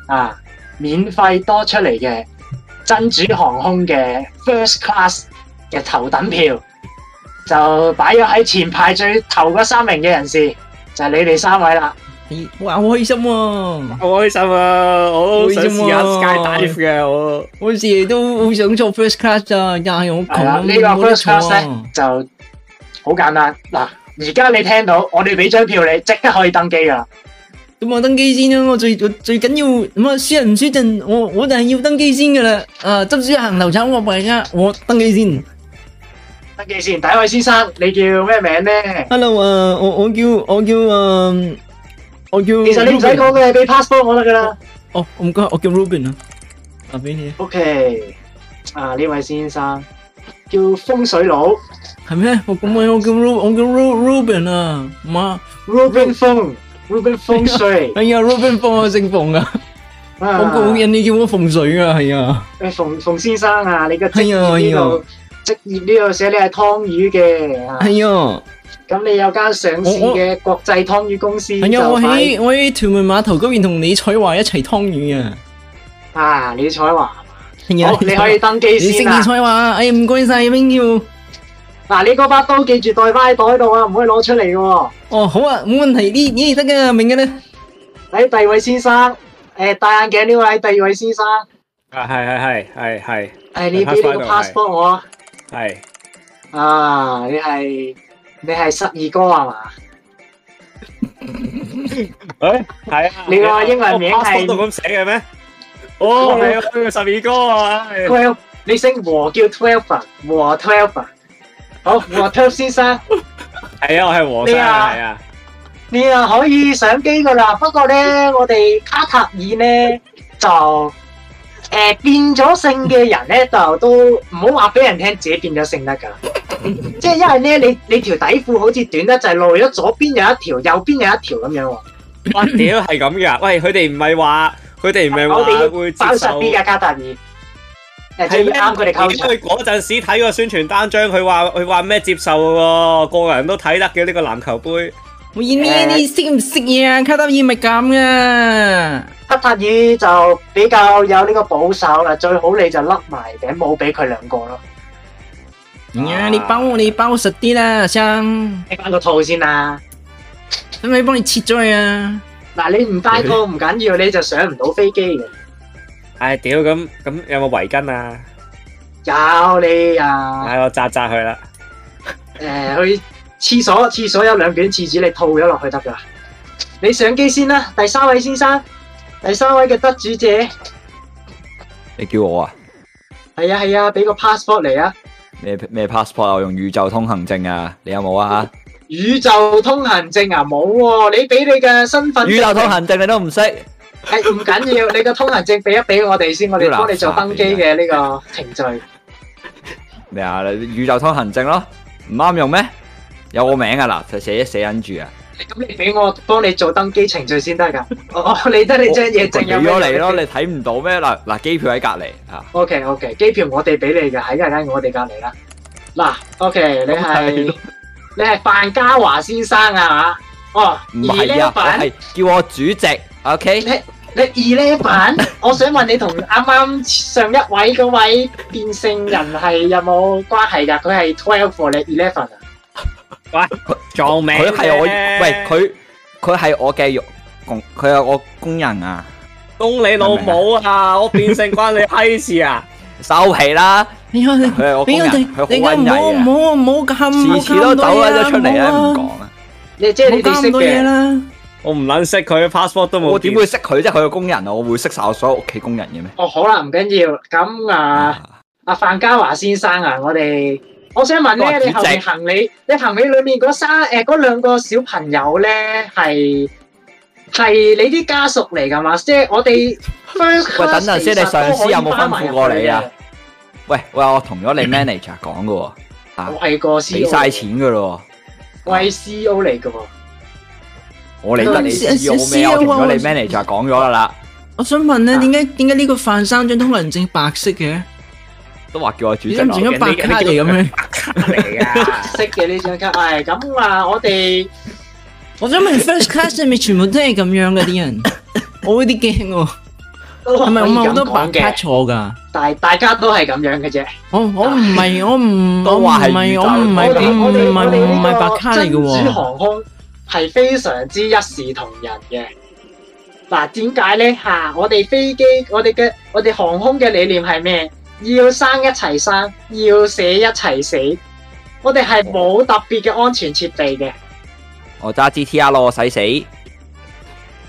啊，免費多出嚟嘅。真主航空嘅 First Class 嘅頭等票就擺咗喺前排最頭嗰三名嘅人士就係你哋三位啦，我好開心，好開心啊！我好想試下 Skydive 嘅，我平時都好想坐 First Class 啊，但係我係啊，呢個 First Class 咧就好簡單嗱，而家你聽到我哋俾張票你即刻可以登機㗎！咁我登機先啦，我最最最緊要，什麼輸人唔輸陣，我我就係要登機先噶啦。啊，執輸行頭慘我唔係噶，我登機先，登機先。第一位先生，你叫咩名咧？Hello 啊，我我叫我叫嗯，我叫。其實你唔使講嘅，俾 passport 我得噶啦。哦，我唔該，我叫 Ruben 啊。啊，俾你？OK，啊呢位先生叫風水佬係咩？我唔係，我叫 Rub，我叫 Rub Ruben 啊，唔係 Ruben 風。Ruby 風水，哎呀，Ruby 風啊，姓馮啊咁講人哋叫我馮水啊，係啊。誒，馮馮先生啊，你個職業呢度職業呢度寫你係湯魚嘅，係啊。咁你有間上市嘅國際湯魚公司，係啊。我喺我喺屯門碼頭嗰邊同李彩華一齊湯魚啊。啊，李彩華，你可以登機先啊。李彩華，哎呀，唔該晒，thank you。嗱，你嗰把刀記住袋翻喺袋度啊，唔可以攞出嚟嘅。哦，好啊，冇問題，呢呢得噶，明噶啦。喺第二位先生，誒，戴眼鏡呢位第二位先生。啊，係係係係係。係你俾個 passport 我。係。啊，你係你係十二哥係嘛？誒，係啊。你個英文名係。passport 都咁寫嘅咩？哦，係啊，十二哥啊。twelve，你姓和叫 twelve，和 twelve。好，我 Thomas 先生，係啊，我係黃生，係啊，啊，你又、啊、可以上機噶啦。不過咧，我哋卡塔爾咧就誒、呃、變咗性嘅人咧就都唔好話俾人聽自己變咗性得噶。即 係因為咧，你你條底褲好似短得就是，露咗左邊有一條，右邊有一條咁樣。我屌係咁噶？喂，佢哋唔係話佢哋唔係話會接受？包實啲噶卡塔爾。係咩？我嗰陣時睇個宣傳單張，佢話佢話咩接受喎？個人都睇得嘅呢個籃球杯。我依咩你識唔識嘢啊？卡塔爾咪咁噶。卡塔爾就比較有呢個保守啦，最好你就甩埋頂帽俾佢兩個咯。呀！你包你包實啲啦，阿生。拎翻個套先啦。咁你幫你切咗佢啊？嗱，你唔戴套唔緊要，你就上唔到飛機嘅。唉、哎，屌，咁咁有冇圍巾啊？有你啊！哎、啊，我扎扎去啦。誒，去廁所，廁所有兩卷廁紙，你套咗落去得噶。你上機先啦，第三位先生，第三位嘅得主者。你叫我啊？係啊係啊，俾個 passport 嚟啊！咩咩 passport 我用宇宙通行證啊？你有冇啊？宇宙通行證啊，冇喎、啊。你俾你嘅身份宇宙通行證你，你都唔識。係唔緊要，你個通行證俾一俾我哋先，我哋幫你做登機嘅呢個程序。咩啊？你宇宙通行證咯，唔啱用咩？有我名㗎嗱，就寫寫忍住啊！咁你俾我幫你做登機程序先得噶。哦，你得你張嘢證咗嚟咯，你睇唔到咩？嗱嗱，機票喺隔籬啊。OK OK，機票我哋俾你嘅，喺喺我哋隔籬啦。嗱，OK，你係 你係范家華先生啊嘛？哦，唔係啊，我係叫我主席。O K，你你 eleven，我想問你同啱啱上一位嗰位變性人係有冇關係噶？佢係 twelve for 你 eleven 啊？喂，佢撞名！佢係我喂佢，佢係我嘅傭工，佢係我工人啊！供你老母啊！我變性關你屁事啊！收皮啦！你你你你唔好唔好唔好咁次次都抖翻咗出嚟啦！唔講啦，你即係你哋識嘅。我唔捻識佢，passport 都冇。我點會識佢啫？佢個工人啊，我會識晒我所有屋企工人嘅咩？哦，好啦，唔緊要。咁啊，阿范家華先生啊，我哋，我想問咧，你後邊行李，你行李裏面嗰三誒，嗰兩個小朋友咧，係係你啲家屬嚟噶嘛？即係我哋。喂，等陣先，你上司有冇吩咐過你啊？喂喂，我同咗你 manager 講噶，吓，我係個，俾晒錢噶咯，CEO 嚟噶。我理得你有咩同咗你 manager 講咗啦啦。我想問咧，點解點解呢個范生張通行證白色嘅？都話叫我主任攞嘅呢張白卡嚟咁樣。白卡嚟 啊，白色嘅呢張卡。哎，咁啊，我哋我想問，first class 上面全部都係咁樣嘅、啊、啲 人， 我會怕、啊、 是是有啲驚喎。係咪我有冇白卡錯噶？大大家都係咁樣嘅啫、oh。我說我唔係我唔我話係我唔係我唔係唔係白卡嚟嘅喎。航空。係非常之一視同仁嘅。嗱、啊，點解咧？吓、啊，我哋飛機，我哋嘅，我哋航空嘅理念係咩？要生一齊生，要死一齊死。我哋係冇特別嘅安全設備嘅。我揸 GTR 咯，使死。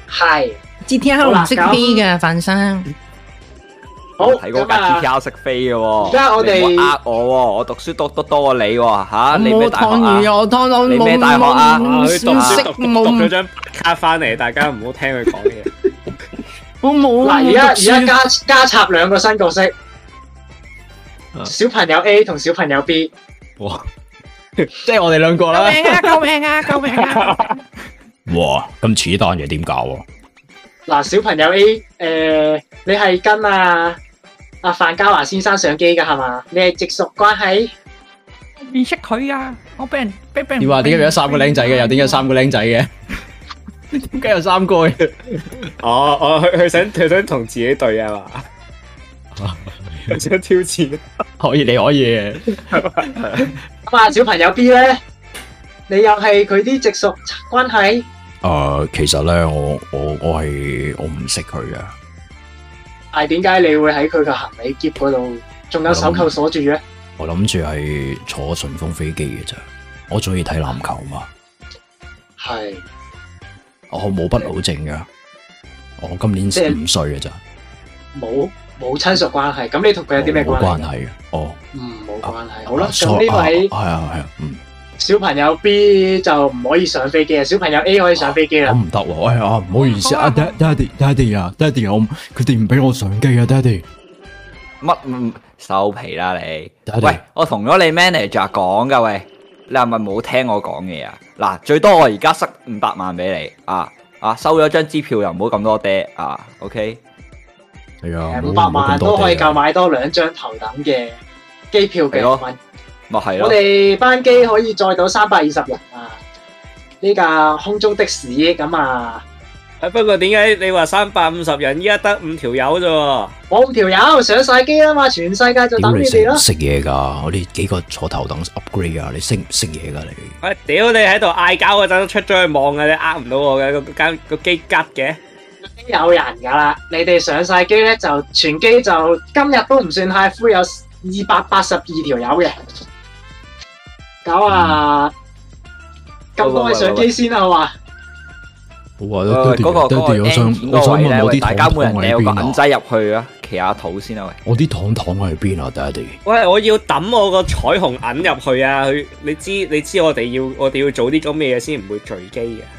係，GTR 唔識飛嘅范生。好睇，嗰架 GTR 識飛嘅，你唔好呃我，我讀書讀得多過你，吓，你咩大學啊？你咩大學啊？佢讀書讀咗張卡翻嚟，大家唔好聽佢講嘢。好冇？嗱，而家而家加加插兩個新角色，小朋友 A 同小朋友 B。哇！即係我哋兩個啦。救命啊！救命啊！救命啊！哇！咁此檔嘢點搞？嗱，小朋友 A，誒，你係跟啊？阿范家華先生上機噶係嘛？你係直屬關係，你識佢啊？我邊邊邊？你話點解有三個僆仔嘅？又點解三個僆仔嘅？點解有三個嘅、 哦？哦，我佢佢想佢想同自己對啊嘛？佢 想挑戰， 可以，你可以。咁啊，小朋友 B 咧，你又係佢啲直屬關係？誒、呃，其實咧，我我我係我唔識佢嘅。係點解你會喺佢個行李箧嗰度仲有手扣鎖住嘅？我諗住係坐順風飛機嘅咋。我中意睇籃球嘛。係。我、哦、冇不老症嘅。我、哦、今年四五歲嘅咋。冇冇親屬關係？咁你同佢有啲咩關係？冇關係哦。嗯，冇關係。好啦，就呢位。係啊係啊,啊,啊,啊。嗯。小朋友 B 就唔可以上飛機啊！小朋友 A 可以上飛機啦。我唔得喎，哎呀，唔好意思啊，爹哋爹哋爹哋啊，爹哋我佢哋唔俾我上機啊，爹哋。乜唔收皮啦你？喂，我同咗你 manager 講噶喂，你係咪冇聽我講嘢啊？嗱，最多我而家塞五百萬俾你啊啊，收咗張支票又唔好咁多爹啊，OK？係啊，五百萬都可以夠買多兩張頭等嘅機票俾我。係、就是啊、我哋班機可以載到三百二十人啊。呢、這、架、個、空中的士咁啊，不過點解你話三百五十人，依家得五條友咋？我五條友上晒機啦嘛，全世界就等你哋咯。食嘢噶，我哋幾個坐頭等 upgrade 噶，你識唔識嘢噶你？誒，屌你喺度嗌交嗰陣出咗去望啊，你呃唔到我嘅、那個間、那個機吉嘅。已經有人噶啦，你哋上晒機咧，就全機就今日都唔算太灰，有二百八十二條友嘅。搞啊！交、嗯、多相機先啊，好嘛？好啊，爹哋，爹哋、嗰個，我想我想問我啲糖糖喺邊啊？喂，我啲糖糖喺邊啊？爹哋，喂，我要抌我個彩虹銀入去啊！佢，你知你知我哋要我哋要做啲咁嘅嘢先唔會墜機嘅。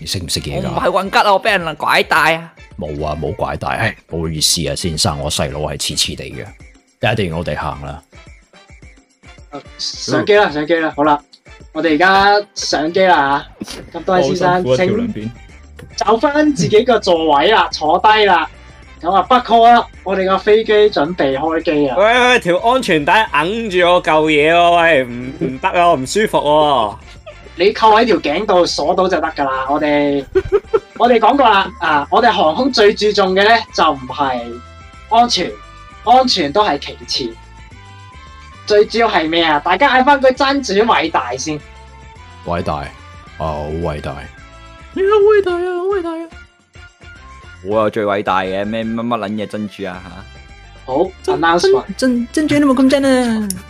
你識唔識嘢㗎？我唔係運吉啊，我俾人拐帶啊！冇啊，冇拐帶，係，唔好意思啊，先生，我細佬係黐黐地嘅，一定要我哋行啦。上機啦，上機啦，好啦，我哋而家上機啦啊！咁多位先生，啊、請兩邊 走翻自己個座位啊，坐低啦。咁啊，北 call 啦，我哋個飛機準備開機啊！喂喂，條安全帶揞住我舊嘢喎，喂，唔唔得啊，我唔舒服喎、啊。 你扣喺條頸度鎖到就得噶啦，我哋 我哋講過啦，啊，我哋航空最注重嘅咧就唔係安全，安全都係其次，最主要係咩啊？大家嗌翻佢珍珠偉大先，偉大、啊、大，大啊，好偉大，你好偉大啊，好偉大啊！我有最偉大嘅咩乜乜捻嘢珍珠啊吓？好，真珍珠，真珍珠，你冇咁真啊！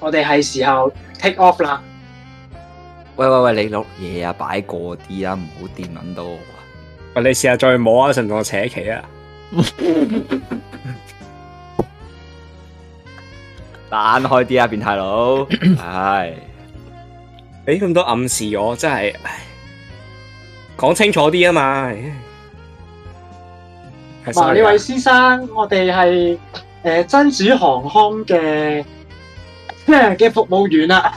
我哋係時候 take off 啦！喂喂喂，你碌嘢啊，擺過啲啦，唔好掂撚到我。喂，你試下再摸一成同我扯旗啊！彈 開啲啊，變態佬！唉，畀 咁多暗示我，真係講清楚啲啊嘛！嗱，呢位先生，我哋係誒真主航空嘅。嘅服務員啊，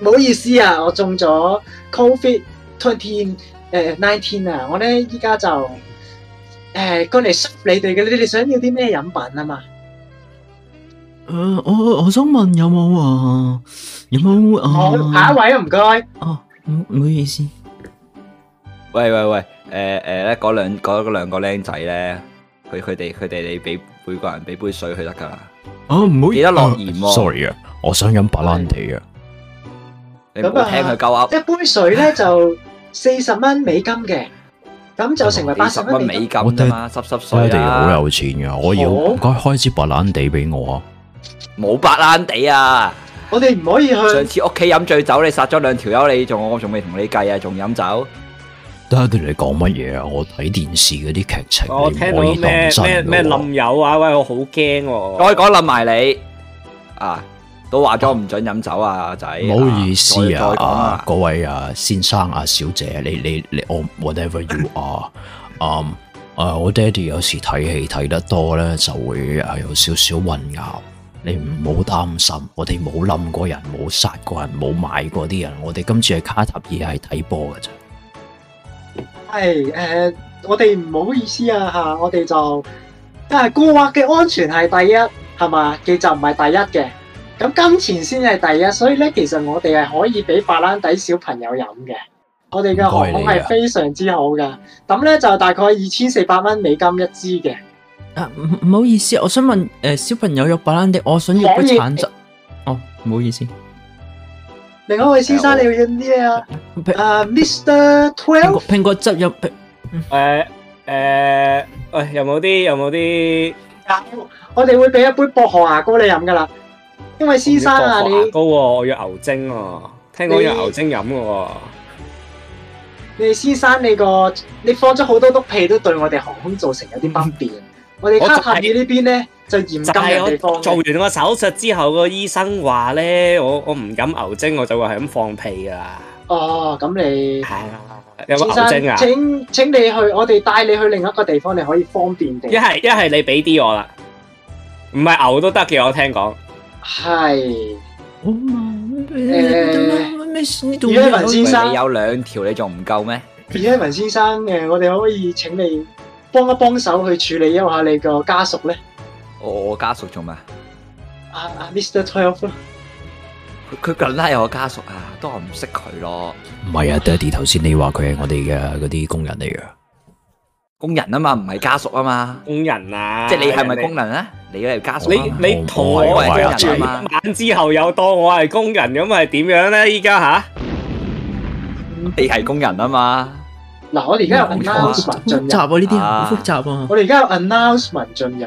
唔好意思啊，我中咗 Covid Twenty 誒 Nineteen 啊，我咧依家就誒過嚟 serve 你哋嘅，你哋想要啲咩飲品啊嘛？誒，我我想問有冇啊？有冇啊？下一位啊唔該。哦，唔唔好意思。喂喂喂，誒誒咧，嗰兩嗰嗰兩個僆仔咧，佢佢哋佢哋你俾。每個人俾杯水佢得噶，啊唔好記得落鹽喎。Sorry 啊，我想飲白蘭地啊。你唔好聽佢鳩啊！一杯水咧就四十蚊美金嘅，咁就成為八十蚊美金啦嘛。我爹哋好有錢噶，我要唔該開支白蘭地俾我啊。冇白蘭地啊！我哋唔可以去。上次屋企飲醉酒，你殺咗兩條友，你仲我仲未同你計啊？仲飲酒。爹哋你講乜嘢啊？我睇電視嗰啲劇情，我聽到咩咩咩冧友啊！喂，我好驚、啊。再講冧埋你啊！都話咗唔准飲酒啊，仔。唔、啊、好意思啊，啊，啊，啊，各位啊，先生啊，小姐，你你你，你我 whatever you are，嗯，誒，我爹哋有時睇戲睇得多咧，就會有少少混淆。你唔好擔心，我哋冇冧過人，冇殺過人，冇買過啲人。我哋今次係卡塔爾係睇波㗎咋。係、哎、誒、呃，我哋唔好意思啊吓，我哋就但係顧客嘅安全係第一，係嘛，其實唔係第一嘅，咁金錢先係第一，所以咧其實我哋係可以俾白蘭地小朋友飲嘅，我哋嘅口感係非常之好噶，咁咧、啊、就大概二千四百蚊美金一支嘅。啊唔唔好意思，我想問誒、呃、小朋友有白蘭地，我想要杯橙汁。哦，唔好意思。另外一位先生，欸、你要飲啲咩啊？Mr. Twelve。蘋、uh, 果，果汁有，誒誒、嗯呃呃呃，喂，有冇啲？有冇啲？有一，我哋會俾一杯薄荷牙膏你飲噶啦。因為先生啊，你薄我要牛精哦、啊，聽講有牛精飲噶、啊。你先生，你個你放咗好多碌屁，都對我哋航空造成有啲不便。我哋、就是、卡塔爾呢邊咧。就嚴禁嘅地方。做完個手術之後，個醫生話咧，我我唔敢牛精，我就會係咁放屁噶啦。哦，咁你係啊？有冇牛精啊？請請你去，我哋帶你去另一個地方，你可以方便啲。一係一係，你俾啲我啦。唔係牛都得嘅，我聽講係。好啊。誒，葉一文先生你有兩條，你仲唔夠咩？葉一文先生，誒，我哋可以請你幫一幫手去處理一下你個家屬咧。我、哦、我家屬做咩？啊，啊 Mister Twelve，佢佢梗係有家屬啊，都係唔識佢咯。唔係啊，爹哋頭先你話佢係我哋嘅嗰啲工人嚟嘅，工人啊嘛，唔係家屬啊嘛。工人啊，即係你係咪工人啊？你係家屬你你我人我我我我我我我你妥為轉晚之後又當我係工人，咁係點樣咧？依家吓，你係工人啊嘛？嗱、嗯嗯啊，我哋而家有 announcement 進入啊，好複雜啊！複雜啊，啊我哋而家有 announcement 文進入。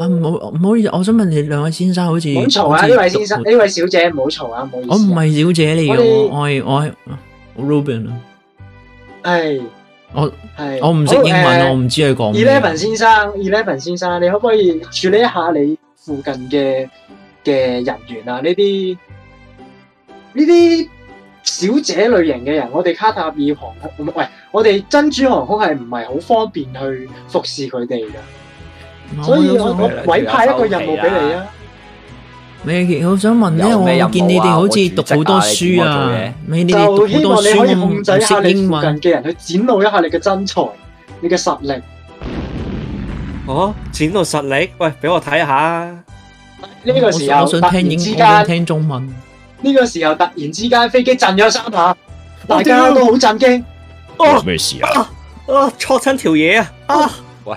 啊，唔好唔好意思，我想問你兩位先生，好似唔好嘈啊！呢位先生，呢位小姐，唔好嘈啊！唔好意思，我唔係小姐嚟嘅，我我我係 Robin 啊。係我係我唔識英文，我唔知佢講乜。Eleven 先生，Eleven 先生，你可唔可以處理一下你附近嘅嘅人員啊？呢啲呢啲小姐類型嘅人，我哋卡塔爾航空，唔係，我哋珍珠航空係唔係好方便去服侍佢哋噶？所以我，我委派一個任務俾你啊！美亦好想問咧，我見你哋好似讀好多，多書啊！你哋讀好多書，啊，就希望你可以控制下你，英文你附近嘅人，去展露一下你嘅真才，你嘅實力。哦，展露實力，喂，俾我睇下。呢、這個時候突然之間聽，聽中文。呢、這個時候突然之間飛機震咗三下，大家都好震驚。咩事啊？啊，錯親條嘢啊，啊！啊，喂。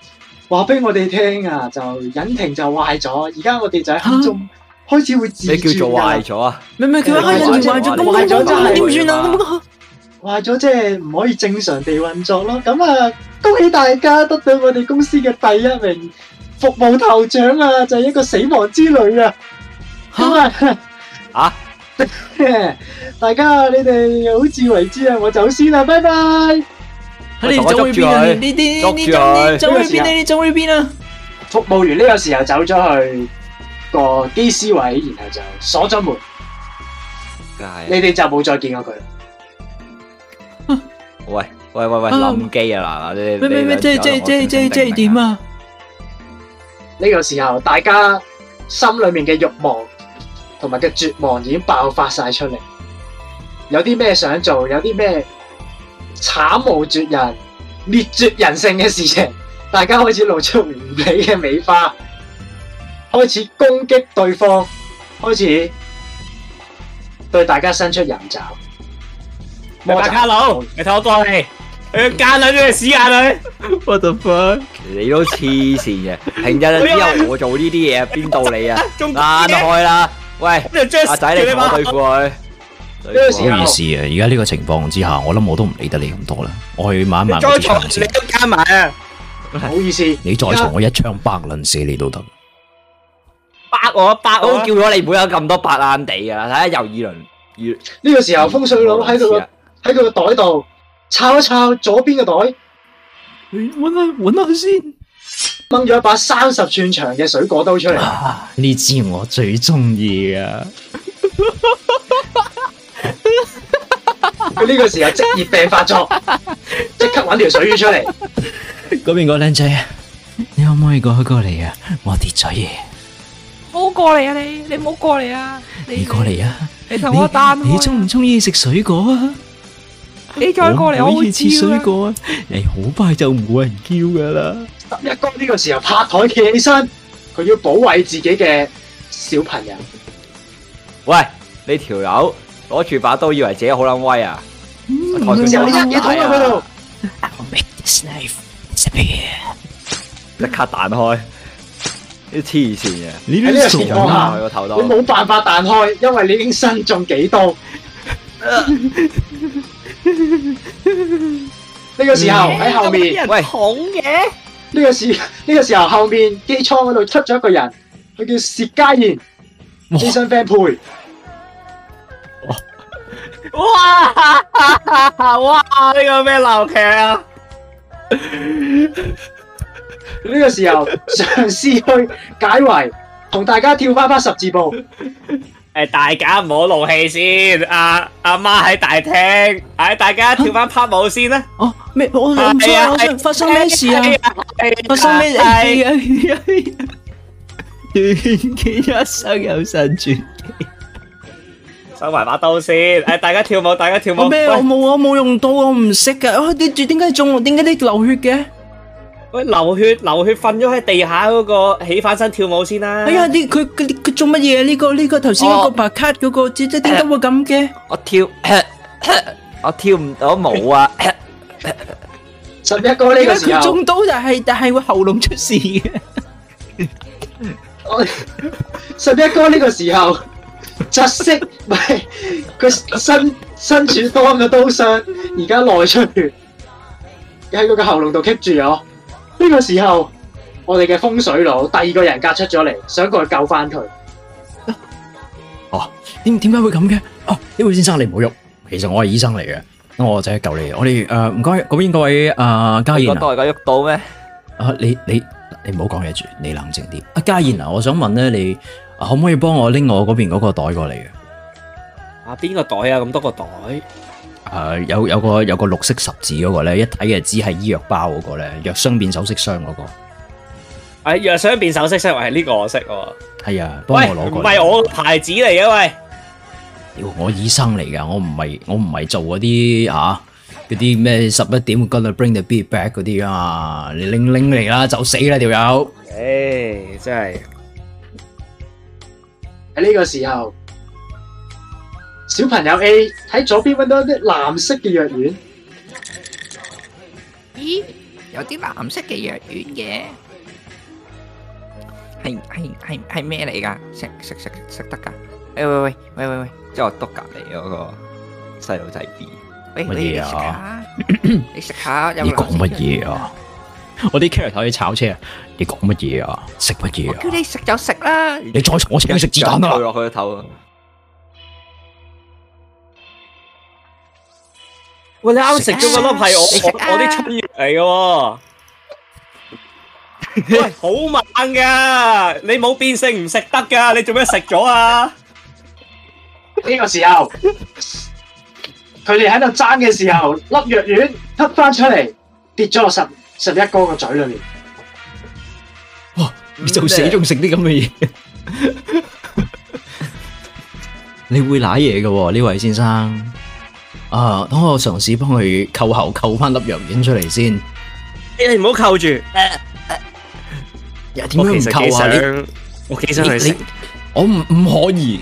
話俾我哋聽啊，就引擎就壞咗，而家就喺空中開始會自己、啊啊、叫做壞咗啊？明明而家開引擎壞咗就壞咗，點算啊？壞咗即係唔可以正常地運作咯。咁啊，恭喜大家得到我哋公司嘅第一名服務頭獎啊！就係、是、一個死亡之旅啊！好啊啊！ 大家你哋好自為之啊！我先走先啦，拜拜。你哋走去邊啊？呢啲呢種呢種去邊？呢啲走，走，走去邊啊？這個，服務員呢個時候走咗去個機師位，然後就鎖咗門。你哋就冇再見過佢啊。喂喂喂喂，冧機啊嗱！嗱！即係、啊，即係即係即係即係點啊？呢，這個時候，大家心裏面嘅欲望同埋嘅絕望已經爆發晒出嚟，有啲咩想做，有啲咩？慘無絕人、滅絕人性嘅事情，大家開始露出狐狸嘅尾巴，開始攻擊對方，開始對大家伸出人爪。我架卡樓，你頭裝嚟，你奸啊！你屎眼你，what the fuck！你都黐線嘅，平日之後我做呢啲嘢，邊到你啊？爛開啦，喂，阿仔你同我對付佢？唔好意思啊，而家呢個情況之下，我諗我都唔理得你咁多啦，我去買一買你再你都加埋啊！唔好意思，你再從我一槍百輪死你都得。八我八我叫咗你唔會有咁多白爛地啊！睇下又二輪。呢、這個時候風水佬喺佢個喺佢個袋度抄一抄左邊嘅袋。揾啊揾啊佢先，掹咗一把三十寸長嘅水果刀出嚟。呢、啊、支我最中意啊！ 佢 呢個時候職業病發作，即刻搵條水魚出嚟。嗰邊個靚仔，你可唔可以過過嚟啊？我跌咗嘢，唔好過嚟啊！你你唔好過嚟啊！你，你過嚟啊！你同我單。你你中唔中意食水果啊？你再過嚟我切水果啦、啊！你好快就冇人叫噶啦！十一哥呢個時候拍台企起身，佢要保衛自己嘅小朋友。喂，你條友。攞住把刀，以為自己好捻威啊！我唔想你捅喺佢度。I'll make this knife disappear。即刻彈開，啲黐線嘅。喺呢個情況下，你冇辦法彈開，因為你已經身中幾刀。呢個時候喺後面，喂，呢個時呢個時候後面機艙嗰度出咗一個人，佢叫薛家燕，資深 fan 陪。哇！哇！呢個咩鬧劇啊？呢個時候嘗試去解圍，同大家跳翻翻十字步。誒，大家唔好怒氣先。阿阿媽喺大廳，誒，大家跳翻拍舞先啦。哦咩？我諗住，我諗發生咩事啊？發生咩事啊？斷劍一生有神傳奇。收埋把刀先，誒，大家跳舞，大家跳舞。我咩舞舞啊？冇用刀，我唔識噶。哦，你點點解中？點解你流血嘅？喂，流血流血，瞓咗喺地下嗰個起翻身跳舞先啦。哎呀，你佢佢佢做乜嘢？呢個呢個頭先個白卡嗰個，即即點解會咁嘅？我跳，我跳唔到舞啊！十一哥呢個時候中刀，但係但係我喉嚨出事。我十一哥呢個時候。窒 息，唔係佢身身處多嘅刀傷，而家內出血，喺佢個喉嚨度棘住咗。呢、這個時候，我哋嘅風水佬第二個人隔出咗嚟，想過去救翻佢。哦、啊，點點解會咁嘅？哦、啊，呢位先生你唔好喐，其實我係醫生嚟嘅，咁我就係救你。我哋誒唔該嗰邊嗰位誒嘉燕代得喐到咩？啊，你你你唔好講嘢住，你冷靜啲。阿、啊、嘉燕啊，我想問咧你。.可唔可以幫我拎我嗰邊嗰個袋過嚟嘅？啊，邊個袋啊？咁多個袋？誒、呃，有有個有個綠色十字嗰個咧，一睇就只係醫藥包嗰個咧，藥箱變首飾箱嗰個。誒、啊，藥箱變首飾箱係呢個我識。係啊，幫、啊、我攞個。唔係我牌子嚟嘅喂。我醫生嚟噶，我唔係我唔係做嗰啲吓嗰啲咩十一點 gotta bring the beat back 嗰啲啊，你拎拎嚟啦，就死啦條友。誒、這個，hey，真係。喺呢個時候，小朋友 A 喺左邊揾到一啲藍色嘅藥丸，咦，有啲藍色嘅藥丸嘅，係系系係咩嚟噶？食食食食得噶？喂喂喂喂喂喂，即係我篤隔籬嗰個細路仔 B，喂，乜嘢啊？你食下，你講乜嘢啊？我啲 carry 頭啲炒車，你講乜嘢啊？食乜嘢啊？叫你食就食啦，你再坐我請你食子彈啦！投落去一頭。哦剛剛啊一啊啊哦、 喂，你啱食咗嗰粒係我我啲春藥嚟嘅。喂，好猛噶！你冇變性唔食得噶，你做咩食咗啊？呢 個時候，佢哋喺度爭嘅時候，粒藥丸吸翻出嚟，跌咗落實。十一哥個嘴裡，裏面，哇！你做死仲食啲咁嘅嘢？這 你會瀨嘢嘅呢位先生？啊，等我嘗試幫佢扣喉扣翻粒藥丸出嚟先。你唔好扣住。又點解唔扣啊？我幾想你，我唔可以。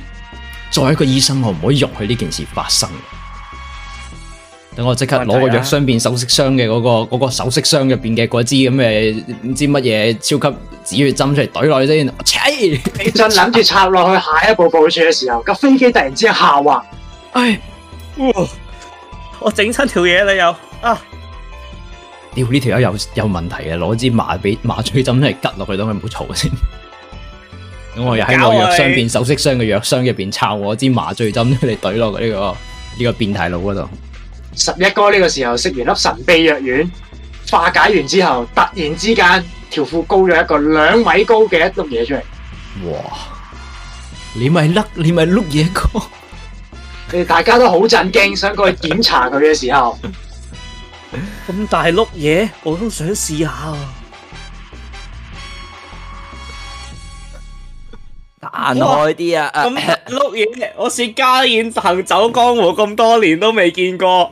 作為一個醫生，我唔可以容許呢件事發生。等我即刻攞個藥箱變首飾箱嘅嗰個嗰、啊那個那個首飾箱入邊嘅嗰支咁嘅唔知乜嘢超級止血針出嚟懟落去先。切，你真諗住插落去下一步部署嘅時候，架、那個、飛機突然之間下滑。唉，呃、我整親條嘢啦又。啊，屌呢條友有有問題啊！攞支麻俾麻醉針出嚟拮落去，當佢唔好嘈先。咁 我又喺我藥箱變首飾箱嘅藥箱入邊插我支麻醉針出嚟懟落去呢、這個呢、這個變態佬嗰度。十一哥呢個時候食完粒神秘藥丸，化解完之後，突然之間條褲高咗一個兩米高嘅一碌嘢出嚟。哇！你咪甩你咪碌嘢哥，誒，大家都好震驚，想過去檢查佢嘅時候，咁大碌嘢，我都想試下啊！彈開啲啊！咁碌嘢，我薛家燕行走江湖咁多年都未見過。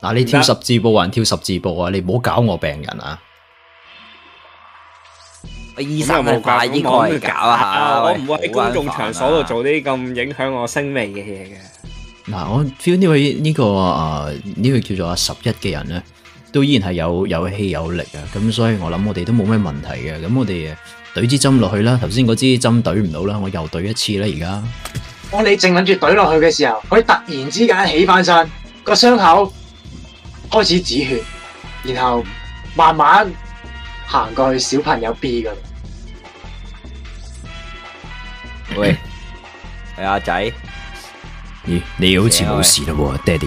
嗱，你跳十字步還跳十字步啊！你唔好搞我病人啊！我醫生嘅怪應該搞下，我唔會喺公眾場所度做啲咁影響我聲名嘅嘢嘅。嗱，我 feel 呢位呢個誒呢位叫做阿十一嘅人咧，都依然係有有氣有力嘅，咁所以我諗我哋都冇咩問題嘅。咁我哋懟支針落去啦，頭先嗰支針懟唔到啦，我又懟一次啦，而家當你正諗住懟落去嘅時候，佢突然之間起翻身個傷口。開始止血，然後慢慢行過去小朋友 B 嗰度。喂，係阿仔。咦，你好似冇事咯，爹哋。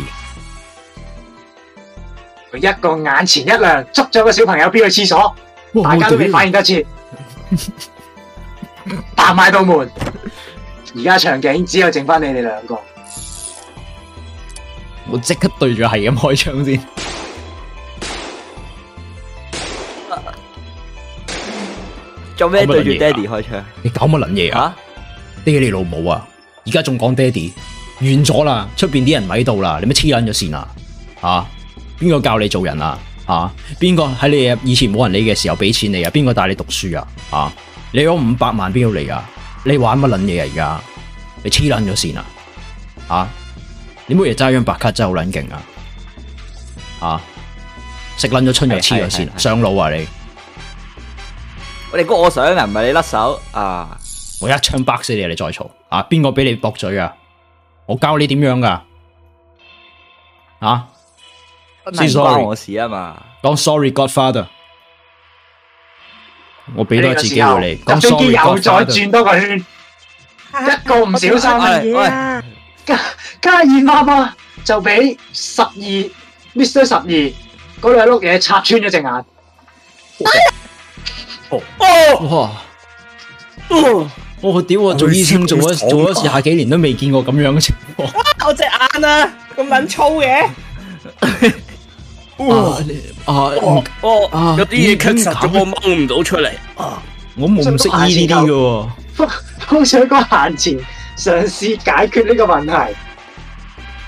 佢一個眼前一亮，捉咗個小朋友 B 去廁所，大家都未反應得切，彈埋道門，而家場景只有剩返你哋兩個。我即刻對住係咁開槍先。爸爸開槍，做咩對住爹哋開槍？你搞乜捻嘢啊？爹係你老母啊！而家仲講爹哋完咗啦，出邊啲人咪喺度啦，你咪黐捻咗線啊？啊！邊個教你做人啊？啊！邊個喺你以前冇人理嘅時候畀錢你啊？邊個帶你讀書啊？啊！你攞五百萬邊度嚟啊？你玩乜捻嘢啊？而家你黐捻咗線啊？啊！你冇嘢揸張白卡真係好卵勁啊！吓、啊，食捻咗春藥黐咗線，上腦啊你！你估我想啊，唔係你甩手啊！我一槍爆死你，啊，你再嘈啊！邊個俾你駁嘴啊？我教你點樣噶？啊！先關我事啊嘛，講 sorry，當 sorry Godfather，我俾多一次機會你，當 sorry Godfather，再轉多個圈，一個唔小心問，啊加加爾媽媽就俾十二 Mr 十二嗰兩碌嘢插穿咗隻眼。哦哇我屌，我做醫生做咗做咗廿幾年都未見過咁樣嘅情況。我隻眼啊咁捻粗嘅。啊哦，有啲嘢夾實，我掹唔到出嚟。我冇唔識醫呢啲嘅。好想講閒錢。嘗試解決呢個問題。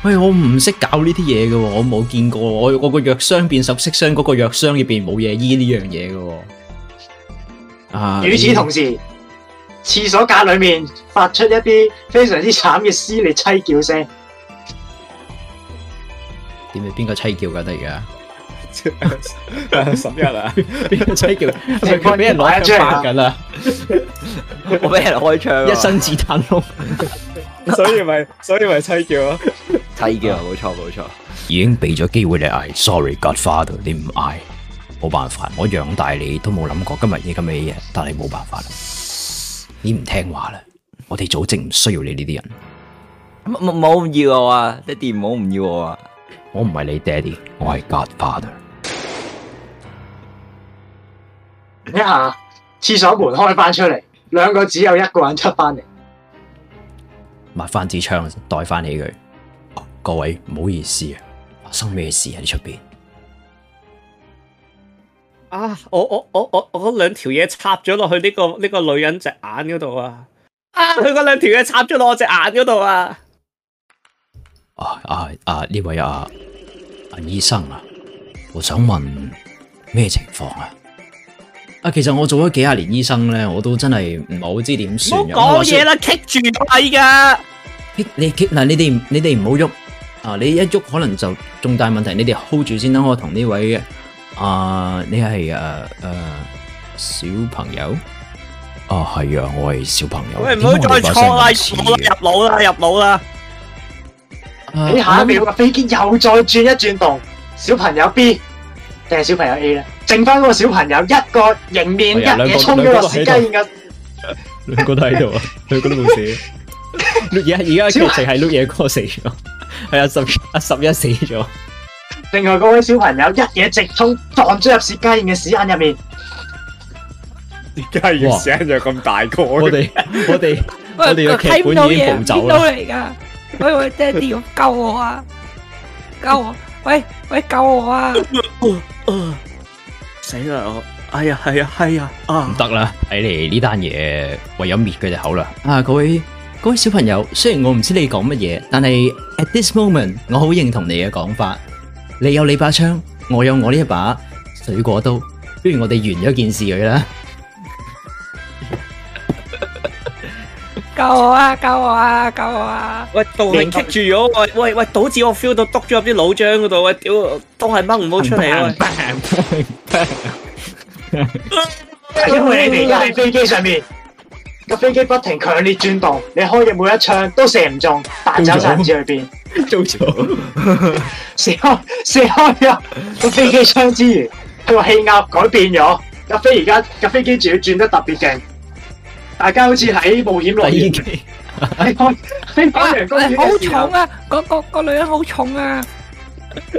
喂，我唔識搞呢啲嘢嘅，我冇見過。我我個藥箱變首飾箱，藥箱，嗰個藥箱入面冇嘢醫呢樣嘢嘅。與此同時，廁、啊、所隔裏面發出一啲非常之慘嘅撕裂凄叫聲。點啊？邊個凄叫噶？十 日啊！邊個妻叫？ 是是 我俾人攞一槍緊啊！我俾人開槍，一身子彈窿，所以咪所以咪妻叫咯。妻叫、啊，冇 錯冇錯，已經俾咗機會你嗌。Sorry，Godfather，你唔嗌，冇辦法。我養大你都冇諗過今日嘅咁嘅嘢，但係冇辦法啦。你唔聽話啦，我哋組織唔需要你呢啲人。冇冇唔要我啊，爹哋唔好唔要我啊。我唔係你爹哋，我係 Godfather。抹抹一下，廁所門開翻出嚟，兩個只有一個人出翻嚟，抹翻支槍，袋翻起佢。各位唔好意思啊，發生咩事喺出邊？啊，我我我我我兩條嘢插咗落去呢個呢、這個女人隻眼嗰度啊！啊，佢嗰兩條嘢插咗落我隻眼嗰度啊！啊啊啊！呢、啊、位啊，阿、啊、醫生啊，我想問咩情況啊？啊，其實我做咗幾十年醫生咧，我都真係唔係好知點算。唔好講嘢啦，棘住係噶。你你嗱，你哋你哋唔好喐啊！你一喐可能就重大問題。你哋 hold 住先啦，我同呢位啊，你係誒誒小朋友啊，係啊，我係小朋友。唔、啊、好、啊、再錯啦錯入腦啦，入腦啦、啊！你下一秒個飛機又再轉一轉動？小朋友 B 定係小朋友 A 咧？剩翻嗰個小朋友一個迎面一嘢，沖咗入薛家燕嘅屎眼，兩個都喺度啊，兩個都冇死。而而家劇情係碌嘢哥死咗，係啊十啊十一死咗。另外嗰位小朋友一嘢直沖撞咗入薛家燕嘅屎眼入面。家燕聲就咁大個，我哋我哋我哋嘅劇本已經逃走啦。喂喂，爹地救我啊！救我！喂喂救我啊！死啦我，哎呀，係啊係啊，啊唔得啦，睇嚟，呢單嘢唯有滅佢就口啦。啊，各位各位小朋友，雖然我唔知你講乜嘢，但係 at this moment 我好認同你嘅講法。你有你把槍，我有我呢一把水果刀，不如我哋完咗件事佢啦。救我啊！救我啊！救我啊！喂，導彈棘住咗，喂喂喂，導致我 feel 到篤咗入啲腦漿嗰度，喂，屌，都係掹唔到出嚟。因為你哋而家喺飛機上面，架飛機不停強烈轉動，你開嘅每一槍都射唔中，彈走晒唔知去邊。射開，射開咗！個飛機槍之餘，佢個氣壓改變咗，架飛而家架飛機仲要轉得特別勁。大家好似喺冒險樂園機，哎，開，哎，好重啊！嗰個嗰女人好重啊！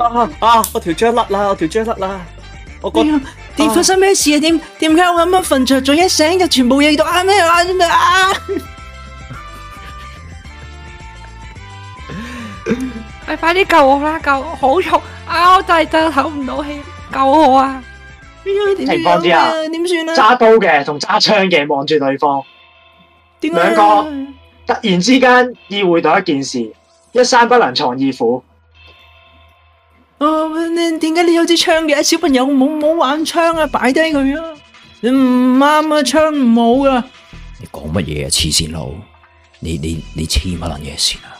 啊啊！我條 jack 甩啦，我條 jack 甩啦！我點發生咩事啊？點點解我咁樣瞓着，一醒就全部嘢都啊咩啊？啊！哎，快啲救我啦！救，好重啊！我真係真係唞唔到氣，救我啊！情況之下點算啊？揸刀嘅同揸槍嘅望住對方，兩個突然之間意會到一件事：，一山不能藏二虎、哦。你點解你有支槍嘅？小朋友冇冇玩槍啊？擺低佢你唔啱啊！槍唔好噶、啊。你講乜嘢啊？黐線佬！你你你黐乜撚嘢線啊！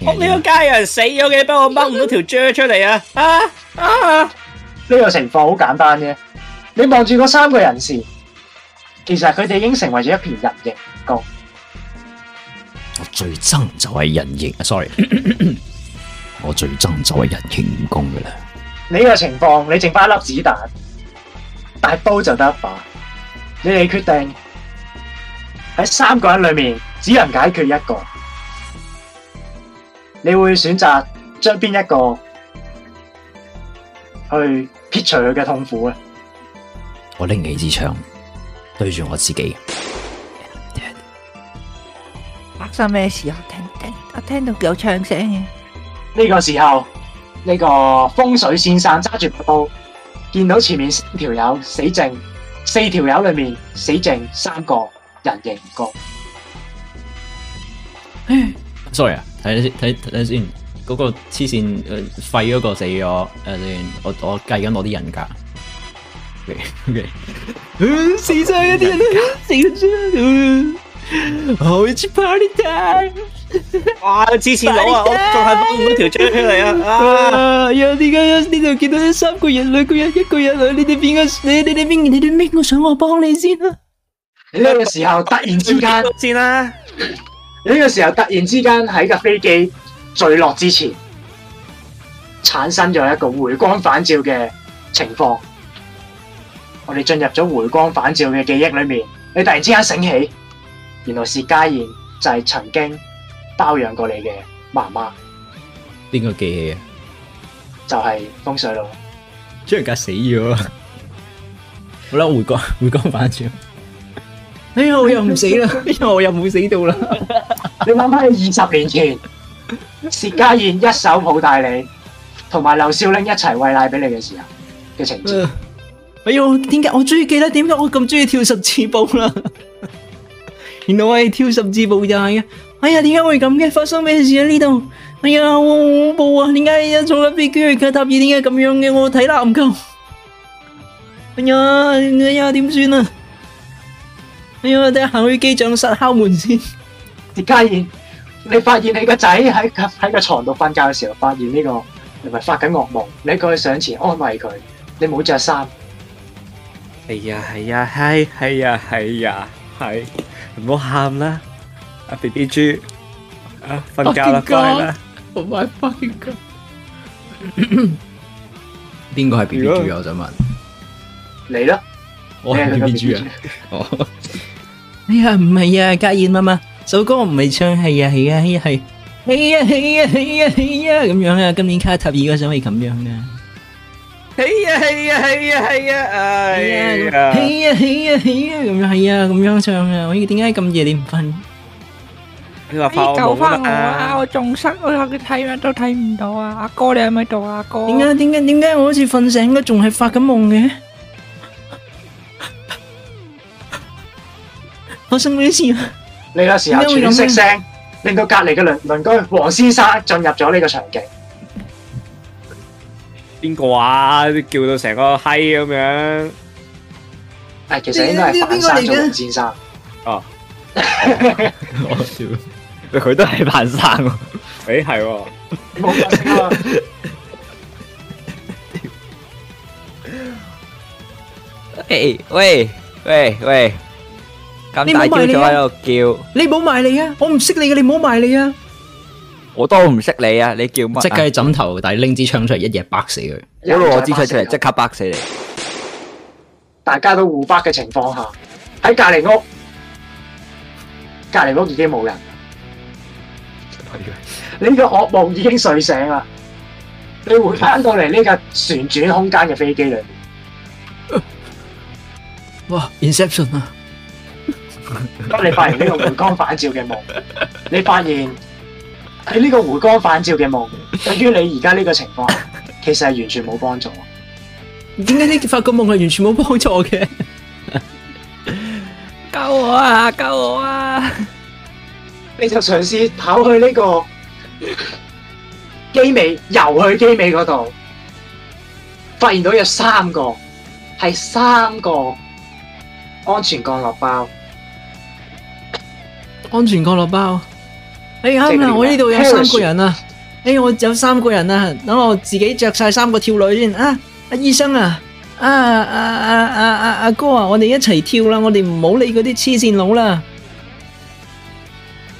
屋企個家人死咗嘅，不過掹唔到條蕉出嚟啊！啊啊！呢、這個情況好簡單啫，你望住嗰三個人士，其實佢哋已經成為咗一片人形蜈蚣。我最憎就係人形，sorry，咳咳我最憎就係人形蜈蚣噶啦。呢個情況你剩返一粒子彈，大煲就得吧？你哋決定喺三個人裏面，只能解決一個，你會選擇將邊一個去？撇除佢嘅痛苦，我拎起支槍對住我自己。發生咩事？候？聽唔聽？我聽到有槍聲嘅。呢、這個時候，呢、這個風水先生揸住把刀，見到前面四條友死剩四條友裏面死剩三個人過，型個。嗯，sorry，啊，睇睇睇先。嗰個黐線誒，廢嗰個死咗誒，我我計緊我啲人格，O K，死咗一啲啦，死咗，好，It's party time，哇，黐線佬啊，我仲係搬咗條桌出嚟啊，啊，又點解呢度見到三個人，兩個人，一個人，你哋邊個，你哋邊個，你哋邊個想我幫你先啊？呢個時候突然之間，先啦，呢個時候突然之間喺架飛機，墜落之前，產生咗一個回光返照嘅情況。我哋進入咗回光返照嘅記憶裏面，你突然之間醒起，原來薛家燕就係曾經包養過你嘅媽媽。邊個記起啊？就係風水佬。張家死咗啦！好啦，回光回光返照。哎呀，我又唔死啦，我又唔會死到啦。你諗翻去二十年前。薛家燕一手抱大你，同埋劉少玲一齊餵奶俾你嘅時候嘅情節。哎喲，點解我最記得？點解我咁中意跳十字步啦？原來我係跳十字步就係啊！哎呀，點解會咁嘅？發生咩事呀，呢度？哎呀，好恐怖啊！點解一坐喺 B 區佢塌住？點解咁樣嘅？我睇籃球。哎呀，哎呀，點算啊？哎呀，我哋行去機長室敲門先。薛家燕。你發現你個仔喺個喺個床度瞓覺嘅時候，發現呢個係咪發緊噩夢，你過去上前安慰佢，你冇着衫。哎呀，係呀，係係呀，係呀，係唔好喊啦，阿 BB 豬，啊瞓覺啦，係咪？Oh my God！邊個係 BB 豬啊？我想問你啦，我係 BB 豬啊！哦，哎呀，唔係啊，家燕媽媽。首歌唔係唱，係啊係啊係啊係啊係啊係啊係啊咁樣啊，今年卡塔爾個首係咁樣啊。係啊係啊係啊係啊，係啊係啊係啊咁樣係啊咁樣唱啊！我點解咁夜你唔瞓？你救翻我啊！我仲失我個睇乜都睇唔到啊！阿哥你係咪做阿哥？點解點解點解我好似瞓醒咗仲係發緊夢嘅？發生咩事啊？你呢個時候全息聲令到隔籬嘅鄰鄰居黃先生進入咗呢個場景。邊個啊？叫到成個嗨咁樣？誒，其實應該係扮生黃先生。哦，我笑。佢都係扮生。誒，係。誒喂喂喂！你唔好埋嚟啊！你唔好埋嚟啊！我唔識你嘅，你唔好埋嚟啊！我都唔識你啊！你叫乜啊？即刻枕頭底拎支槍出嚟，一嘢剝死佢。攞支槍出嚟，即刻剝死你！大家都互剝嘅情況下，喺隔籬屋，隔籬屋已經冇人。 你個噩夢已經睡醒啦！你回翻到嚟呢架旋轉空間嘅飛機裏邊。 哇！Inception 啊！當你發現呢個回光返照嘅夢，你發現喺呢個回光返照嘅夢，對於你而家呢個情況，其實係完全冇幫助。點解呢個發個夢係完全冇幫助嘅？救我啊！救我啊！你就嘗試跑去呢個機尾，又去機尾嗰度，發現到有三個係三個安全降落包。安全降落包。哎、欸、呀，我呢度有三個人啊！哎、欸，我有三個人啊，等我自己着晒三個跳女先。啊，阿、啊、醫生啊，啊啊啊啊啊，阿、啊啊啊、哥啊，我哋一齊跳啦，我哋唔好理嗰啲黐線佬啦。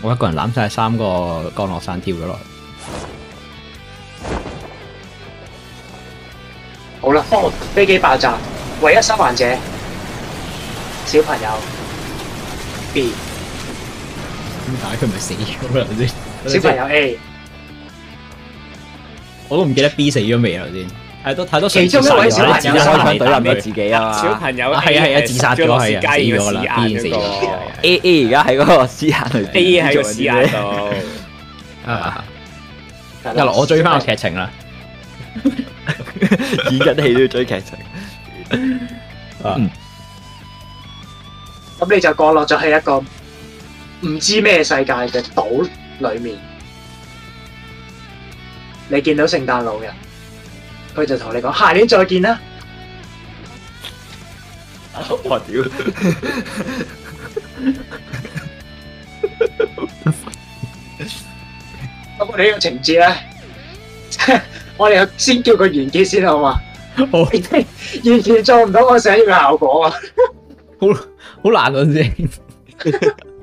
我一個人攬晒三個降落傘跳咗落嚟。好啦，幫我飛機爆炸，唯一生還者，小朋友 B。打佢咪死咗啦？唔知小朋友 A，我，我都唔記得 B 死咗未啊？頭先睇多太多場，其中一位小朋友開槍懟唔懟自己啊，啊，啊？小朋友係啊，自殺咗係啊，死咗啦，B 死咗。A A 而家喺嗰個私眼度，A 喺個私眼度。又、啊、落、啊啊啊啊啊啊啊啊啊、我追翻個劇情啦、 啊，演緊戲都要追劇情 、啊。咁、嗯、你就降落咗喺一個。唔知咩世界嘅島裏面，你見到聖誕老人，佢就同你講下年再見啦。啊！我屌，咁我哋個情節咧，我哋先叫佢完結先好嘛？我完全做唔到我想要嘅效果啊！好好難嗰陣先。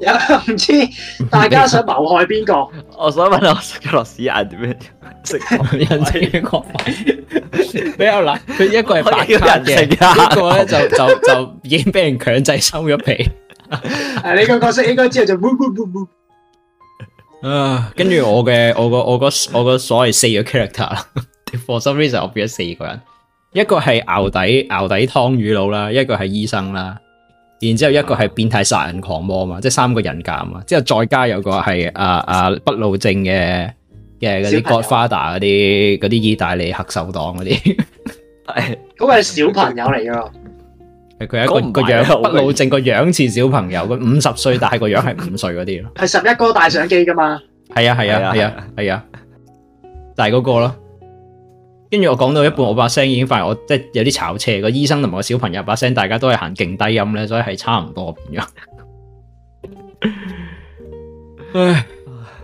又唔知大家想謀害邊個？我想問下我食咗落屎眼點樣食？比較難，佢一個係白卡嘅，一個咧就就就已經俾人強制收咗皮。誒，你個角色應該之後就唔唔唔唔啊！跟住我嘅，我個我個我個所謂四個 character，for some reason 我變咗四個人，一個係牛底牛底湯魚佬啦，一個係醫生啦。然之後一個係變態殺人狂魔嘛，即三個人格嘛，之後再加有個係啊啊不老症嘅嘅嗰啲 Godfather 嗰啲意大利黑手黨嗰啲，係嗰個係小朋友嚟㗎，係佢一個樣不老症個樣似小朋友，五 十 歲，但係個樣係五歲嗰啲咯，係十一哥帶相機㗎嘛，係啊係啊係啊係啊，就係嗰個咯。是啊是啊是啊是啊。跟住我講到一半，我把聲已經發現我即係有啲炒車，個醫生同埋個小朋友把聲，大家都係行勁低音咧，所以係差唔多咁 唉，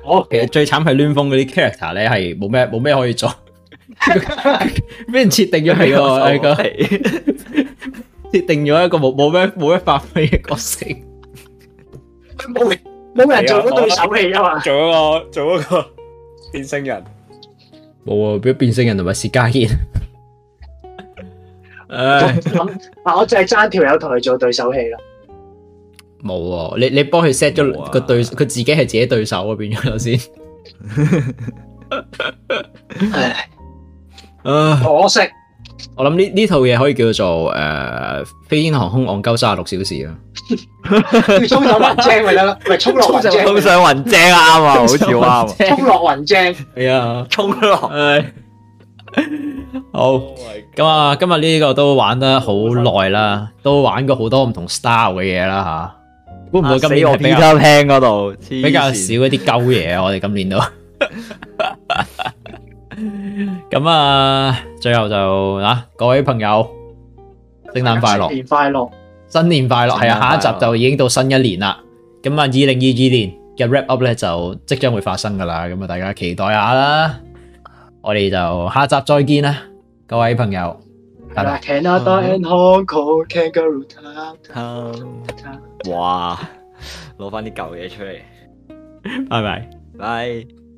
我其實最慘係亂風嗰啲 character 咧，係冇咩冇咩可以做，咩 設定咗係我，係 個設定咗一個冇冇咩冇咩發揮嘅角色，冇 冇人做咗對手戲啊嘛，做一個做一個變性人。冇喎，變變性人同埋薛家燕，誒，我就係爭條友同佢做對手戲咯。冇喎，你你幫佢 set 咗個對，佢自己係自己對手啊，變咗頭先。誒，可惜。.我諗呢呢套嘢可以叫做誒飛鷹航空戇鳩三十六小時啦，衝 上雲精咪得咯，咪衝落衝上雲精啊嘛，好似啱，衝落雲精係啊，衝、哎、落， 好咁啊、oh 嗯，今日呢個都玩得好耐啦，都玩過好多唔同 style 嘅嘢啦吓，會唔會今年比較輕嗰度，比較少一啲鳩嘢啊？我哋今年都。 咁啊，最後就啊，各位朋友，聖誕快樂，新年快樂，新年快樂，係啊，下一集就已經到新一年啦。咁啊，二零二二年嘅 wrap up 咧就即將會發生噶啦。咁啊，大家期待下啦。我哋就下一集再見啦，各位朋友。Bye bye and Hong Kong, bye bye. Um, 哇，攞翻啲舊嘢出嚟，拜拜，拜。